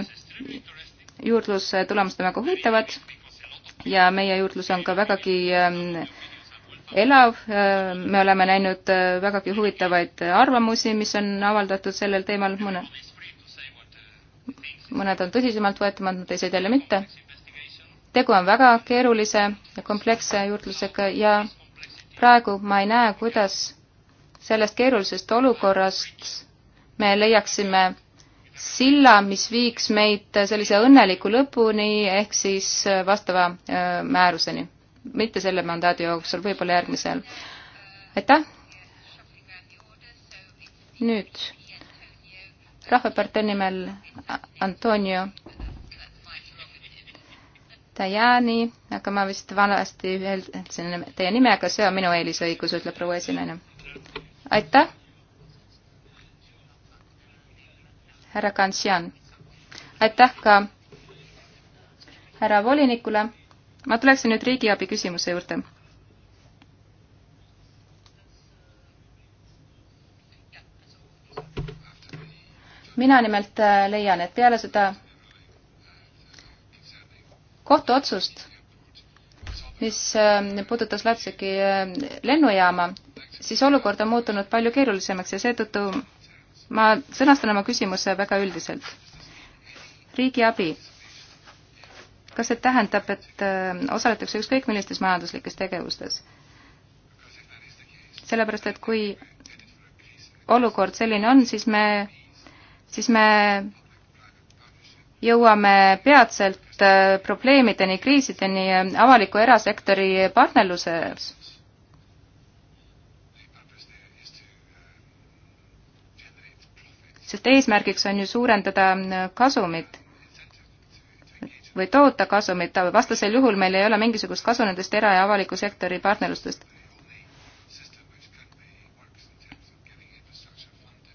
juurdluse tulemused on väga huvitavad ja meie juurdlus on ka vägagi ähm, elav, äh, me oleme näinud äh, vägagi huvitavaid arvamusi, mis on avaldatud sellel teemal, mõne, mõned on tõsisemalt võetamad, teised jälle mitte. tegu on väga keerulise ja kompleksse juurdlusega ja praegu ma ei näe, kuidas sellest keerulisest olukorrast me leiaksime silla, mis viiks meid sellise õnneliku lõpuni ehk siis vastava määruseni. mitte selle mandaadi jooksul, võib-olla järgmisel. aitäh! nüüd Rahvapartei nimel Antonio Tajani, aga ma vist valesti ütlesin teie nime, aga see on minu eelisõigus, ütleb proua esinaine. aitäh. härra Kansian, aitäh ka härra volinikule. ma tuleksin nüüd riigiabi küsimuse juurde. mina nimelt äh, leian, et peale seda kohtuotsust, mis äh, puudutas Leipzigi äh, lennujaama, siis olukord on muutunud palju keerulisemaks ja seetõttu ma sõnastan oma küsimuse väga üldiselt. riigiabi. kas see tähendab, et äh, osaletakse ükskõik millistes majanduslikes tegevustes? sellepärast, et kui olukord selline on, siis me, siis me jõuame peatselt äh, probleemideni, kriisideni äh, avaliku erasektori partnerluses. sest eesmärgiks on ju suurendada äh, kasumit või toota kasumit, vastasel juhul meil ei ole mingisugust kasu nendest era- ja avaliku sektori partnerlustest.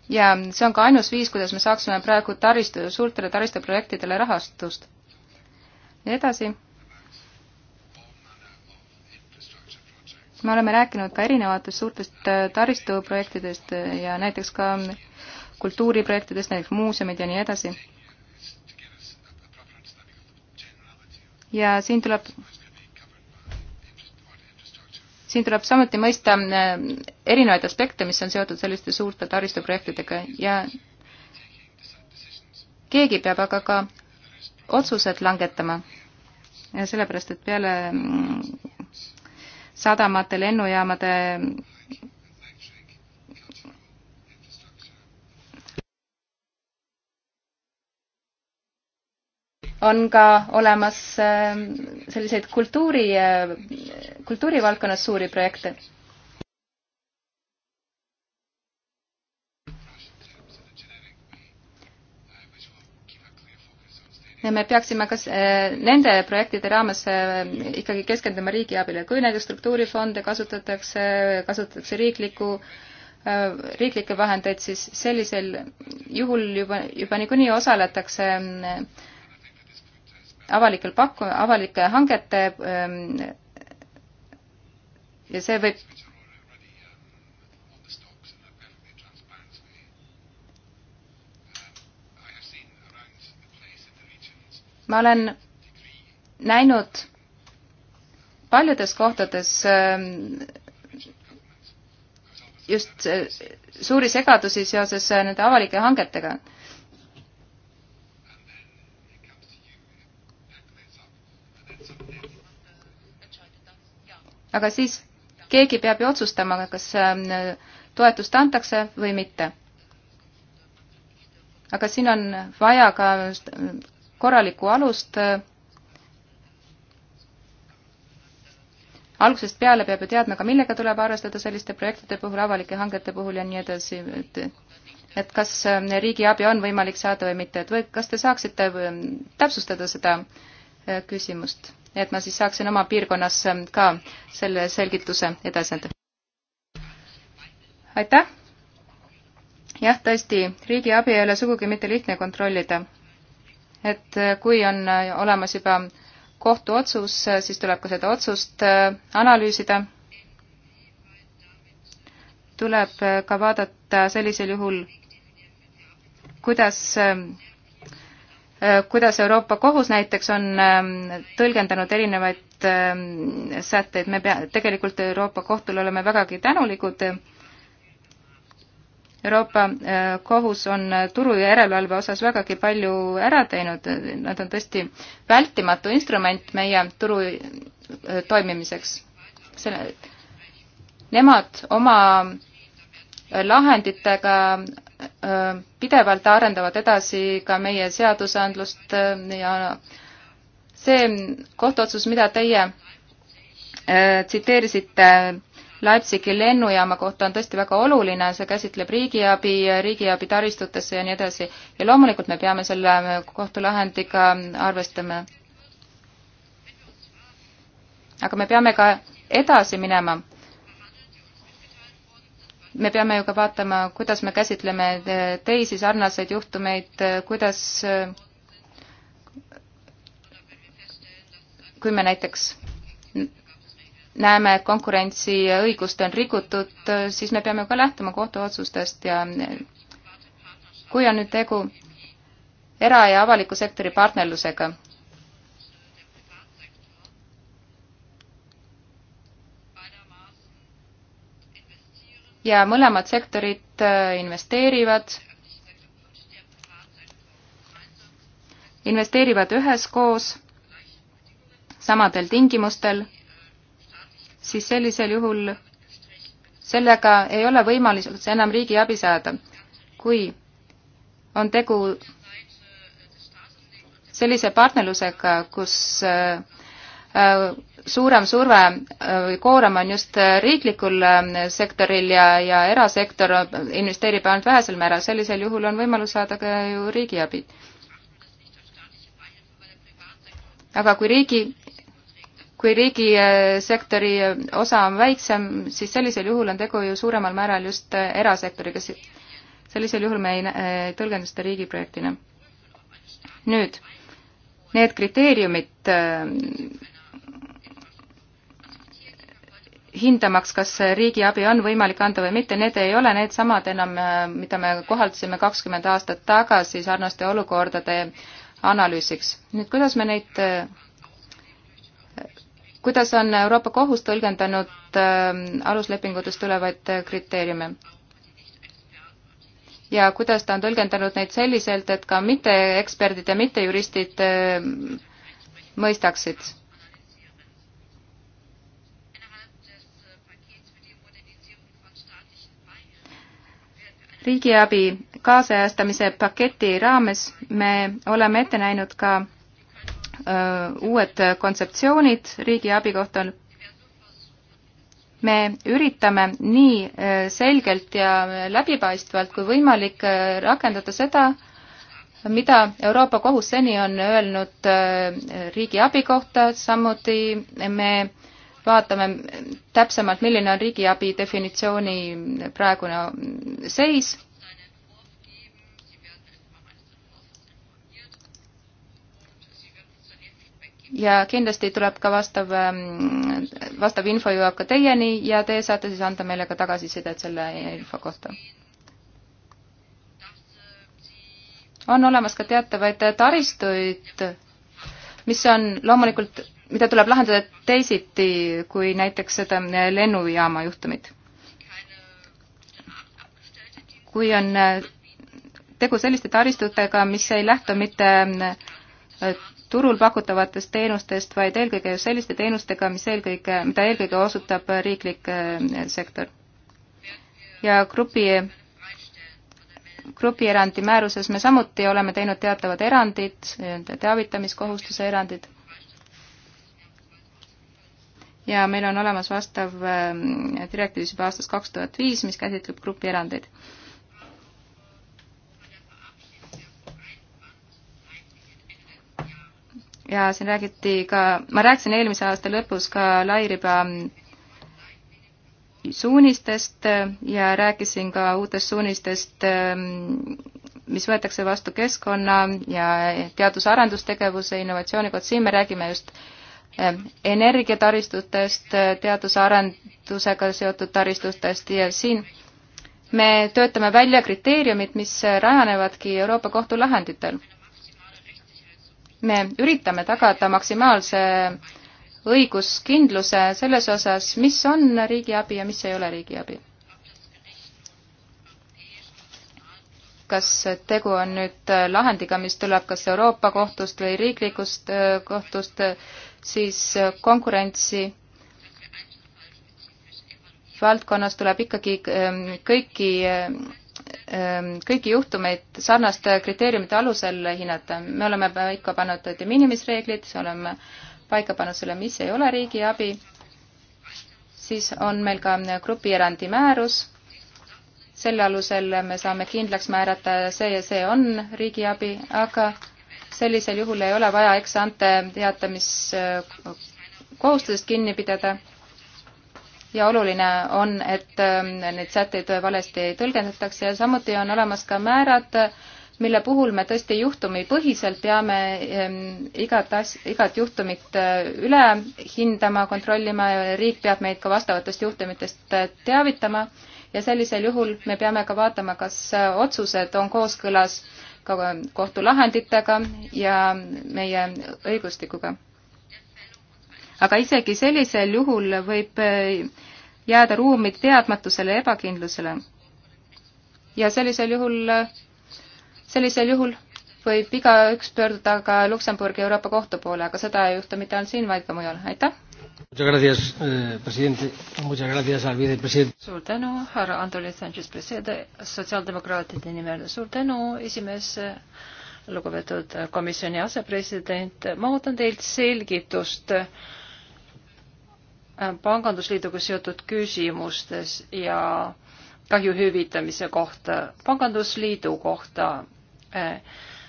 ja see on ka ainus viis, kuidas me saaksime praegu taristu, suurtele taristuprojektidele rahastust. ja edasi. me oleme rääkinud ka erinevatest suurtest äh, taristuprojektidest ja näiteks ka kultuuriprojektidest, näiteks muuseumid ja nii edasi. ja siin tuleb siin tuleb samuti mõista äh, erinevaid aspekte, mis on seotud selliste suurte taristuprojektidega ja keegi peab aga ka otsused langetama. sellepärast, et peale mm, sadamate, lennujaamade on ka olemas ähm, selliseid kultuuri, äh, kultuurivaldkonnas suuri projekte. ja me peaksime kas äh, nende projektide raames äh, ikkagi keskenduma riigiabile, kui näiteks struktuurifonde kasutatakse, kasutatakse riiklikku riiklikke vahendeid, siis sellisel juhul juba, juba niikuinii osaletakse äh, avalikel pakku-, avalike hangete ähm, ja see võib ma olen näinud paljudes kohtades ähm, just äh, suuri segadusi seoses äh, nende avalike hangetega aga siis keegi peab ju otsustama, kas ähm, toetust antakse või mitte. aga siin on vaja ka äh, korralikku alust. Äh. algusest peale peab ju teadma ka, millega tuleb arvestada selliste projektide puhul, avalike hangete puhul ja nii edasi, et et kas äh, riigi abi on võimalik saada või mitte, et või kas te saaksite täpsustada seda küsimust? et ma siis saaksin oma piirkonnas ähm, ka selle selgituse edasi anda. aitäh! jah, tõesti, riigiabi ei ole sugugi mitte lihtne kontrollida. et äh, kui on äh, olemas juba kohtuotsus, äh, siis tuleb ka seda otsust analüüsida. tuleb ka vaadata sellisel juhul, kuidas ähm, Äh, kuidas Euroopa Kohus näiteks on ähm, tõlgendanud erinevaid ähm, sätteid, me pea, tegelikult Euroopa Kohtule oleme vägagi tänulikud. Euroopa äh, Kohus on äh, turu ja järelevalve osas vägagi palju ära teinud, nad on tõesti vältimatu instrument meie turu toimimiseks. selle, nemad oma lahenditega pidevalt arendavad edasi ka meie seadusandlust ja see kohtuotsus, mida teie tsiteerisite Leipzigi lennujaama kohta on tõesti väga oluline, see käsitleb riigiabi, riigiabi taristutesse ja nii edasi. ja loomulikult me peame selle kohtulahendiga arvestama. aga me peame ka edasi minema me peame ju ka vaatama, kuidas me käsitleme eh, teisi sarnaseid juhtumeid, eh, kuidas eh, kui me näiteks näeme, et konkurentsiõigust on rikutud, siis me peame ka lähtuma kohtuotsustest ja kui on nüüd tegu era- ja avaliku sektori partnerlusega, ja mõlemad sektorid äh, investeerivad, investeerivad üheskoos samadel tingimustel, siis sellisel juhul sellega ei ole võimalik enam riigi abi saada. kui on tegu sellise partnerlusega, kus äh, äh, suurem surve äh, või koorem on just äh, riiklikul äh, sektoril ja, ja erasektor investeerib ainult vähesel määral, sellisel juhul on võimalus saada ka ju riigiabi. aga kui riigi, kui riigisektori osa on väiksem, siis sellisel juhul on tegu ju suuremal määral just erasektoriga, sellisel juhul me ei tõlgenda seda riigiprojektina. nüüd, need kriteeriumid hindamaks, kas riigiabi on võimalik anda või mitte, need ei ole needsamad enam, äh, mida me kohaldasime kakskümmend aastat tagasi sarnaste olukordade analüüsiks. nüüd kuidas me neid, äh, kuidas on Euroopa Kohus tõlgendanud äh, aluslepingutest tulevaid kriteeriume? ja kuidas ta on tõlgendanud neid selliselt, et ka mitteeksperdid ja mittejuristid mõistaksid riigiabi kaasajastamise paketi raames me oleme ette näinud ka öö, uued kontseptsioonid riigiabi kohta. me üritame nii selgelt ja läbipaistvalt kui võimalik rakendada seda, mida Euroopa Kohus seni on öelnud riigiabi kohta, samuti me öö, vaatame täpsemalt, milline on riigiabi definitsiooni praegune seis. ja kindlasti tuleb ka vastav, ähm, vastav info jõuab ka teieni ja te saate siis anda meile ka tagasisidet selle info kohta. on olemas ka teatavaid taristuid, mis on loomulikult mida tuleb lahendada teisiti kui näiteks seda lennujaama juhtumit. kui on tegu selliste taristutega, mis ei lähtu mitte äh, turul pakutavatest teenustest, vaid eelkõige just selliste teenustega, mis eelkõige, mida eelkõige osutab riiklik äh, sektor. ja grupi, grupierandi määruses me samuti oleme teinud teatavad erandid, teavitamiskohustuse erandid ja meil on olemas vastav ähm, direktiiv juba aastast kaks tuhat viis, mis käsitleb grupierandeid. ja siin räägiti ka, ma rääkisin eelmise aasta lõpus ka lairiba ähm, suunistest äh, ja rääkisin ka uutest suunistest, ähm, mis võetakse vastu keskkonna ja teadus-arendustegevuse, innovatsiooni kohta, siin me räägime just äh, Ehm, energiataristutest, eh, teadusarendusega seotud taristutest ja siin me töötame välja kriteeriumid, mis rajanevadki Euroopa Kohtu lahenditel. me üritame tagada maksimaalse õiguskindluse selles osas, mis on riigiabi ja mis ei ole riigiabi. kas tegu on nüüd lahendiga, mis tuleb kas Euroopa kohtust või riiklikust eh, kohtust, siis konkurentsi valdkonnas tuleb ikkagi ähm, kõiki, ähm, kõiki juhtumeid sarnaste kriteeriumite alusel hinnata. me oleme paika pannud de minimis reeglid, oleme paika pannud selle, mis ei ole riigiabi, siis on meil ka grupierandi määrus, selle alusel me saame kindlaks määrata, see ja see on riigiabi, aga sellisel juhul ei ole vaja eksante teatamiskohustusest äh, kinni pidada ja oluline on, et ähm, neid sätteid valesti ei tõlgendataks ja samuti on olemas ka määrad, mille puhul me tõesti juhtumipõhiselt peame ähm, igat as-, igat juhtumit äh, üle hindama, kontrollima ja riik peab meid ka vastavatest juhtumitest äh, teavitama ja sellisel juhul me peame ka vaatama, kas otsused on kooskõlas ka kohtulahenditega ja meie õigustikuga. aga isegi sellisel juhul võib jääda ruumi teadmatusele ja ebakindlusele. ja sellisel juhul, sellisel juhul võib igaüks pöörduda ka Luksemburgi Euroopa Kohtu poole, aga seda ei juhtu mitte ainult siin, vaid ka mujal. aitäh! Eh, suur tänu, härra Andoli Sanchez Preseda, sotsiaaldemokraatide nimel. suur tänu, esimees, lugupeetud komisjoni asepresident. ma ootan teilt selgitust äh, pangandusliiduga seotud küsimustes ja kahju hüvitamise kohta, pangandusliidu kohta äh,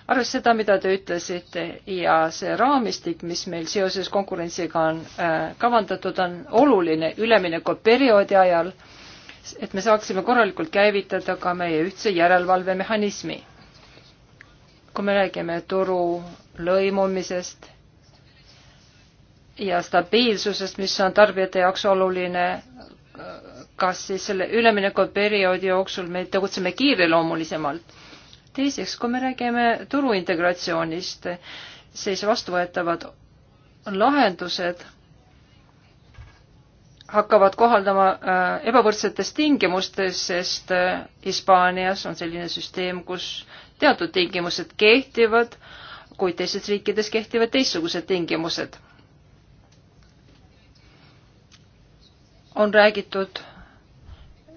arvestades seda, mida te ütlesite ja see raamistik, mis meil seoses konkurentsiga on äh, kavandatud, on oluline üleminekuperioodi ajal, et me saaksime korralikult käivitada ka meie ühtse järelevalvemehhanismi. kui me räägime turu lõimumisest ja stabiilsusest, mis on tarbijate jaoks oluline, äh, kas siis selle üleminekuperioodi jooksul me tegutseme kiireloomulisemalt teiseks, kui me räägime turu integratsioonist, siis vastuvõetavad lahendused hakkavad kohaldama äh, ebavõrdsetes tingimustes, sest äh, Hispaanias on selline süsteem, kus teatud tingimused kehtivad, kuid teistes riikides kehtivad teistsugused tingimused. on räägitud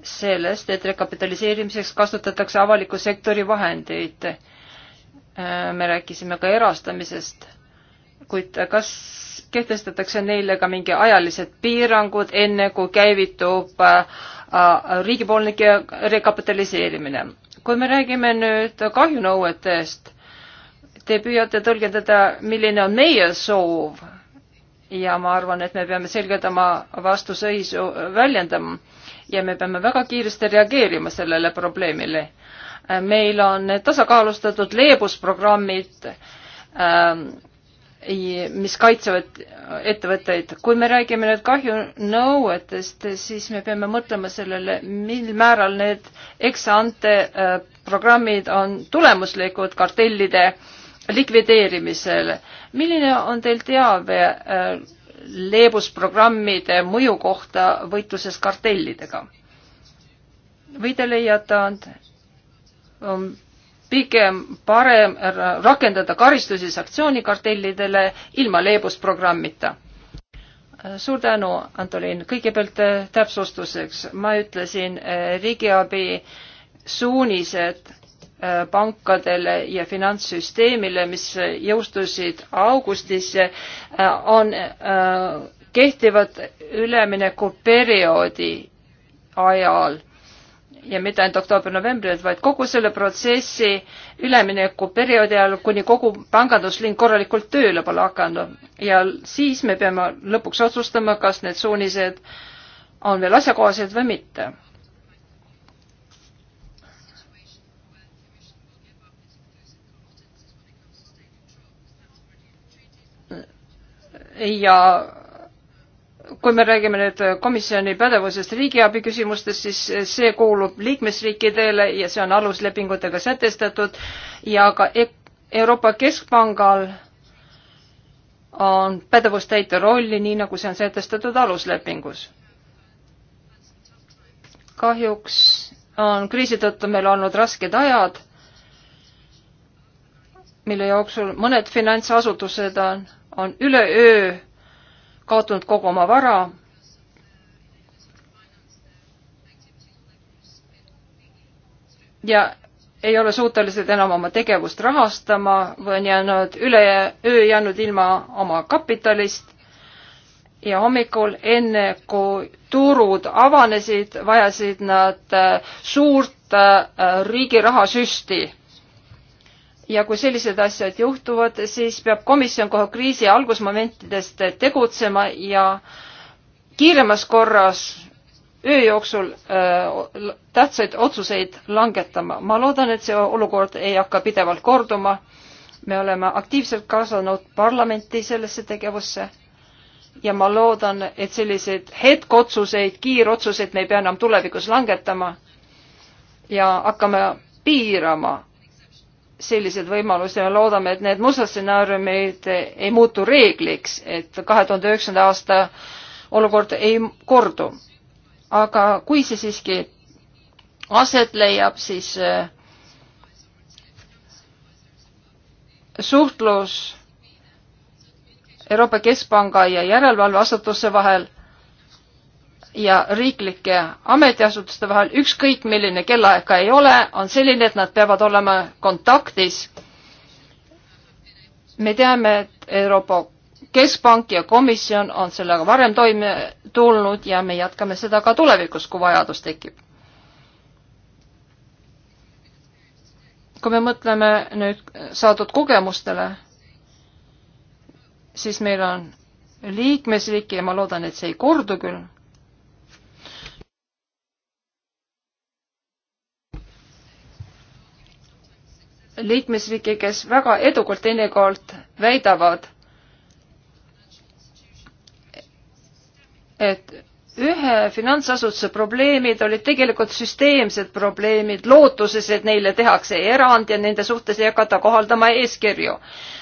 sellest, et rekapitaliseerimiseks kasutatakse avaliku sektori vahendeid. Äh, me rääkisime ka erastamisest, kuid kas kehtestatakse neile ka mingi ajalised piirangud, enne kui käivitub äh, äh, riigipoolne rekapitaliseerimine? kui me räägime nüüd kahjunõuetest, te püüate tõlgendada, milline on meie soov ja ma arvan, et me peame selgelt oma vastuseisu väljendama ja me peame väga kiiresti reageerima sellele probleemile. meil on tasakaalustatud leebusprogrammid, ähm, mis kaitsevad ettevõtteid. kui me räägime nüüd kahjunõuetest, siis me peame mõtlema sellele, mil määral need ex-ante äh, programmid on tulemuslikud kartellide likvideerimisel. milline on teil teave äh, leebusprogrammide mõju kohta võitluses kartellidega. või te leiate, on pigem parem rakendada karistusi sanktsioonikartellidele ilma leebusprogrammita? suur tänu, Antolin. kõigepealt eh, täpsustuseks, ma ütlesin eh, riigiabi suunised Äh, pankadele ja finantssüsteemile, mis jõustusid augustis, äh, on, äh, kehtivad üleminekuperioodi ajal ja mitte ainult oktoobri-novembril, vaid kogu selle protsessi üleminekuperioodi ajal, kuni kogu pangandusliin korralikult tööle pole hakanud. ja siis me peame lõpuks otsustama, kas need suunised on veel asjakohased või mitte ja kui me räägime nüüd komisjoni pädevusest riigiabi küsimustes, siis see kuulub liikmesriikidele ja see on aluslepingutega sätestatud ja ka e- Euroopa Keskpangal on pädevus täita rolli, nii nagu see on sätestatud aluslepingus. kahjuks on kriisi tõttu meil olnud rasked ajad, mille jooksul mõned finantsasutused on on üleöö kaotanud kogu oma vara. ja ei ole suutelised enam oma tegevust rahastama või on jäänud üle, öö jäänud ilma oma kapitalist. ja hommikul, enne kui turud avanesid, vajasid nad äh, suurt äh, riigi rahasüsti ja kui sellised asjad juhtuvad, siis peab komisjon kohe kriisi algusmomentidest tegutsema ja kiiremas korras öö jooksul öö, tähtsaid otsuseid langetama. ma loodan, et see olukord ei hakka pidevalt korduma. me oleme aktiivselt kaasanud parlamenti sellesse tegevusse ja ma loodan, et selliseid hetkotsuseid, kiirotsuseid me ei pea enam tulevikus langetama ja hakkame piirama selliseid võimalusi ja loodame, et need mustad stsenaariumid ei muutu reegliks, et kahe tuhande üheksanda aasta olukord ei kordu. aga kui see siiski aset leiab, siis äh, suhtlus Euroopa Keskpanga ja järelevalveasutuse vahel ja riiklike ametiasutuste vahel, ükskõik milline kellaaeg ka ei ole, on selline, et nad peavad olema kontaktis. me teame, et Euroopa Keskpank ja komisjon on sellega varem toime tulnud ja me jätkame seda ka tulevikus, kui vajadus tekib. kui me mõtleme nüüd saadud kogemustele, siis meil on liikmesriike ja ma loodan, et see ei kordu küll liikmesriike, kes väga edukalt teinekord väidavad, et ühe finantsasutuse probleemid olid tegelikult süsteemsed probleemid lootuses, et neile tehakse erand ja nende suhtes ei hakata kohaldama eeskirju.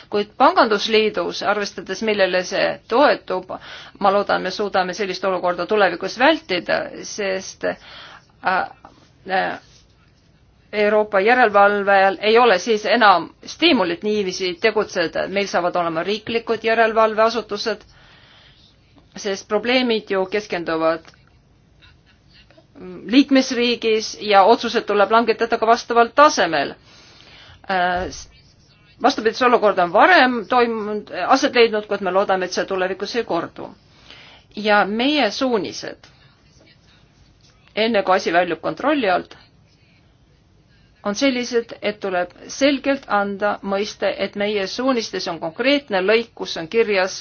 kuid pangandusliidus, arvestades, millele see toetub, ma loodan, me suudame sellist olukorda tulevikus vältida, sest äh, äh, Euroopa järelevalvajal ei ole siis enam stiimulit niiviisi tegutseda, meil saavad olema riiklikud järelevalveasutused, sest probleemid ju keskenduvad liikmesriigis ja otsused tuleb langetada ka vastaval tasemel. Äh, vastupidis olukord on varem toimunud, aset leidnud, kuid me loodame, et see tulevikus ei kordu. ja meie suunised, enne kui asi väljub kontrolli alt on sellised, et tuleb selgelt anda mõiste, et meie suunistes on konkreetne lõik, kus on kirjas,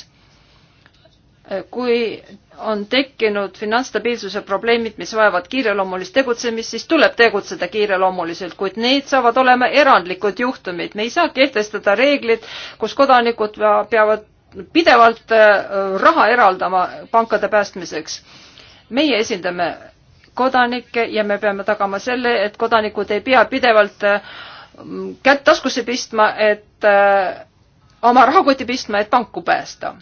äh, kui on tekkinud finantsstabiilsuse probleemid, mis vajavad kiireloomulist tegutsemist, siis tuleb tegutseda kiireloomuliselt, kuid need saavad olema erandlikud juhtumid. me ei saa kehtestada reeglid, kus kodanikud peavad pidevalt äh, raha eraldama pankade päästmiseks. meie esindame kodanikke ja me peame tagama selle, et kodanikud ei pea pidevalt äh, kätt taskusse pistma, et äh, oma rahakoti pistma, et panku päästa.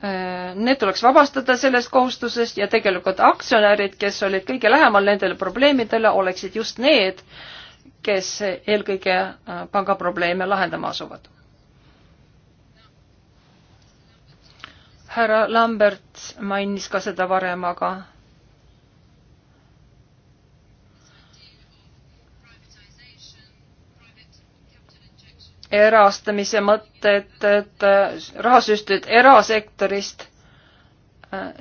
Äh, need tuleks vabastada sellest kohustusest ja tegelikult aktsionärid, kes olid kõige lähemal nendele probleemidele, oleksid just need, kes eelkõige panga probleeme lahendama asuvad härra Lambert mainis ka seda varem, aga erastamise mõte, et, et rahasüstid erasektorist,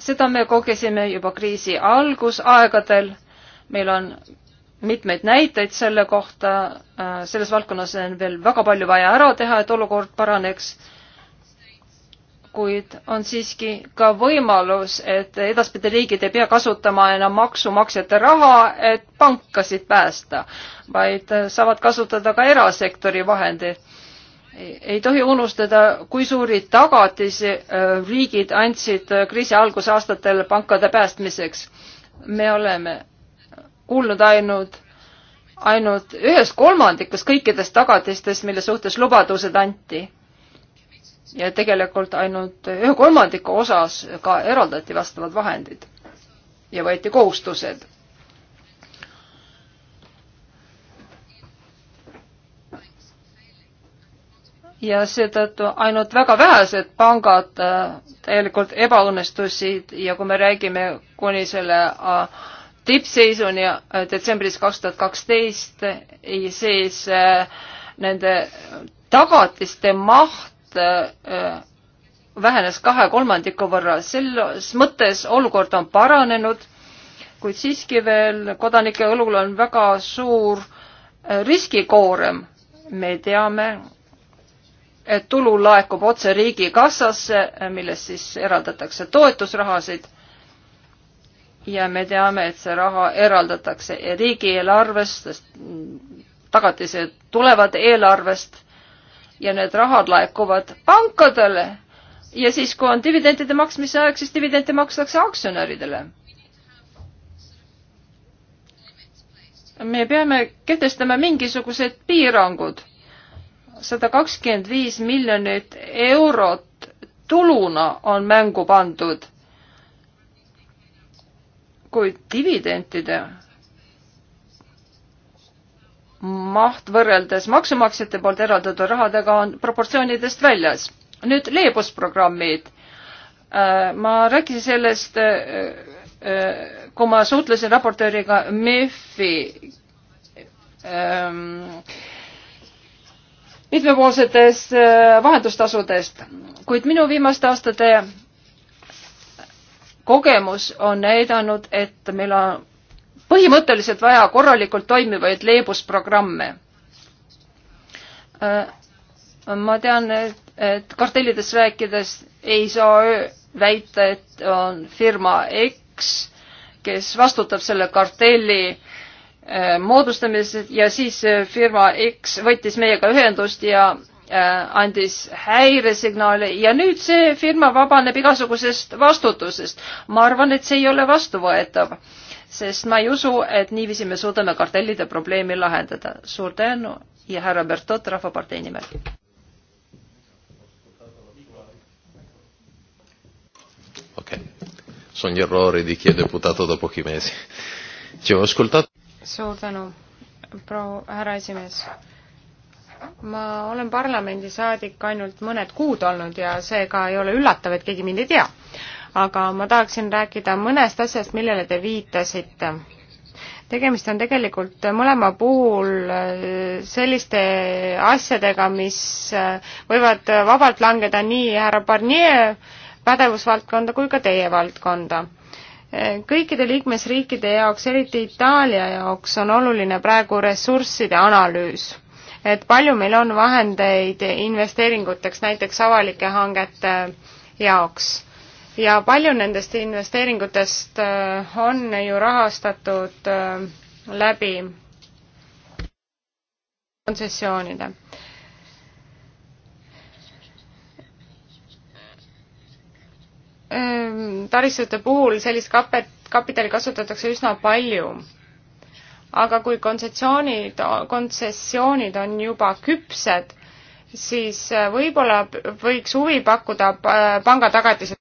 seda me kogesime juba kriisi algusaegadel. meil on mitmeid näiteid selle kohta, selles valdkonnas on veel väga palju vaja ära teha, et olukord paraneks kuid on siiski ka võimalus, et edaspidi riigid ei pea kasutama enam maksumaksjate raha, et pankasid päästa, vaid saavad kasutada ka erasektori vahendeid. ei tohi unustada, kui suuri tagatisi äh, riigid andsid äh, kriisi algusaastatel pankade päästmiseks. me oleme kuulnud ainult ainult ühes kolmandikus kõikidest tagatistest, mille suhtes lubadused anti ja tegelikult ainult ühe kolmandiku osas ka eraldati vastavad vahendid ja võeti kohustused. ja seetõttu ainult väga vähesed pangad äh, täielikult ebaõnnestusid ja kui me räägime kuni selle äh, tippseisuni äh, detsembris kaks tuhat kaksteist, siis nende tagatiste maht Äh, vähenes kahe kolmandiku võrra. selles mõttes olukord on paranenud, kuid siiski veel kodanike õlul on väga suur äh, riskikoorem. me teame, et tulu laekub otse riigikassasse, äh, millest siis eraldatakse toetusrahasid. ja me teame, et see raha eraldatakse riigieelarvest, sest mm, tagatised tulevad eelarvest ja need rahad laekuvad pankadele ja siis, kui on dividendide maksmise aeg, siis dividende makstakse aktsionäridele. me peame kehtestama mingisugused piirangud. sada kakskümmend viis miljonit eurot tuluna on mängu pandud. kuid dividendide maht võrreldes maksumaksjate poolt eraldatud rahadega on proportsioonidest väljas. nüüd leebusprogrammid. Äh, ma rääkisin sellest, äh, äh, kui ma suhtlesin raportööriga MEF-i ähm, mitmepoolsetest vahendustasudest, kuid minu viimaste aastate kogemus on näidanud, et meil on põhimõtteliselt vaja korralikult toimivaid leebusprogramme. Äh, ma tean, et, et kartellidest rääkides ei saa väita, et on firma X, kes vastutab selle kartelli äh, moodustamisest ja siis äh, firma X võttis meiega ühendust ja andis häiresignaale ja nüüd see firma vabaneb igasugusest vastutusest. ma arvan, et see ei ole vastuvõetav sest ma ei usu, et niiviisi me suudame kartellide probleemi lahendada. suur tänu ja härra Bertot Rahvapartei nimel. okei okay., sono gli errori di chi è deputato dopo chi mesi. Ci ho ascoltato. suur tänu, proua härra esimees ma olen parlamendisaadik ainult mõned kuud olnud ja seega ei ole üllatav, et keegi mind ei tea aga ma tahaksin rääkida mõnest asjast, millele te viitasite. tegemist on tegelikult mõlema puhul äh, selliste asjadega, mis äh, võivad vabalt langeda nii härra Barnier pädevusvaldkonda kui ka teie valdkonda äh, kõikide liikmesriikide jaoks, eriti Itaalia jaoks, on oluline praegu ressursside analüüs. et palju meil on vahendeid investeeringuteks näiteks avalike hangete jaoks ja palju nendest investeeringutest äh, on ju rahastatud äh, läbi kontsessioonide. Äh, taristute puhul sellist kapet, kapitali kasutatakse üsna palju. aga kui kontsessioonid, kontsessioonid on juba küpsed, siis võib-olla võiks huvi pakkuda panga tagatised.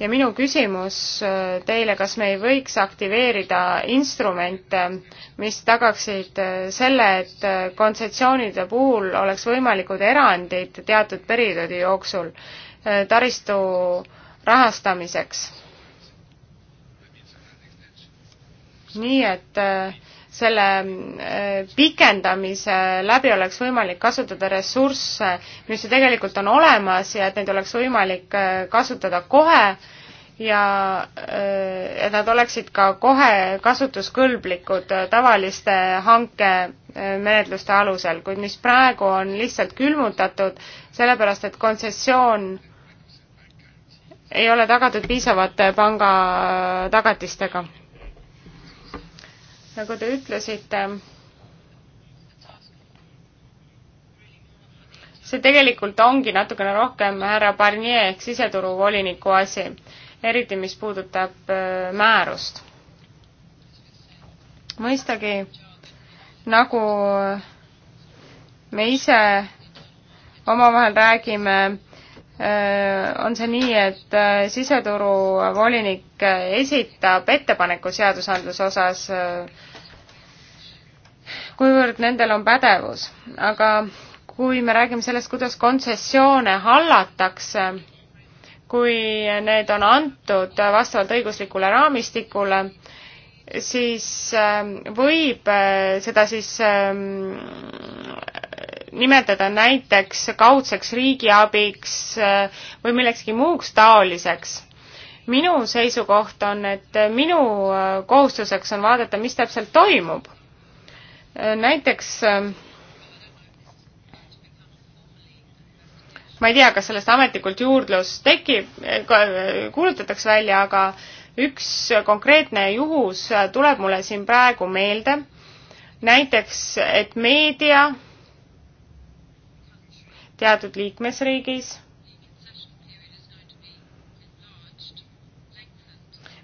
ja minu küsimus äh, teile, kas me ei võiks aktiveerida instrumente, mis tagaksid äh, selle, et äh, kontsessioonide puhul oleks võimalikud erandid teatud perioodi jooksul taristu rahastamiseks? nii et äh, selle äh, pikendamise läbi oleks võimalik kasutada ressursse, mis ju tegelikult on olemas ja et neid oleks võimalik äh, kasutada kohe ja äh, et nad oleksid ka kohe kasutuskõlblikud tavaliste hankemenetluste alusel, kuid mis praegu on lihtsalt külmutatud, sellepärast et kontsessioon ei ole tagatud piisavate panga tagatistega nagu te ütlesite, see tegelikult ongi natukene rohkem härra Barnier ehk siseturuvoliniku asi, eriti mis puudutab äh, määrust. mõistagi, nagu me ise omavahel räägime, äh, on see nii, et äh, siseturu volinik esitab ettepaneku seadusandluse osas kuivõrd nendel on pädevus, aga kui me räägime sellest, kuidas kontsessioone hallatakse, kui need on antud vastavalt õiguslikule raamistikule, siis ähm, võib äh, seda siis ähm, nimetada näiteks kaudseks riigiabiks äh, või millekski muuks taoliseks minu seisukoht on, et minu äh, kohustuseks on vaadata, mis täpselt toimub näiteks ma ei tea, kas sellest ametlikult juurdlus tekib, kuulutatakse välja, aga üks konkreetne juhus tuleb mulle siin praegu meelde. näiteks, et meedia teatud liikmesriigis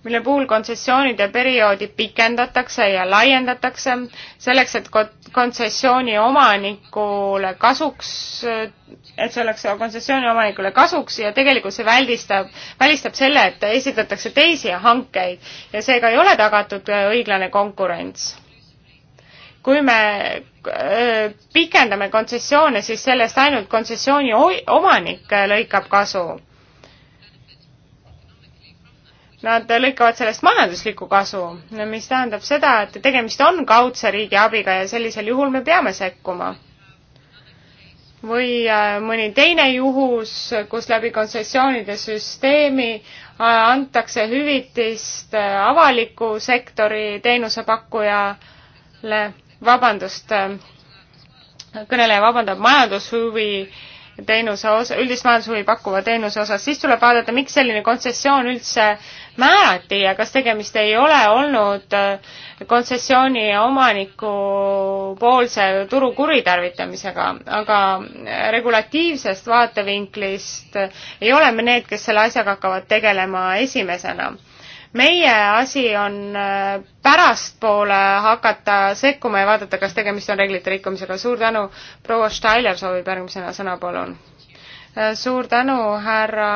mille puhul kontsessioonide perioodi pikendatakse ja laiendatakse selleks, et kontsessiooni omanikule kasuks, et see oleks kontsessiooni omanikule kasuks ja tegelikult see väldistab, välistab selle, et esitatakse teisi hankeid ja seega ei ole tagatud õiglane konkurents. kui me pikendame kontsessioone, siis sellest ainult kontsessiooni omanik lõikab kasu nad lõikavad sellest majanduslikku kasu, mis tähendab seda, et tegemist on kaudse riigi abiga ja sellisel juhul me peame sekkuma. või äh, mõni teine juhus, kus läbi kontsessioonide süsteemi äh, antakse hüvitist äh, avaliku sektori teenusepakkujale, vabandust, kõneleja vabandab, majandushuvi teenuse osa, üldist majandushuvi pakkuva teenuse osas, siis tuleb vaadata, miks selline kontsessioon üldse määrati ja kas tegemist ei ole olnud äh, kontsessiooni omaniku poolse turu kuritarvitamisega, aga äh, regulatiivsest vaatevinklist äh, ei ole me need, kes selle asjaga hakkavad tegelema esimesena meie asi on äh, pärastpoole hakata sekkuma ja vaadata, kas tegemist on reeglite rikkumisega. suur tänu, proua Steiler soovib järgmisena sõna, palun. Äh, suur tänu, härra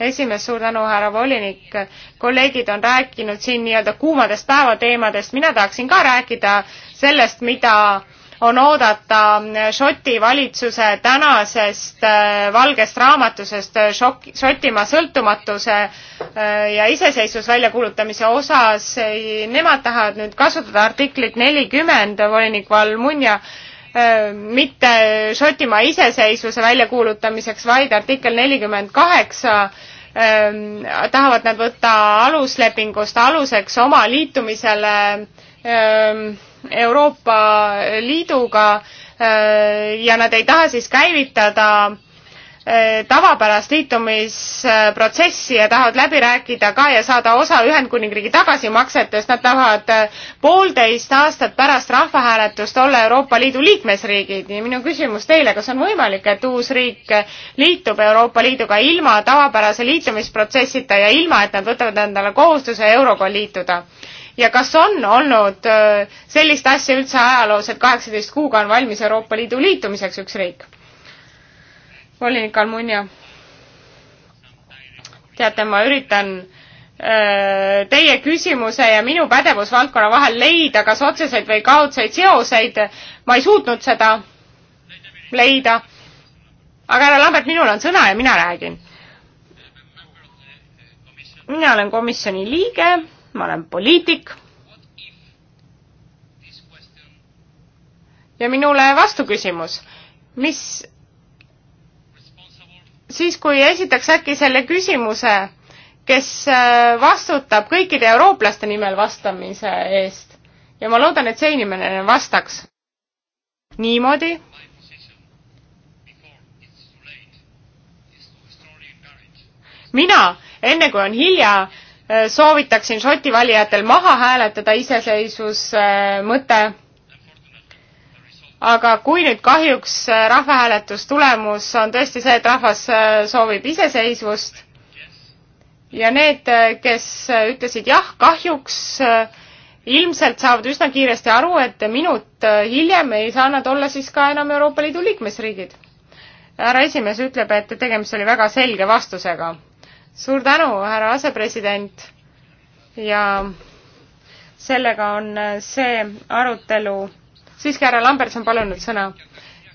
esimees, suur tänu, härra volinik. kolleegid on rääkinud siin nii-öelda kuumadest päevateemadest, mina tahaksin ka rääkida sellest, mida äh, on oodata Šoti valitsuse tänasest äh, valgest raamatusest äh, Šotimaa sõltumatuse äh, ja iseseisvusvälja kuulutamise osas. Nemad tahavad nüüd kasutada artiklit nelikümmend, volinik Valmunja, mitte Šotimaa iseseisvuse väljakuulutamiseks, vaid artikkel nelikümmend kaheksa ähm, tahavad nad võtta aluslepingust aluseks oma liitumisele ähm, Euroopa Liiduga äh, ja nad ei taha siis käivitada äh, tavapärast liitumisprotsessi ja tahavad läbi rääkida ka ja saada osa Ühendkuningriigi tagasimaksetest, nad tahavad äh, poolteist aastat pärast rahvahääletust olla Euroopa Liidu liikmesriigid ja minu küsimus teile, kas on võimalik, et uus riik liitub Euroopa Liiduga ilma tavapärase liitumisprotsessita ja ilma, et nad võtavad endale kohustuse euroga liituda? ja kas on olnud äh, sellist asja üldse ajaloos, et kaheksateist kuuga on valmis Euroopa Liidu liitumiseks üks riik? volinik Almunia. teate, ma üritan äh, teie küsimuse ja minu pädevusvaldkonna vahel leida kas otseseid või kaudseid seoseid. ma ei suutnud seda leida. aga härra Lambert, minul on sõna ja mina räägin. mina olen komisjoni liige ma olen poliitik. ja minule vastuküsimus, mis siis, kui esitaks äkki selle küsimuse, kes äh, vastutab kõikide eurooplaste nimel vastamise eest ja ma loodan, et see inimene vastaks. niimoodi mina, enne kui on hilja, Äh, soovitaksin Šoti valijatel maha hääletada iseseisvusmõte. aga kui nüüd kahjuks äh, rahvahääletustulemus on tõesti see, et rahvas äh, soovib iseseisvust ja need, kes ütlesid jah, kahjuks ilmselt saavad üsna kiiresti aru, et minut hiljem ei saa nad olla siis ka enam Euroopa Liidu liikmesriigid. härra esimees ütleb, et tegemist oli väga selge vastusega suur tänu, härra asepresident ja sellega on see arutelu, siiski härra Lamberts on palunud sõna.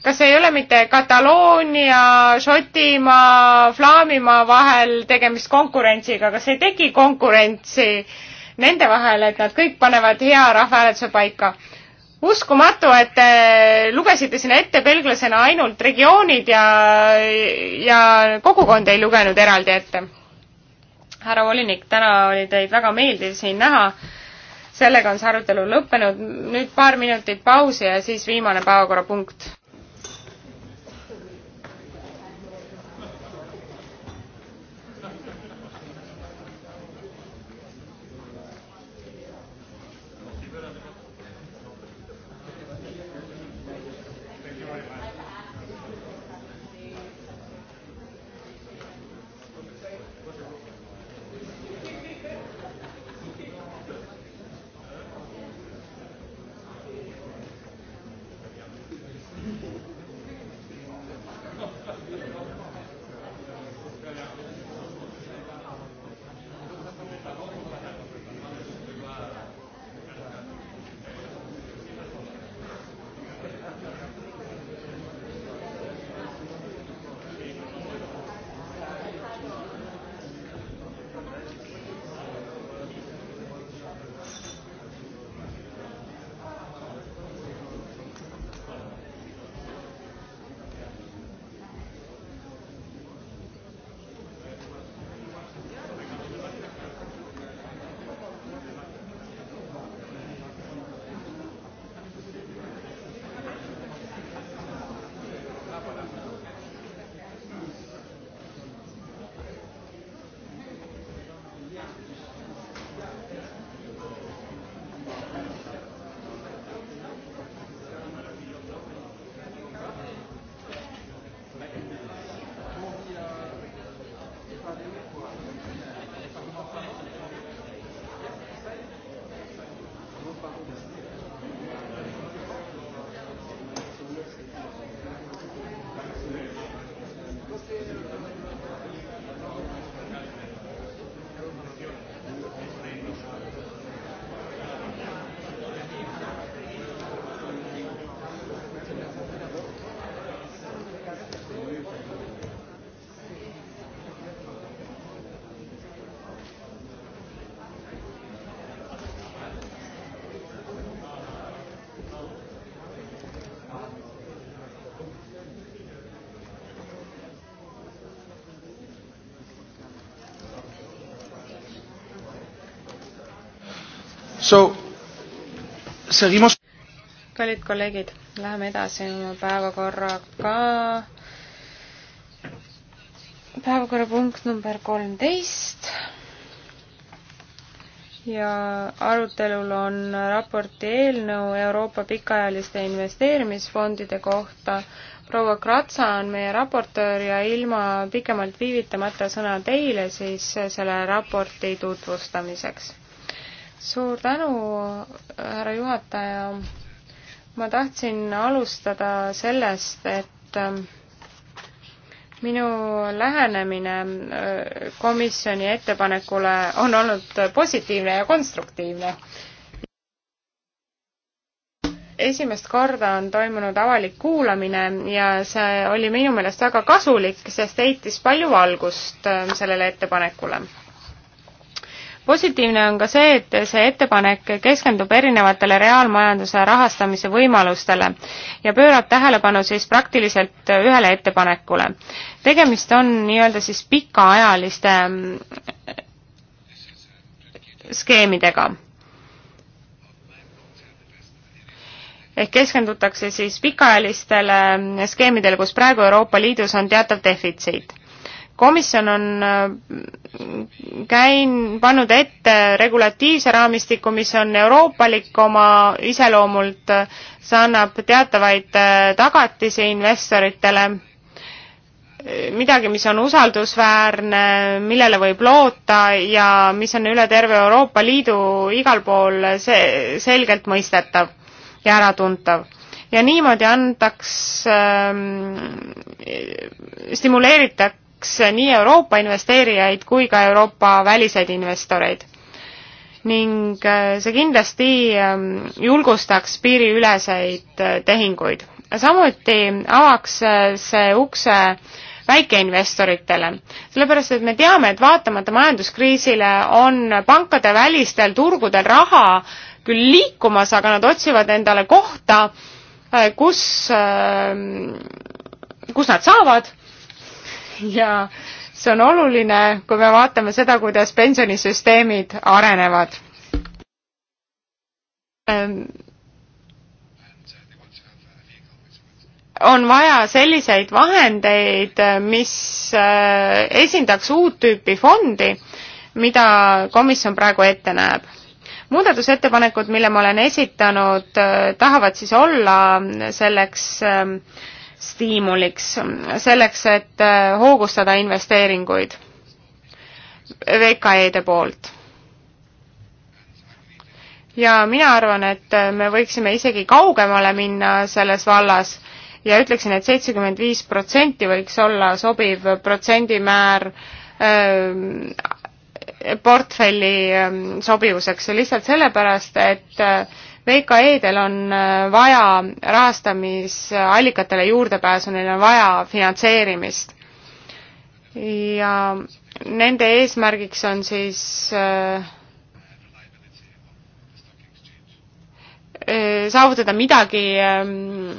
kas ei ole mitte Kataloonia, Šotimaa, Flaamimaa vahel tegemist konkurentsiga, kas ei teki konkurentsi nende vahel, et nad kõik panevad hea rahvahääletuse paika? uskumatu, et te lugesite sinna ette belglasena ainult regioonid ja, ja kogukond ei lugenud eraldi ette härra volinik, täna oli teid väga meeldiv siin näha. sellega on see arutelu lõppenud, nüüd paar minutit pausi ja siis viimane päevakorrapunkt. So, seguimos. kallid kolleegid, läheme edasi päevakorraga. päevakorrapunkt number kolmteist ja arutelul on raporti eelnõu Euroopa pikaajaliste investeerimisfondide kohta. proua Kratsa on meie raportöör ja ilma pikemalt viivitamata sõna teile siis selle raporti tutvustamiseks suur tänu, härra juhataja. ma tahtsin alustada sellest, et ähm, minu lähenemine äh, komisjoni ettepanekule on olnud positiivne ja konstruktiivne esimest korda on toimunud avalik kuulamine ja see oli minu meelest väga kasulik, sest heitis palju valgust ähm, sellele ettepanekule positiivne on ka see, et see ettepanek keskendub erinevatele reaalmajanduse rahastamise võimalustele ja pöörab tähelepanu siis praktiliselt ühele ettepanekule. tegemist on nii-öelda siis pikaajaliste mm, skeemidega ehk keskendutakse siis pikaajalistele skeemidele, kus praegu Euroopa Liidus on teatav defitsiit komisjon on äh, käin-, pannud ette regulatiivse raamistiku, mis on euroopalik oma iseloomult, see annab teatavaid äh, tagatisi investoritele, midagi, mis on usaldusväärne, millele võib loota ja mis on üle terve Euroopa Liidu igal pool see, selgelt mõistetav ja äratuntav ja niimoodi antaks ähm, stimuleeritakse aitaks nii Euroopa investeerijaid kui ka Euroopa väliseid investoreid. ning äh, see kindlasti ähm, julgustaks piiriüleseid äh, tehinguid. samuti avaks äh, see ukse väikeinvestoritele, sellepärast et me teame, et vaatamata majanduskriisile on pankade välistel turgudel raha küll liikumas, aga nad otsivad endale kohta, kus, ähm, kus nad saavad ja see on oluline, kui me vaatame seda, kuidas pensionisüsteemid arenevad. Ähm, on vaja selliseid vahendeid, mis äh, esindaks uut tüüpi fondi, mida komisjon praegu ette näeb. muudatusettepanekud, mille ma olen esitanud, äh, tahavad siis olla selleks äh, stiimuliks selleks, et äh, hoogustada investeeringuid VKE-de poolt. ja mina arvan, et äh, me võiksime isegi kaugemale minna selles vallas ja ütleksin et, et seitsekümmend viis protsenti võiks olla sobiv protsendimäär ähm, portfelli ähm, sobivuseks lihtsalt sellepärast, et äh, VKE-del on äh, vaja rahastamisallikatele juurdepääsu, neil on vaja finantseerimist. ja nende eesmärgiks on siis äh, Äh, saavutada midagi ähm,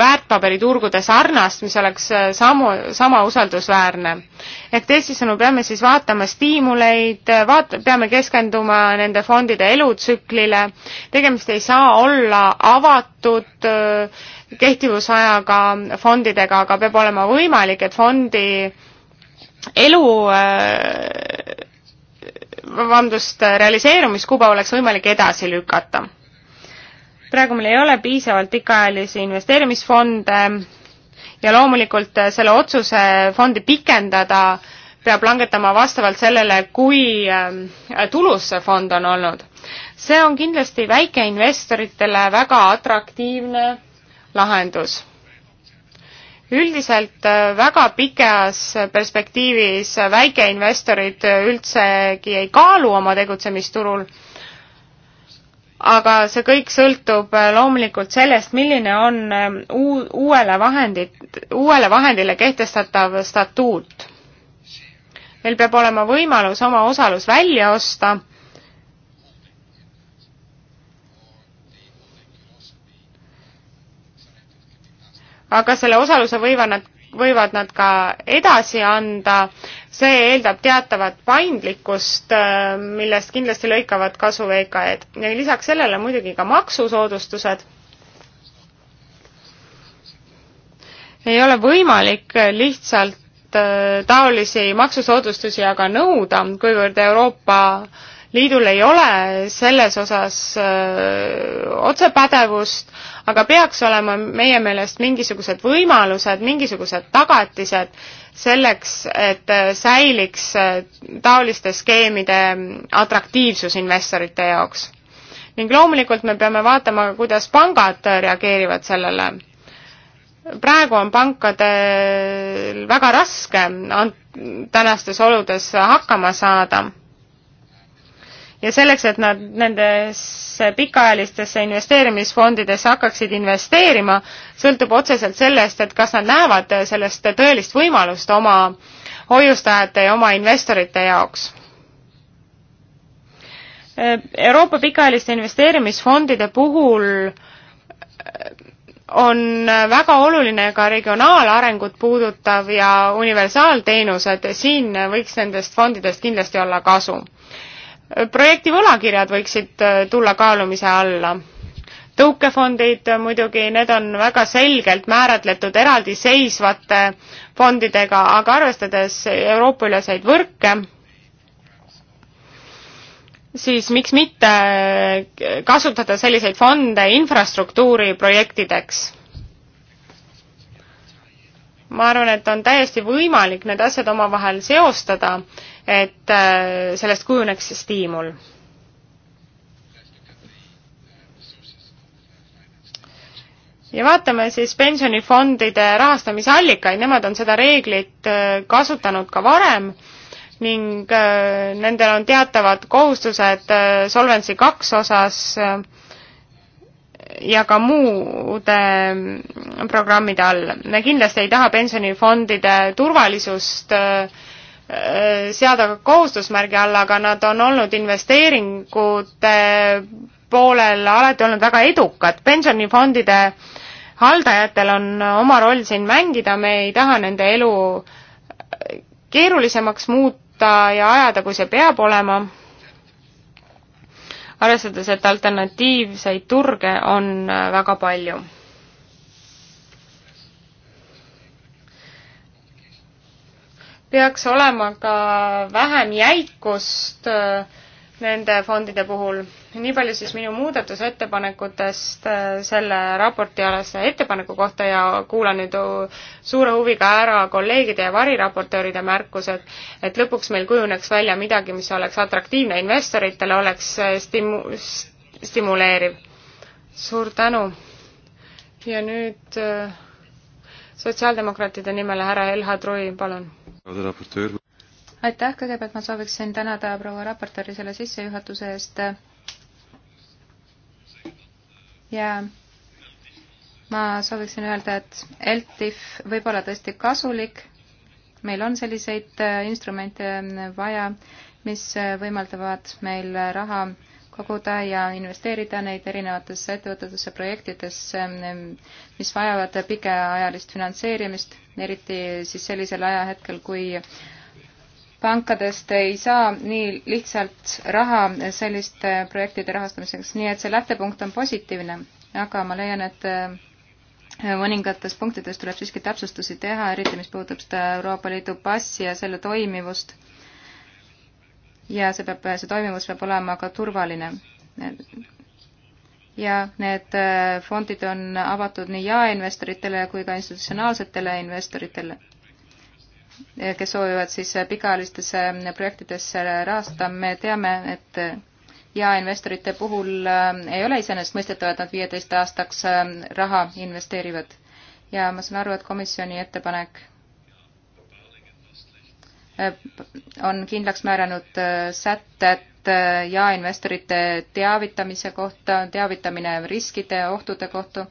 väärtpaberiturgude sarnast, mis oleks äh, samu, sama usaldusväärne. ehk teisisõnu, peame siis vaatama stiimuleid, äh, vaat-, peame keskenduma nende fondide elutsüklile, tegemist ei saa olla avatud kehtivusajaga fondidega, aga peab olema võimalik, et fondi elu vabandust, realiseerumiskuba oleks võimalik edasi lükata praegu meil ei ole piisavalt pikaajalisi investeerimisfonde ja loomulikult äh, selle otsuse fondi pikendada peab langetama vastavalt sellele, kui äh, tulus see fond on olnud. see on kindlasti väikeinvestoritele väga atraktiivne lahendus. üldiselt äh, väga pikas perspektiivis väikeinvestorid üldsegi ei kaalu oma tegutsemist turul aga see kõik sõltub äh, loomulikult sellest, milline on ähm, uu-, uuele vahendit, uuele vahendile kehtestatav statuut. meil peab olema võimalus oma osalus välja osta aga selle osaluse võivad nad võivad nad ka edasi anda, see eeldab teatavat paindlikkust, äh, millest kindlasti lõikavad kasu VKE-d ja lisaks sellele muidugi ka maksusoodustused. ei ole võimalik lihtsalt äh, taolisi maksusoodustusi aga nõuda, kuivõrd Euroopa äh, liidul ei ole selles osas äh, otsepädevust, aga peaks olema meie meelest mingisugused võimalused, mingisugused tagatised selleks, et äh, säiliks äh, taoliste skeemide atraktiivsus investorite jaoks. ning loomulikult me peame vaatama, kuidas pangad reageerivad sellele. praegu on pankadel väga raske tänastes oludes hakkama saada ja selleks, et nad nendesse pikaajalistesse investeerimisfondidesse hakkaksid investeerima, sõltub otseselt sellest, et kas nad näevad sellest tõelist võimalust oma hoiustajate ja oma investorite jaoks. Euroopa pikaajaliste investeerimisfondide puhul eh, on väga oluline ka regionaalarengut puudutav ja universaalteenused, siin võiks nendest fondidest kindlasti olla kasu projekti võlakirjad võiksid äh, tulla kaalumise alla. tõukefondid äh, muidugi, need on väga selgelt määratletud eraldiseisvate fondidega, aga arvestades Euroopa-üleseid võrke, siis miks mitte äh, kasutada selliseid fonde infrastruktuuriprojektideks? ma arvan, et on täiesti võimalik need asjad omavahel seostada et äh, sellest kujuneks stiimul. ja vaatame siis pensionifondide rahastamise allikaid, nemad on seda reeglit äh, kasutanud ka varem ning äh, nendel on teatavad kohustused Solvency kaks osas ja ka muude mm, programmide all. me kindlasti ei taha pensionifondide turvalisust äh, Äh, seada ka kohustusmärgi alla, aga nad on olnud investeeringute poolel alati olnud väga edukad. pensionifondide haldajatel on oma roll siin mängida, me ei taha nende elu äh, keerulisemaks muuta ja ajada, kui see peab olema. arvestades, et alternatiivseid turge on äh, väga palju peaks olema ka vähem jäikust äh, nende fondide puhul. nii palju siis minu muudatusettepanekutest äh, selle raportialase ettepaneku kohta ja kuulan nüüd suure huviga ära kolleegide ja variraportööride märkused, et lõpuks meil kujuneks välja midagi, mis oleks atraktiivne investoritele, oleks äh, stimu-, stimuleeriv. suur tänu! ja nüüd sotsiaaldemokraatide nimel härra Elha Trui, palun aitäh, kõigepealt ma sooviksin tänada proua raportööri selle sissejuhatuse eest. ja ma sooviksin öelda, et LTIF võib olla tõesti kasulik. meil on selliseid instrumente vaja, mis võimaldavad meil raha koguda ja investeerida neid erinevatesse ettevõtetesse, projektidesse, mis vajavad pikaajalist finantseerimist, eriti siis sellisel ajahetkel, kui pankadest ei saa nii lihtsalt raha selliste projektide rahastamiseks, nii et see lähtepunkt on positiivne, aga ma leian, et äh, mõningates punktides tuleb siiski täpsustusi teha, eriti mis puudutab seda Euroopa Liidu passi ja selle toimivust ja see peab, see toimivus peab olema ka turvaline. ja need äh, fondid on avatud nii jaeinvestoritele kui ka institutsionaalsetele investoritele, äh, kes soovivad siis äh, pikaajalistesse projektidesse rahastada. me teame, et jaeinvestorite puhul ei ole iseenesestmõistetav, et nad viieteist aastaks raha investeerivad. ja ma saan aru, et komisjoni ettepanek on kindlaks määranud äh, sätted äh, jaeinvestorite teavitamise kohta, teavitamine riskide, ohtude kohta.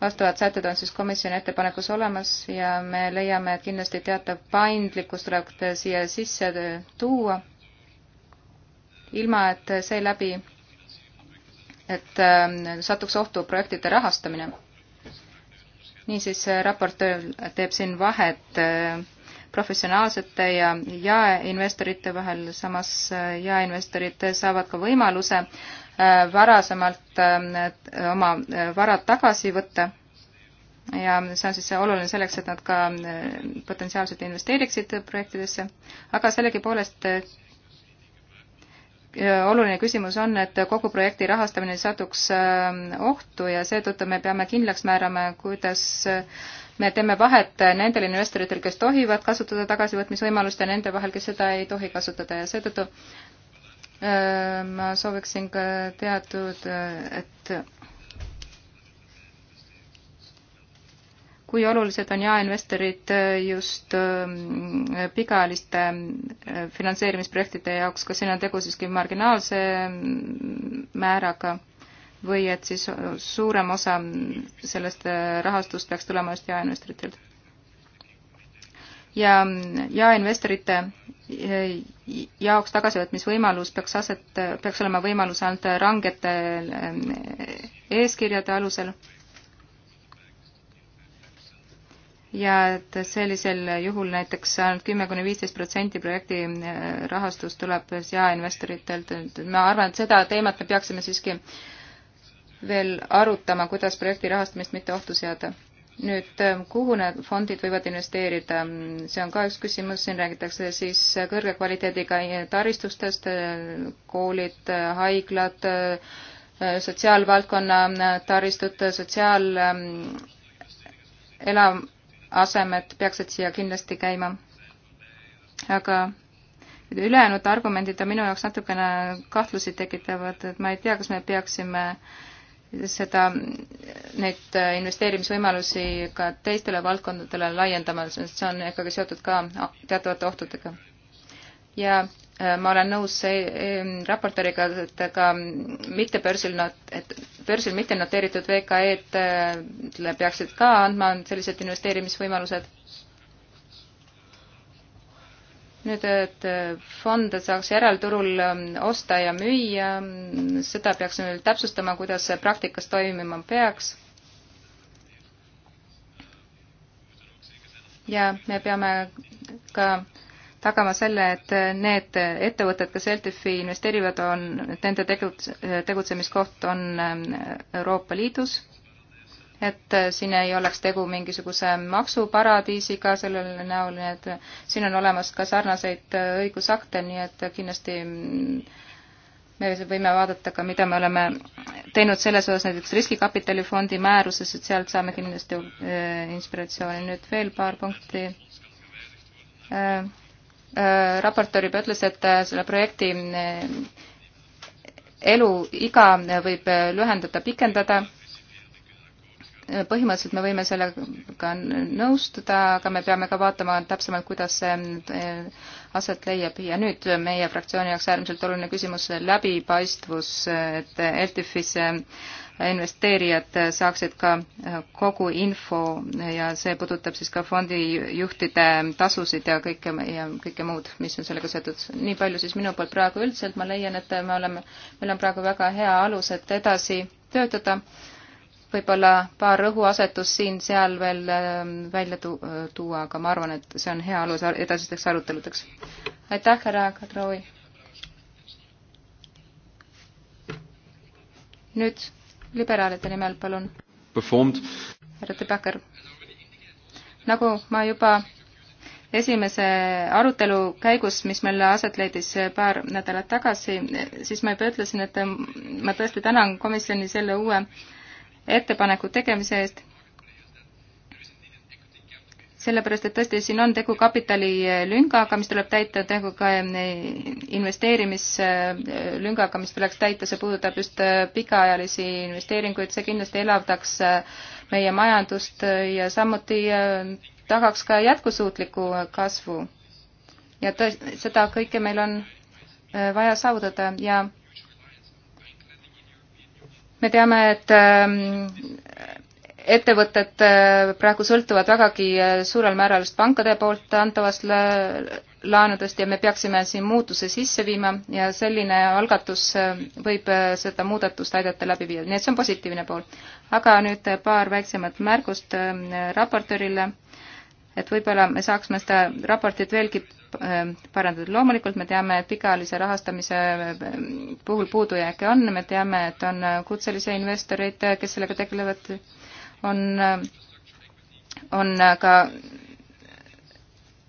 vastavad sätted on siis komisjoni ettepanekus olemas ja me leiame, et kindlasti teatav paindlikkus tuleb siia sisse tuua, ilma et seeläbi, et äh, satuks ohtu projektide rahastamine. niisiis, raportöör teeb siin vahet professionaalsete ja jaeinvestorite vahel, samas äh, jaeinvestorid saavad ka võimaluse äh, varasemalt äh, oma varad tagasi võtta ja see on siis oluline selleks, et nad ka potentsiaalselt investeeriksid projektidesse, aga sellegipoolest oluline küsimus on, et kogu projekti rahastamine satuks ohtu ja seetõttu me peame kindlaks määrama, kuidas äh, me teeme vahet nendel investoritel, kes tohivad kasutada tagasivõtmisvõimalust ja nende vahel, kes seda ei tohi kasutada ja seetõttu äh, ma sooviksin ka teatud, äh, et kui olulised on jaeinvestorid äh, just pikaajaliste finantseerimisprojektide jaoks, kas siin on tegu siiski marginaalse mm, määraga? või et siis suurem osa sellest äh, rahastust peaks tulema just jaeinvestoritelt. ja mm, jaeinvestorite äh, jaoks tagasivõtmisvõimalus peaks aset, peaks olema võimalus ainult rangete äh, eeskirjade alusel. ja et sellisel juhul näiteks ainult kümme kuni viisteist protsenti projekti rahastust tuleb jaeinvestoritelt, et ma arvan, et seda teemat me peaksime siiski äh, veel arutama, kuidas projekti rahastamist mitte ohtu seada. nüüd, ähm, kuhu need fondid võivad investeerida, see on ka üks küsimus, siin räägitakse siis kõrge kvaliteediga taristustest, äh, koolid, äh, haiglad, äh, sotsiaalvaldkonna taristud, sotsiaalelamuasemed ähm, peaksid siia kindlasti käima. aga ülejäänud argumendid on minu jaoks natukene kahtlusi tekitavad, et ma ei tea, kas me peaksime äh, seda, neid investeerimisvõimalusi ka teistele valdkondadele laiendama, sest see on ikkagi seotud ka teatavate ohtudega. ja äh, ma olen nõus äh, raportööriga, et ka mitte börsil not-, et börsil mitte noteeritud VKE-dele äh, peaksid ka andma sellised investeerimisvõimalused nüüd, et fonde saaks järelturul ähm, osta ja müüa, seda peaks nüüd täpsustama, kuidas see praktikas toimima peaks. ja me peame ka tagama selle, et need ettevõtted, kes LTF-i investeerivad, on, et nende tegutse, tegutsemiskoht on ähm, Euroopa Liidus et siin ei oleks tegu mingisuguse maksuparadiisiga sellel näol, nii et siin on olemas ka sarnaseid õigusakte, nii et kindlasti me võime vaadata ka, mida me oleme teinud selles osas näiteks riskikapitalifondi määruses, et sealt saame kindlasti äh, inspiratsiooni. nüüd veel paar punkti. Äh, äh, raportöör juba ütles, et selle projekti eluiga võib lühendada, pikendada põhimõtteliselt me võime sellega nõustuda, aga me peame ka vaatama täpsemalt, kuidas see eh, aset leiab ja nüüd meie fraktsiooni jaoks äärmiselt oluline küsimus, läbipaistvus, et LTF-isse eh, investeerijad saaksid ka eh, kogu info ja see puudutab siis ka fondijuhtide tasusid ja kõike ja kõike muud, mis on sellega seotud. nii palju siis minu poolt praegu üldiselt, ma leian, et me oleme, meil on praegu väga hea alus, et edasi töötada võib-olla paar rõhuasetust siin-seal veel äh, välja tu-, tuua, aga ma arvan, et see on hea alus edasisteks aruteludeks. aitäh, härra Kadrovi! nüüd liberaalide nimel, palun. härra De Backer. nagu ma juba esimese arutelu käigus, mis meil aset leidis paar nädalat tagasi, siis ma juba ütlesin, et ma tõesti tänan komisjoni selle uue äh, ettepaneku tegemise eest. sellepärast, et tõesti, siin on tegu kapitalilüngaga, eh, mis tuleb täita, tegu ka eh, investeerimislüngaga, mis tuleks täita, see puudutab just eh, pikaajalisi investeeringuid, see kindlasti elavdaks meie majandust ja samuti tagaks ka jätkusuutliku kasvu. ja tõesti, seda kõike meil on vaja saavutada ja me teame, et ähm, ettevõtted äh, praegu sõltuvad vägagi äh, suurel määral just pankade poolt antavast laenudest ja me peaksime siin muutuse sisse viima ja selline algatus äh, võib seda muudatust aidata läbi viia, nii et see on positiivne pool. aga nüüd paar väiksemat märgust ähm, raportöörile, et võib-olla me saaksime seda raportit veelgi Äh, parandatud. loomulikult me teame, et pikaajalise rahastamise äh, puhul puudujääke on, me teame, et on äh, kutselisi investoreid, kes sellega tegelevad, on, on ka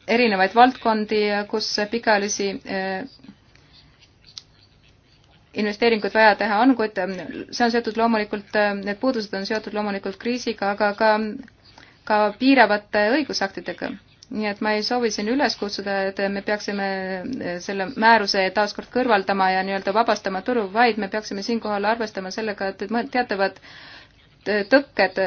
erinevaid valdkondi, kus pikaajalisi investeeringuid vaja teha on, kuid see on seotud loomulikult, need puudused on seotud loomulikult kriisiga, aga ka, ka piiravate õigusaktidega nii et ma ei soovi siin üles kutsuda, et me peaksime eh, selle määruse taaskord kõrvaldama ja nii-öelda vabastama turu, vaid me peaksime siinkohal arvestama sellega, et teatavad tõkked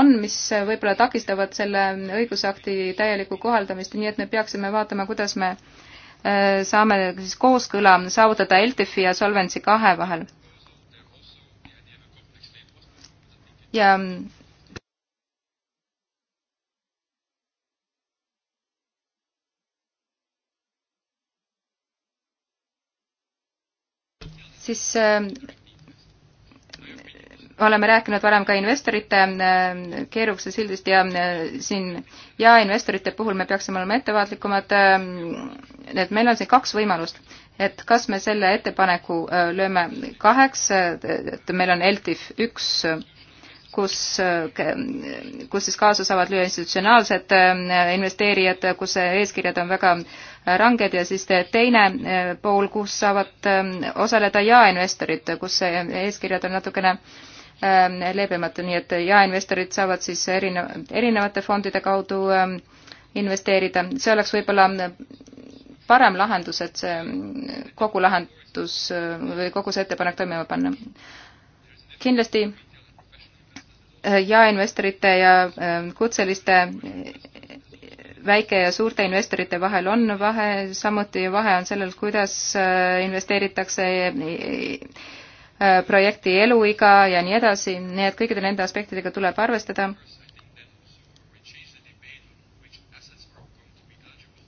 on, mis võib-olla takistavad selle õigusakti täielikku kohaldamist, nii et me peaksime vaatama, kuidas me eh, saame siis kooskõla saavutada LTF-i ja Solvency kahe vahel. ja siis äh, oleme rääkinud varem ka investorite äh, keerukuse sildist ja äh, siin ja investorite puhul me peaksime olema ettevaatlikumad, et meil on siin kaks võimalust, et kas me selle ettepaneku lööme kaheks, et meil on LTIF üks 1 kus, kus siis kaasa saavad lüüa institutsionaalsed äh, investeerijad, kus eeskirjad on väga ranged ja siis teine äh, pool, kus saavad äh, osaleda jaeinvestorid, kus eeskirjad on natukene leebemad, nii et jaeinvestorid saavad siis erineva, erinevate fondide kaudu investeerida, see oleks võib-olla parem lahendus, et see kogu lahendus või kogu see ettepanek toimima panna. kindlasti jaeinvestorite ja ähm, kutseliste äh, väike- ja suurte investorite vahel on vahe, samuti vahe on sellel, kuidas äh, investeeritakse äh, projekti eluiga ja nii edasi, nii et kõikide nende aspektidega tuleb arvestada.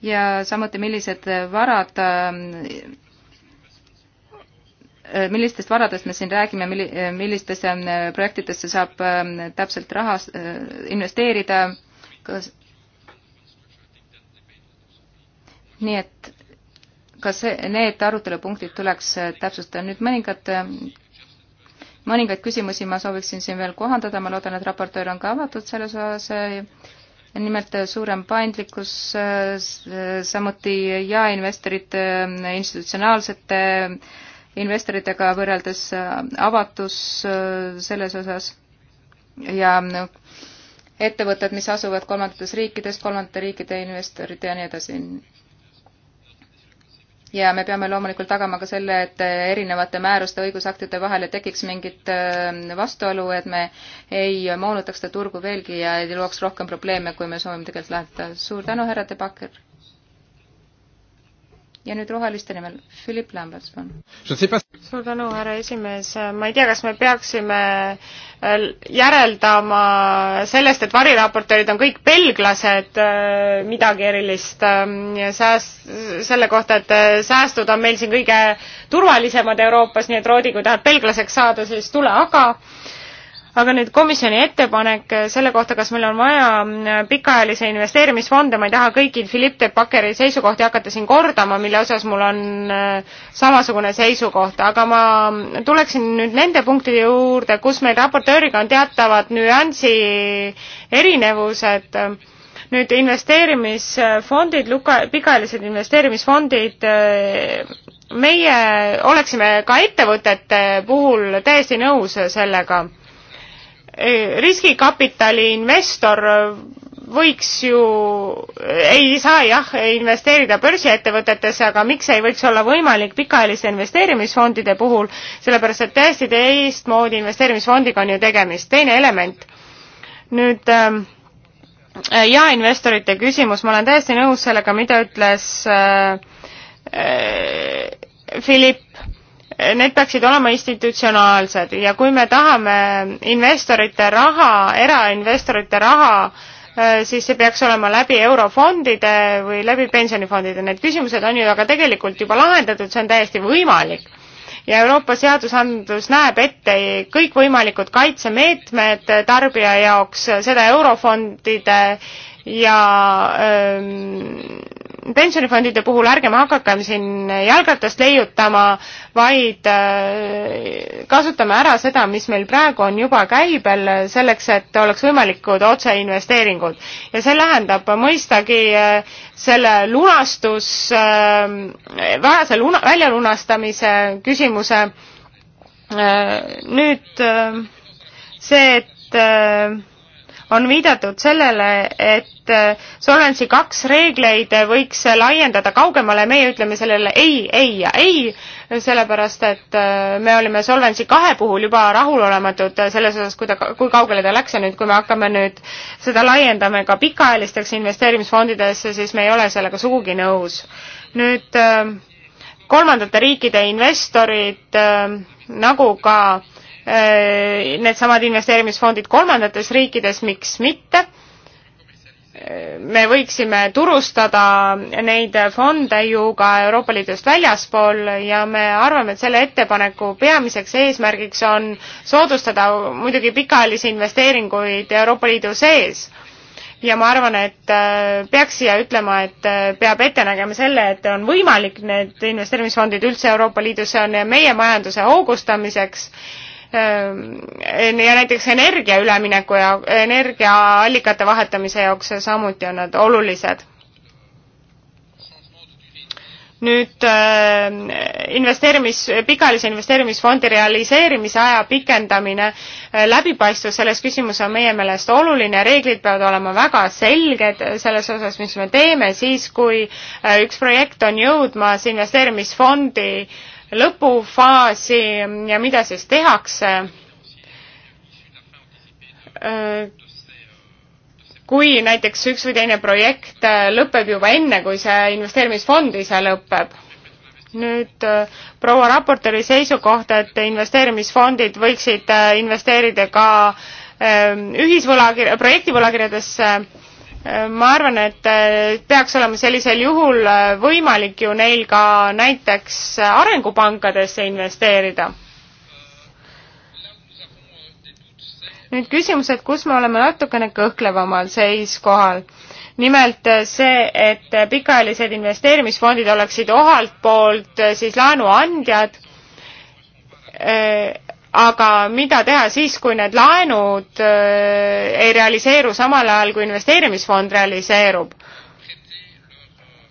ja samuti, millised varad ähm, Äh, millistest varadest me siin räägime, äh, millistesse ähm, projektidesse saab ähm, täpselt raha äh, investeerida, kas nii et kas need arutelupunktid tuleks täpsustada, nüüd mõningad ähm, mõningaid küsimusi ma sooviksin siin veel kohandada, ma loodan, et raportöör on ka avatud selles osas, nimelt suurem paindlikkus, samuti jaeinvestorite institutsionaalsete äh, investoritega võrreldes äh, avatus äh, selles osas ja ettevõtted, mis asuvad kolmandates riikides, kolmandate riikide investorid ja nii edasi. ja me peame loomulikult tagama ka selle, et erinevate määruste õigusaktide vahele tekiks mingit äh, vastuolu, et me ei moonutaks seda turgu veelgi ja ei looks rohkem probleeme, kui me soovime tegelikult lahendada. suur tänu, härra De Backer! ja nüüd Roheliste nimel Philip Lamberts, palun. suur tänu, härra esimees, ma ei tea, kas me peaksime äh, järeldama sellest, et variraportöörid on kõik belglased, äh, midagi erilist ähm, sääst-, selle kohta, et äh, säästud on meil siin kõige turvalisemad Euroopas, nii et Roodi, kui tahad belglaseks saada, siis tule aga äh, aga nüüd komisjoni ettepanek selle kohta, kas meil on vaja äh, pikaajalise investeerimisfonde, ma ei taha kõigil Philipp de Bakkeri seisukohti hakata siin kordama, mille osas mul on äh, samasugune seisukoht, aga ma tuleksin nüüd nende punktide juurde, kus meil raportööriga on teatavad nüansi erinevused nüüd investeerimisfondid, luka-, pikaajalised investeerimisfondid, äh, meie oleksime ka ettevõtete puhul täiesti nõus sellega Eh, riskikapitali investor eh, võiks ju, eh, ei saa jah investeerida börsiettevõtetesse, aga miks ei võiks olla võimalik pikaajaliste investeerimisfondide puhul, sellepärast et täiesti teistmoodi investeerimisfondiga on ju tegemist. teine element, nüüd ähm, äh, jaainvestorite küsimus, ma olen täiesti nõus sellega, mida ütles äh, äh, Philipp need peaksid olema institutsionaalsed ja kui me tahame investorite raha, erainvestorite raha, äh, siis see peaks olema läbi eurofondide või läbi pensionifondide, need küsimused on ju aga tegelikult juba lahendatud, see on täiesti võimalik. ja Euroopa seadusandlus näeb ette kõikvõimalikud kaitsemeetmed tarbija jaoks, seda eurofondide ja öö, ähm, pensionifondide puhul ärgem hakakem siin jalgratast leiutama, vaid äh, kasutame ära seda, mis meil praegu on juba käibel, selleks et oleks võimalikud otseinvesteeringud. ja see lähendab mõistagi äh, selle lunastus, vähese luna, väljalunastamise küsimuse äh, nüüd see, et on viidatud sellele, et äh, Solvency kaks reegleid võiks laiendada kaugemale, meie ütleme sellele ei, ei ja ei, sellepärast et äh, me olime Solvency kahe puhul juba rahulolematud äh, selles osas, kui ta, kui kaugele ta läks ja nüüd, kui me hakkame nüüd seda laiendama ka pikaajalisteks investeerimisfondidesse, siis me ei ole sellega sugugi nõus. nüüd kolmandate riikide investorid nagu ka äh, Äh, needsamad investeerimisfondid kolmandates riikides, miks mitte. me võiksime turustada neid fonde ju ka Euroopa Liidust väljaspool ja me arvame, et selle ettepaneku peamiseks eesmärgiks on soodustada muidugi pikaajalisi investeeringuid Euroopa Liidu sees ja ma arvan, et äh, peaks siia ütlema, et äh, peab ette nägema selle, et on võimalik need investeerimisfondid üldse Euroopa Liidus, see on meie majanduse hoogustamiseks Ehm, ja näiteks energia ülemineku ja energiaallikate vahetamise jaoks samuti on nad olulised. nüüd ehm, investeerimis, pikaajalise investeerimisfondi realiseerimise aja pikendamine, eh, läbipaistvus selles küsimuses on meie meelest oluline, reeglid peavad olema väga selged selles osas, mis me teeme siis, kui eh, üks projekt on jõudmas investeerimisfondi äh, lõpufaasi ja mida siis tehakse, kui näiteks üks või teine projekt lõpeb juba enne, kui see investeerimisfond ise lõpeb. nüüd äh, proua raportööri seisukoht, et investeerimisfondid võiksid äh, investeerida ka ähm, ühisvõlakirja, projektivõlakirjadesse ma arvan, et eh, peaks olema sellisel juhul eh, võimalik ju neil ka näiteks arengupankadesse investeerida. nüüd küsimus, et kus me oleme natukene kõhklevamal seiskohal. nimelt eh, see, et pikaajalised investeerimisfondid oleksid ohalt poolt siis laenuandjad aga mida teha siis, kui need laenud äh, ei realiseeru samal ajal, kui investeerimisfond realiseerub?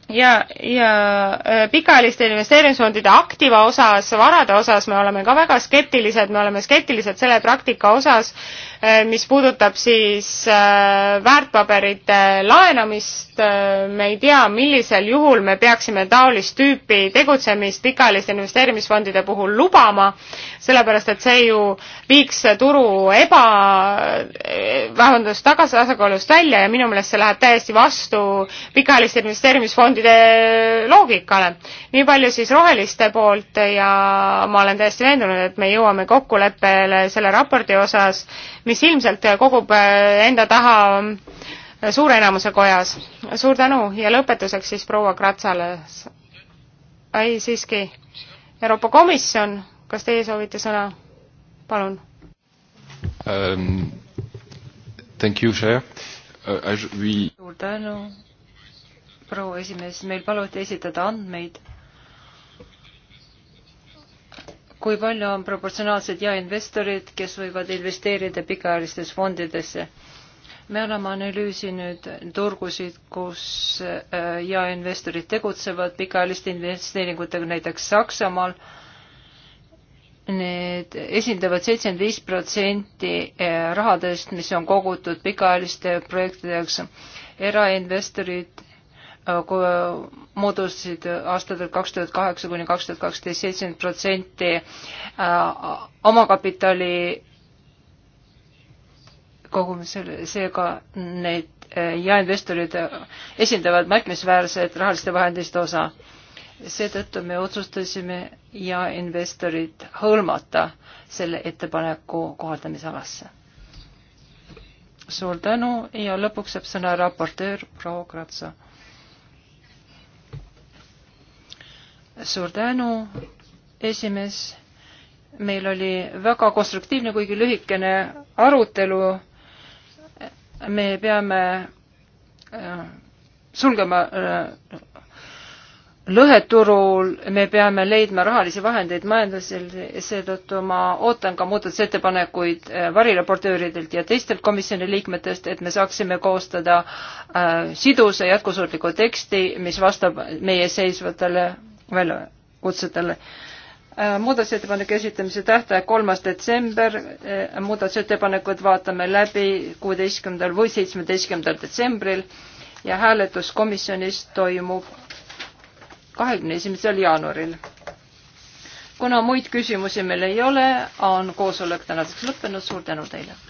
ja, ja äh, pikaajaliste investeerimisfondide aktiva osas, varade osas me oleme ka väga skeptilised, me oleme skeptilised selle praktika osas, Eh, mis puudutab siis eh, väärtpaberite laenamist, eh, me ei tea, millisel juhul me peaksime taolist tüüpi tegutsemist pikaajaliste investeerimisfondide puhul lubama, sellepärast et see ju viiks turu eba, vabandust, tagasi tasakaalust välja ja minu meelest see läheb täiesti vastu pikaajaliste investeerimisfondide loogikale. nii palju siis roheliste poolt ja ma olen täiesti veendunud, et me jõuame kokkuleppele selle raporti osas mis ilmselt kogub äh, enda taha äh, suure enamuse kojas. suur tänu ja lõpetuseks siis proua Kratsale. ei, siiski. Euroopa Komisjon, kas teie soovite sõna? palun um,. Thank you, Chair uh,. We... suur tänu, proua esimees, meil paluti esitada andmeid kui palju on proportsionaalsed jaeinvestorid, kes võivad investeerida pikaajalistesse fondidesse? me oleme analüüsinud turgusid, kus äh, jaeinvestorid tegutsevad pikaajaliste investeeringutega, näiteks Saksamaal. Need esindavad seitsekümmend viis protsenti äh, rahadest, mis on kogutud pikaajaliste projektide jaoks. erainvestorid äh, moodustasid aastatel kaks tuhat kaheksa kuni kaks tuhat kaksteist seitsekümmend protsenti äh, omakapitali kogumisel, seega need äh, jaeinvestorid esindavad märkimisväärset rahaliste vahendite osa. seetõttu me otsustasime jaeinvestorid hõlmata selle ettepaneku kohaldamisalasse. suur tänu ja lõpuks saab sõna raportöör proua Kratsa suur tänu, esimees. meil oli väga konstruktiivne, kuigi lühikene arutelu. me peame äh, sulgema äh, lõheturul me peame leidma rahalisi vahendeid majandusel, seetõttu ma ootan ka muudatusettepanekuid äh, variraportööridelt ja teistelt komisjoni liikmetest, et me saaksime koostada äh, sidusa jätkusuutliku teksti, mis vastab meie seisvatele väljakutsetele. Äh, muudatusettepaneku esitamise tähtaeg kolmas detsember, äh, muudatusettepanekud vaatame läbi kuueteistkümnendal või seitsmeteistkümnendal detsembril ja hääletus komisjonis toimub kahekümne esimesel jaanuaril. kuna muid küsimusi meil ei ole, on koosolek tänaseks lõppenud, suur tänu teile!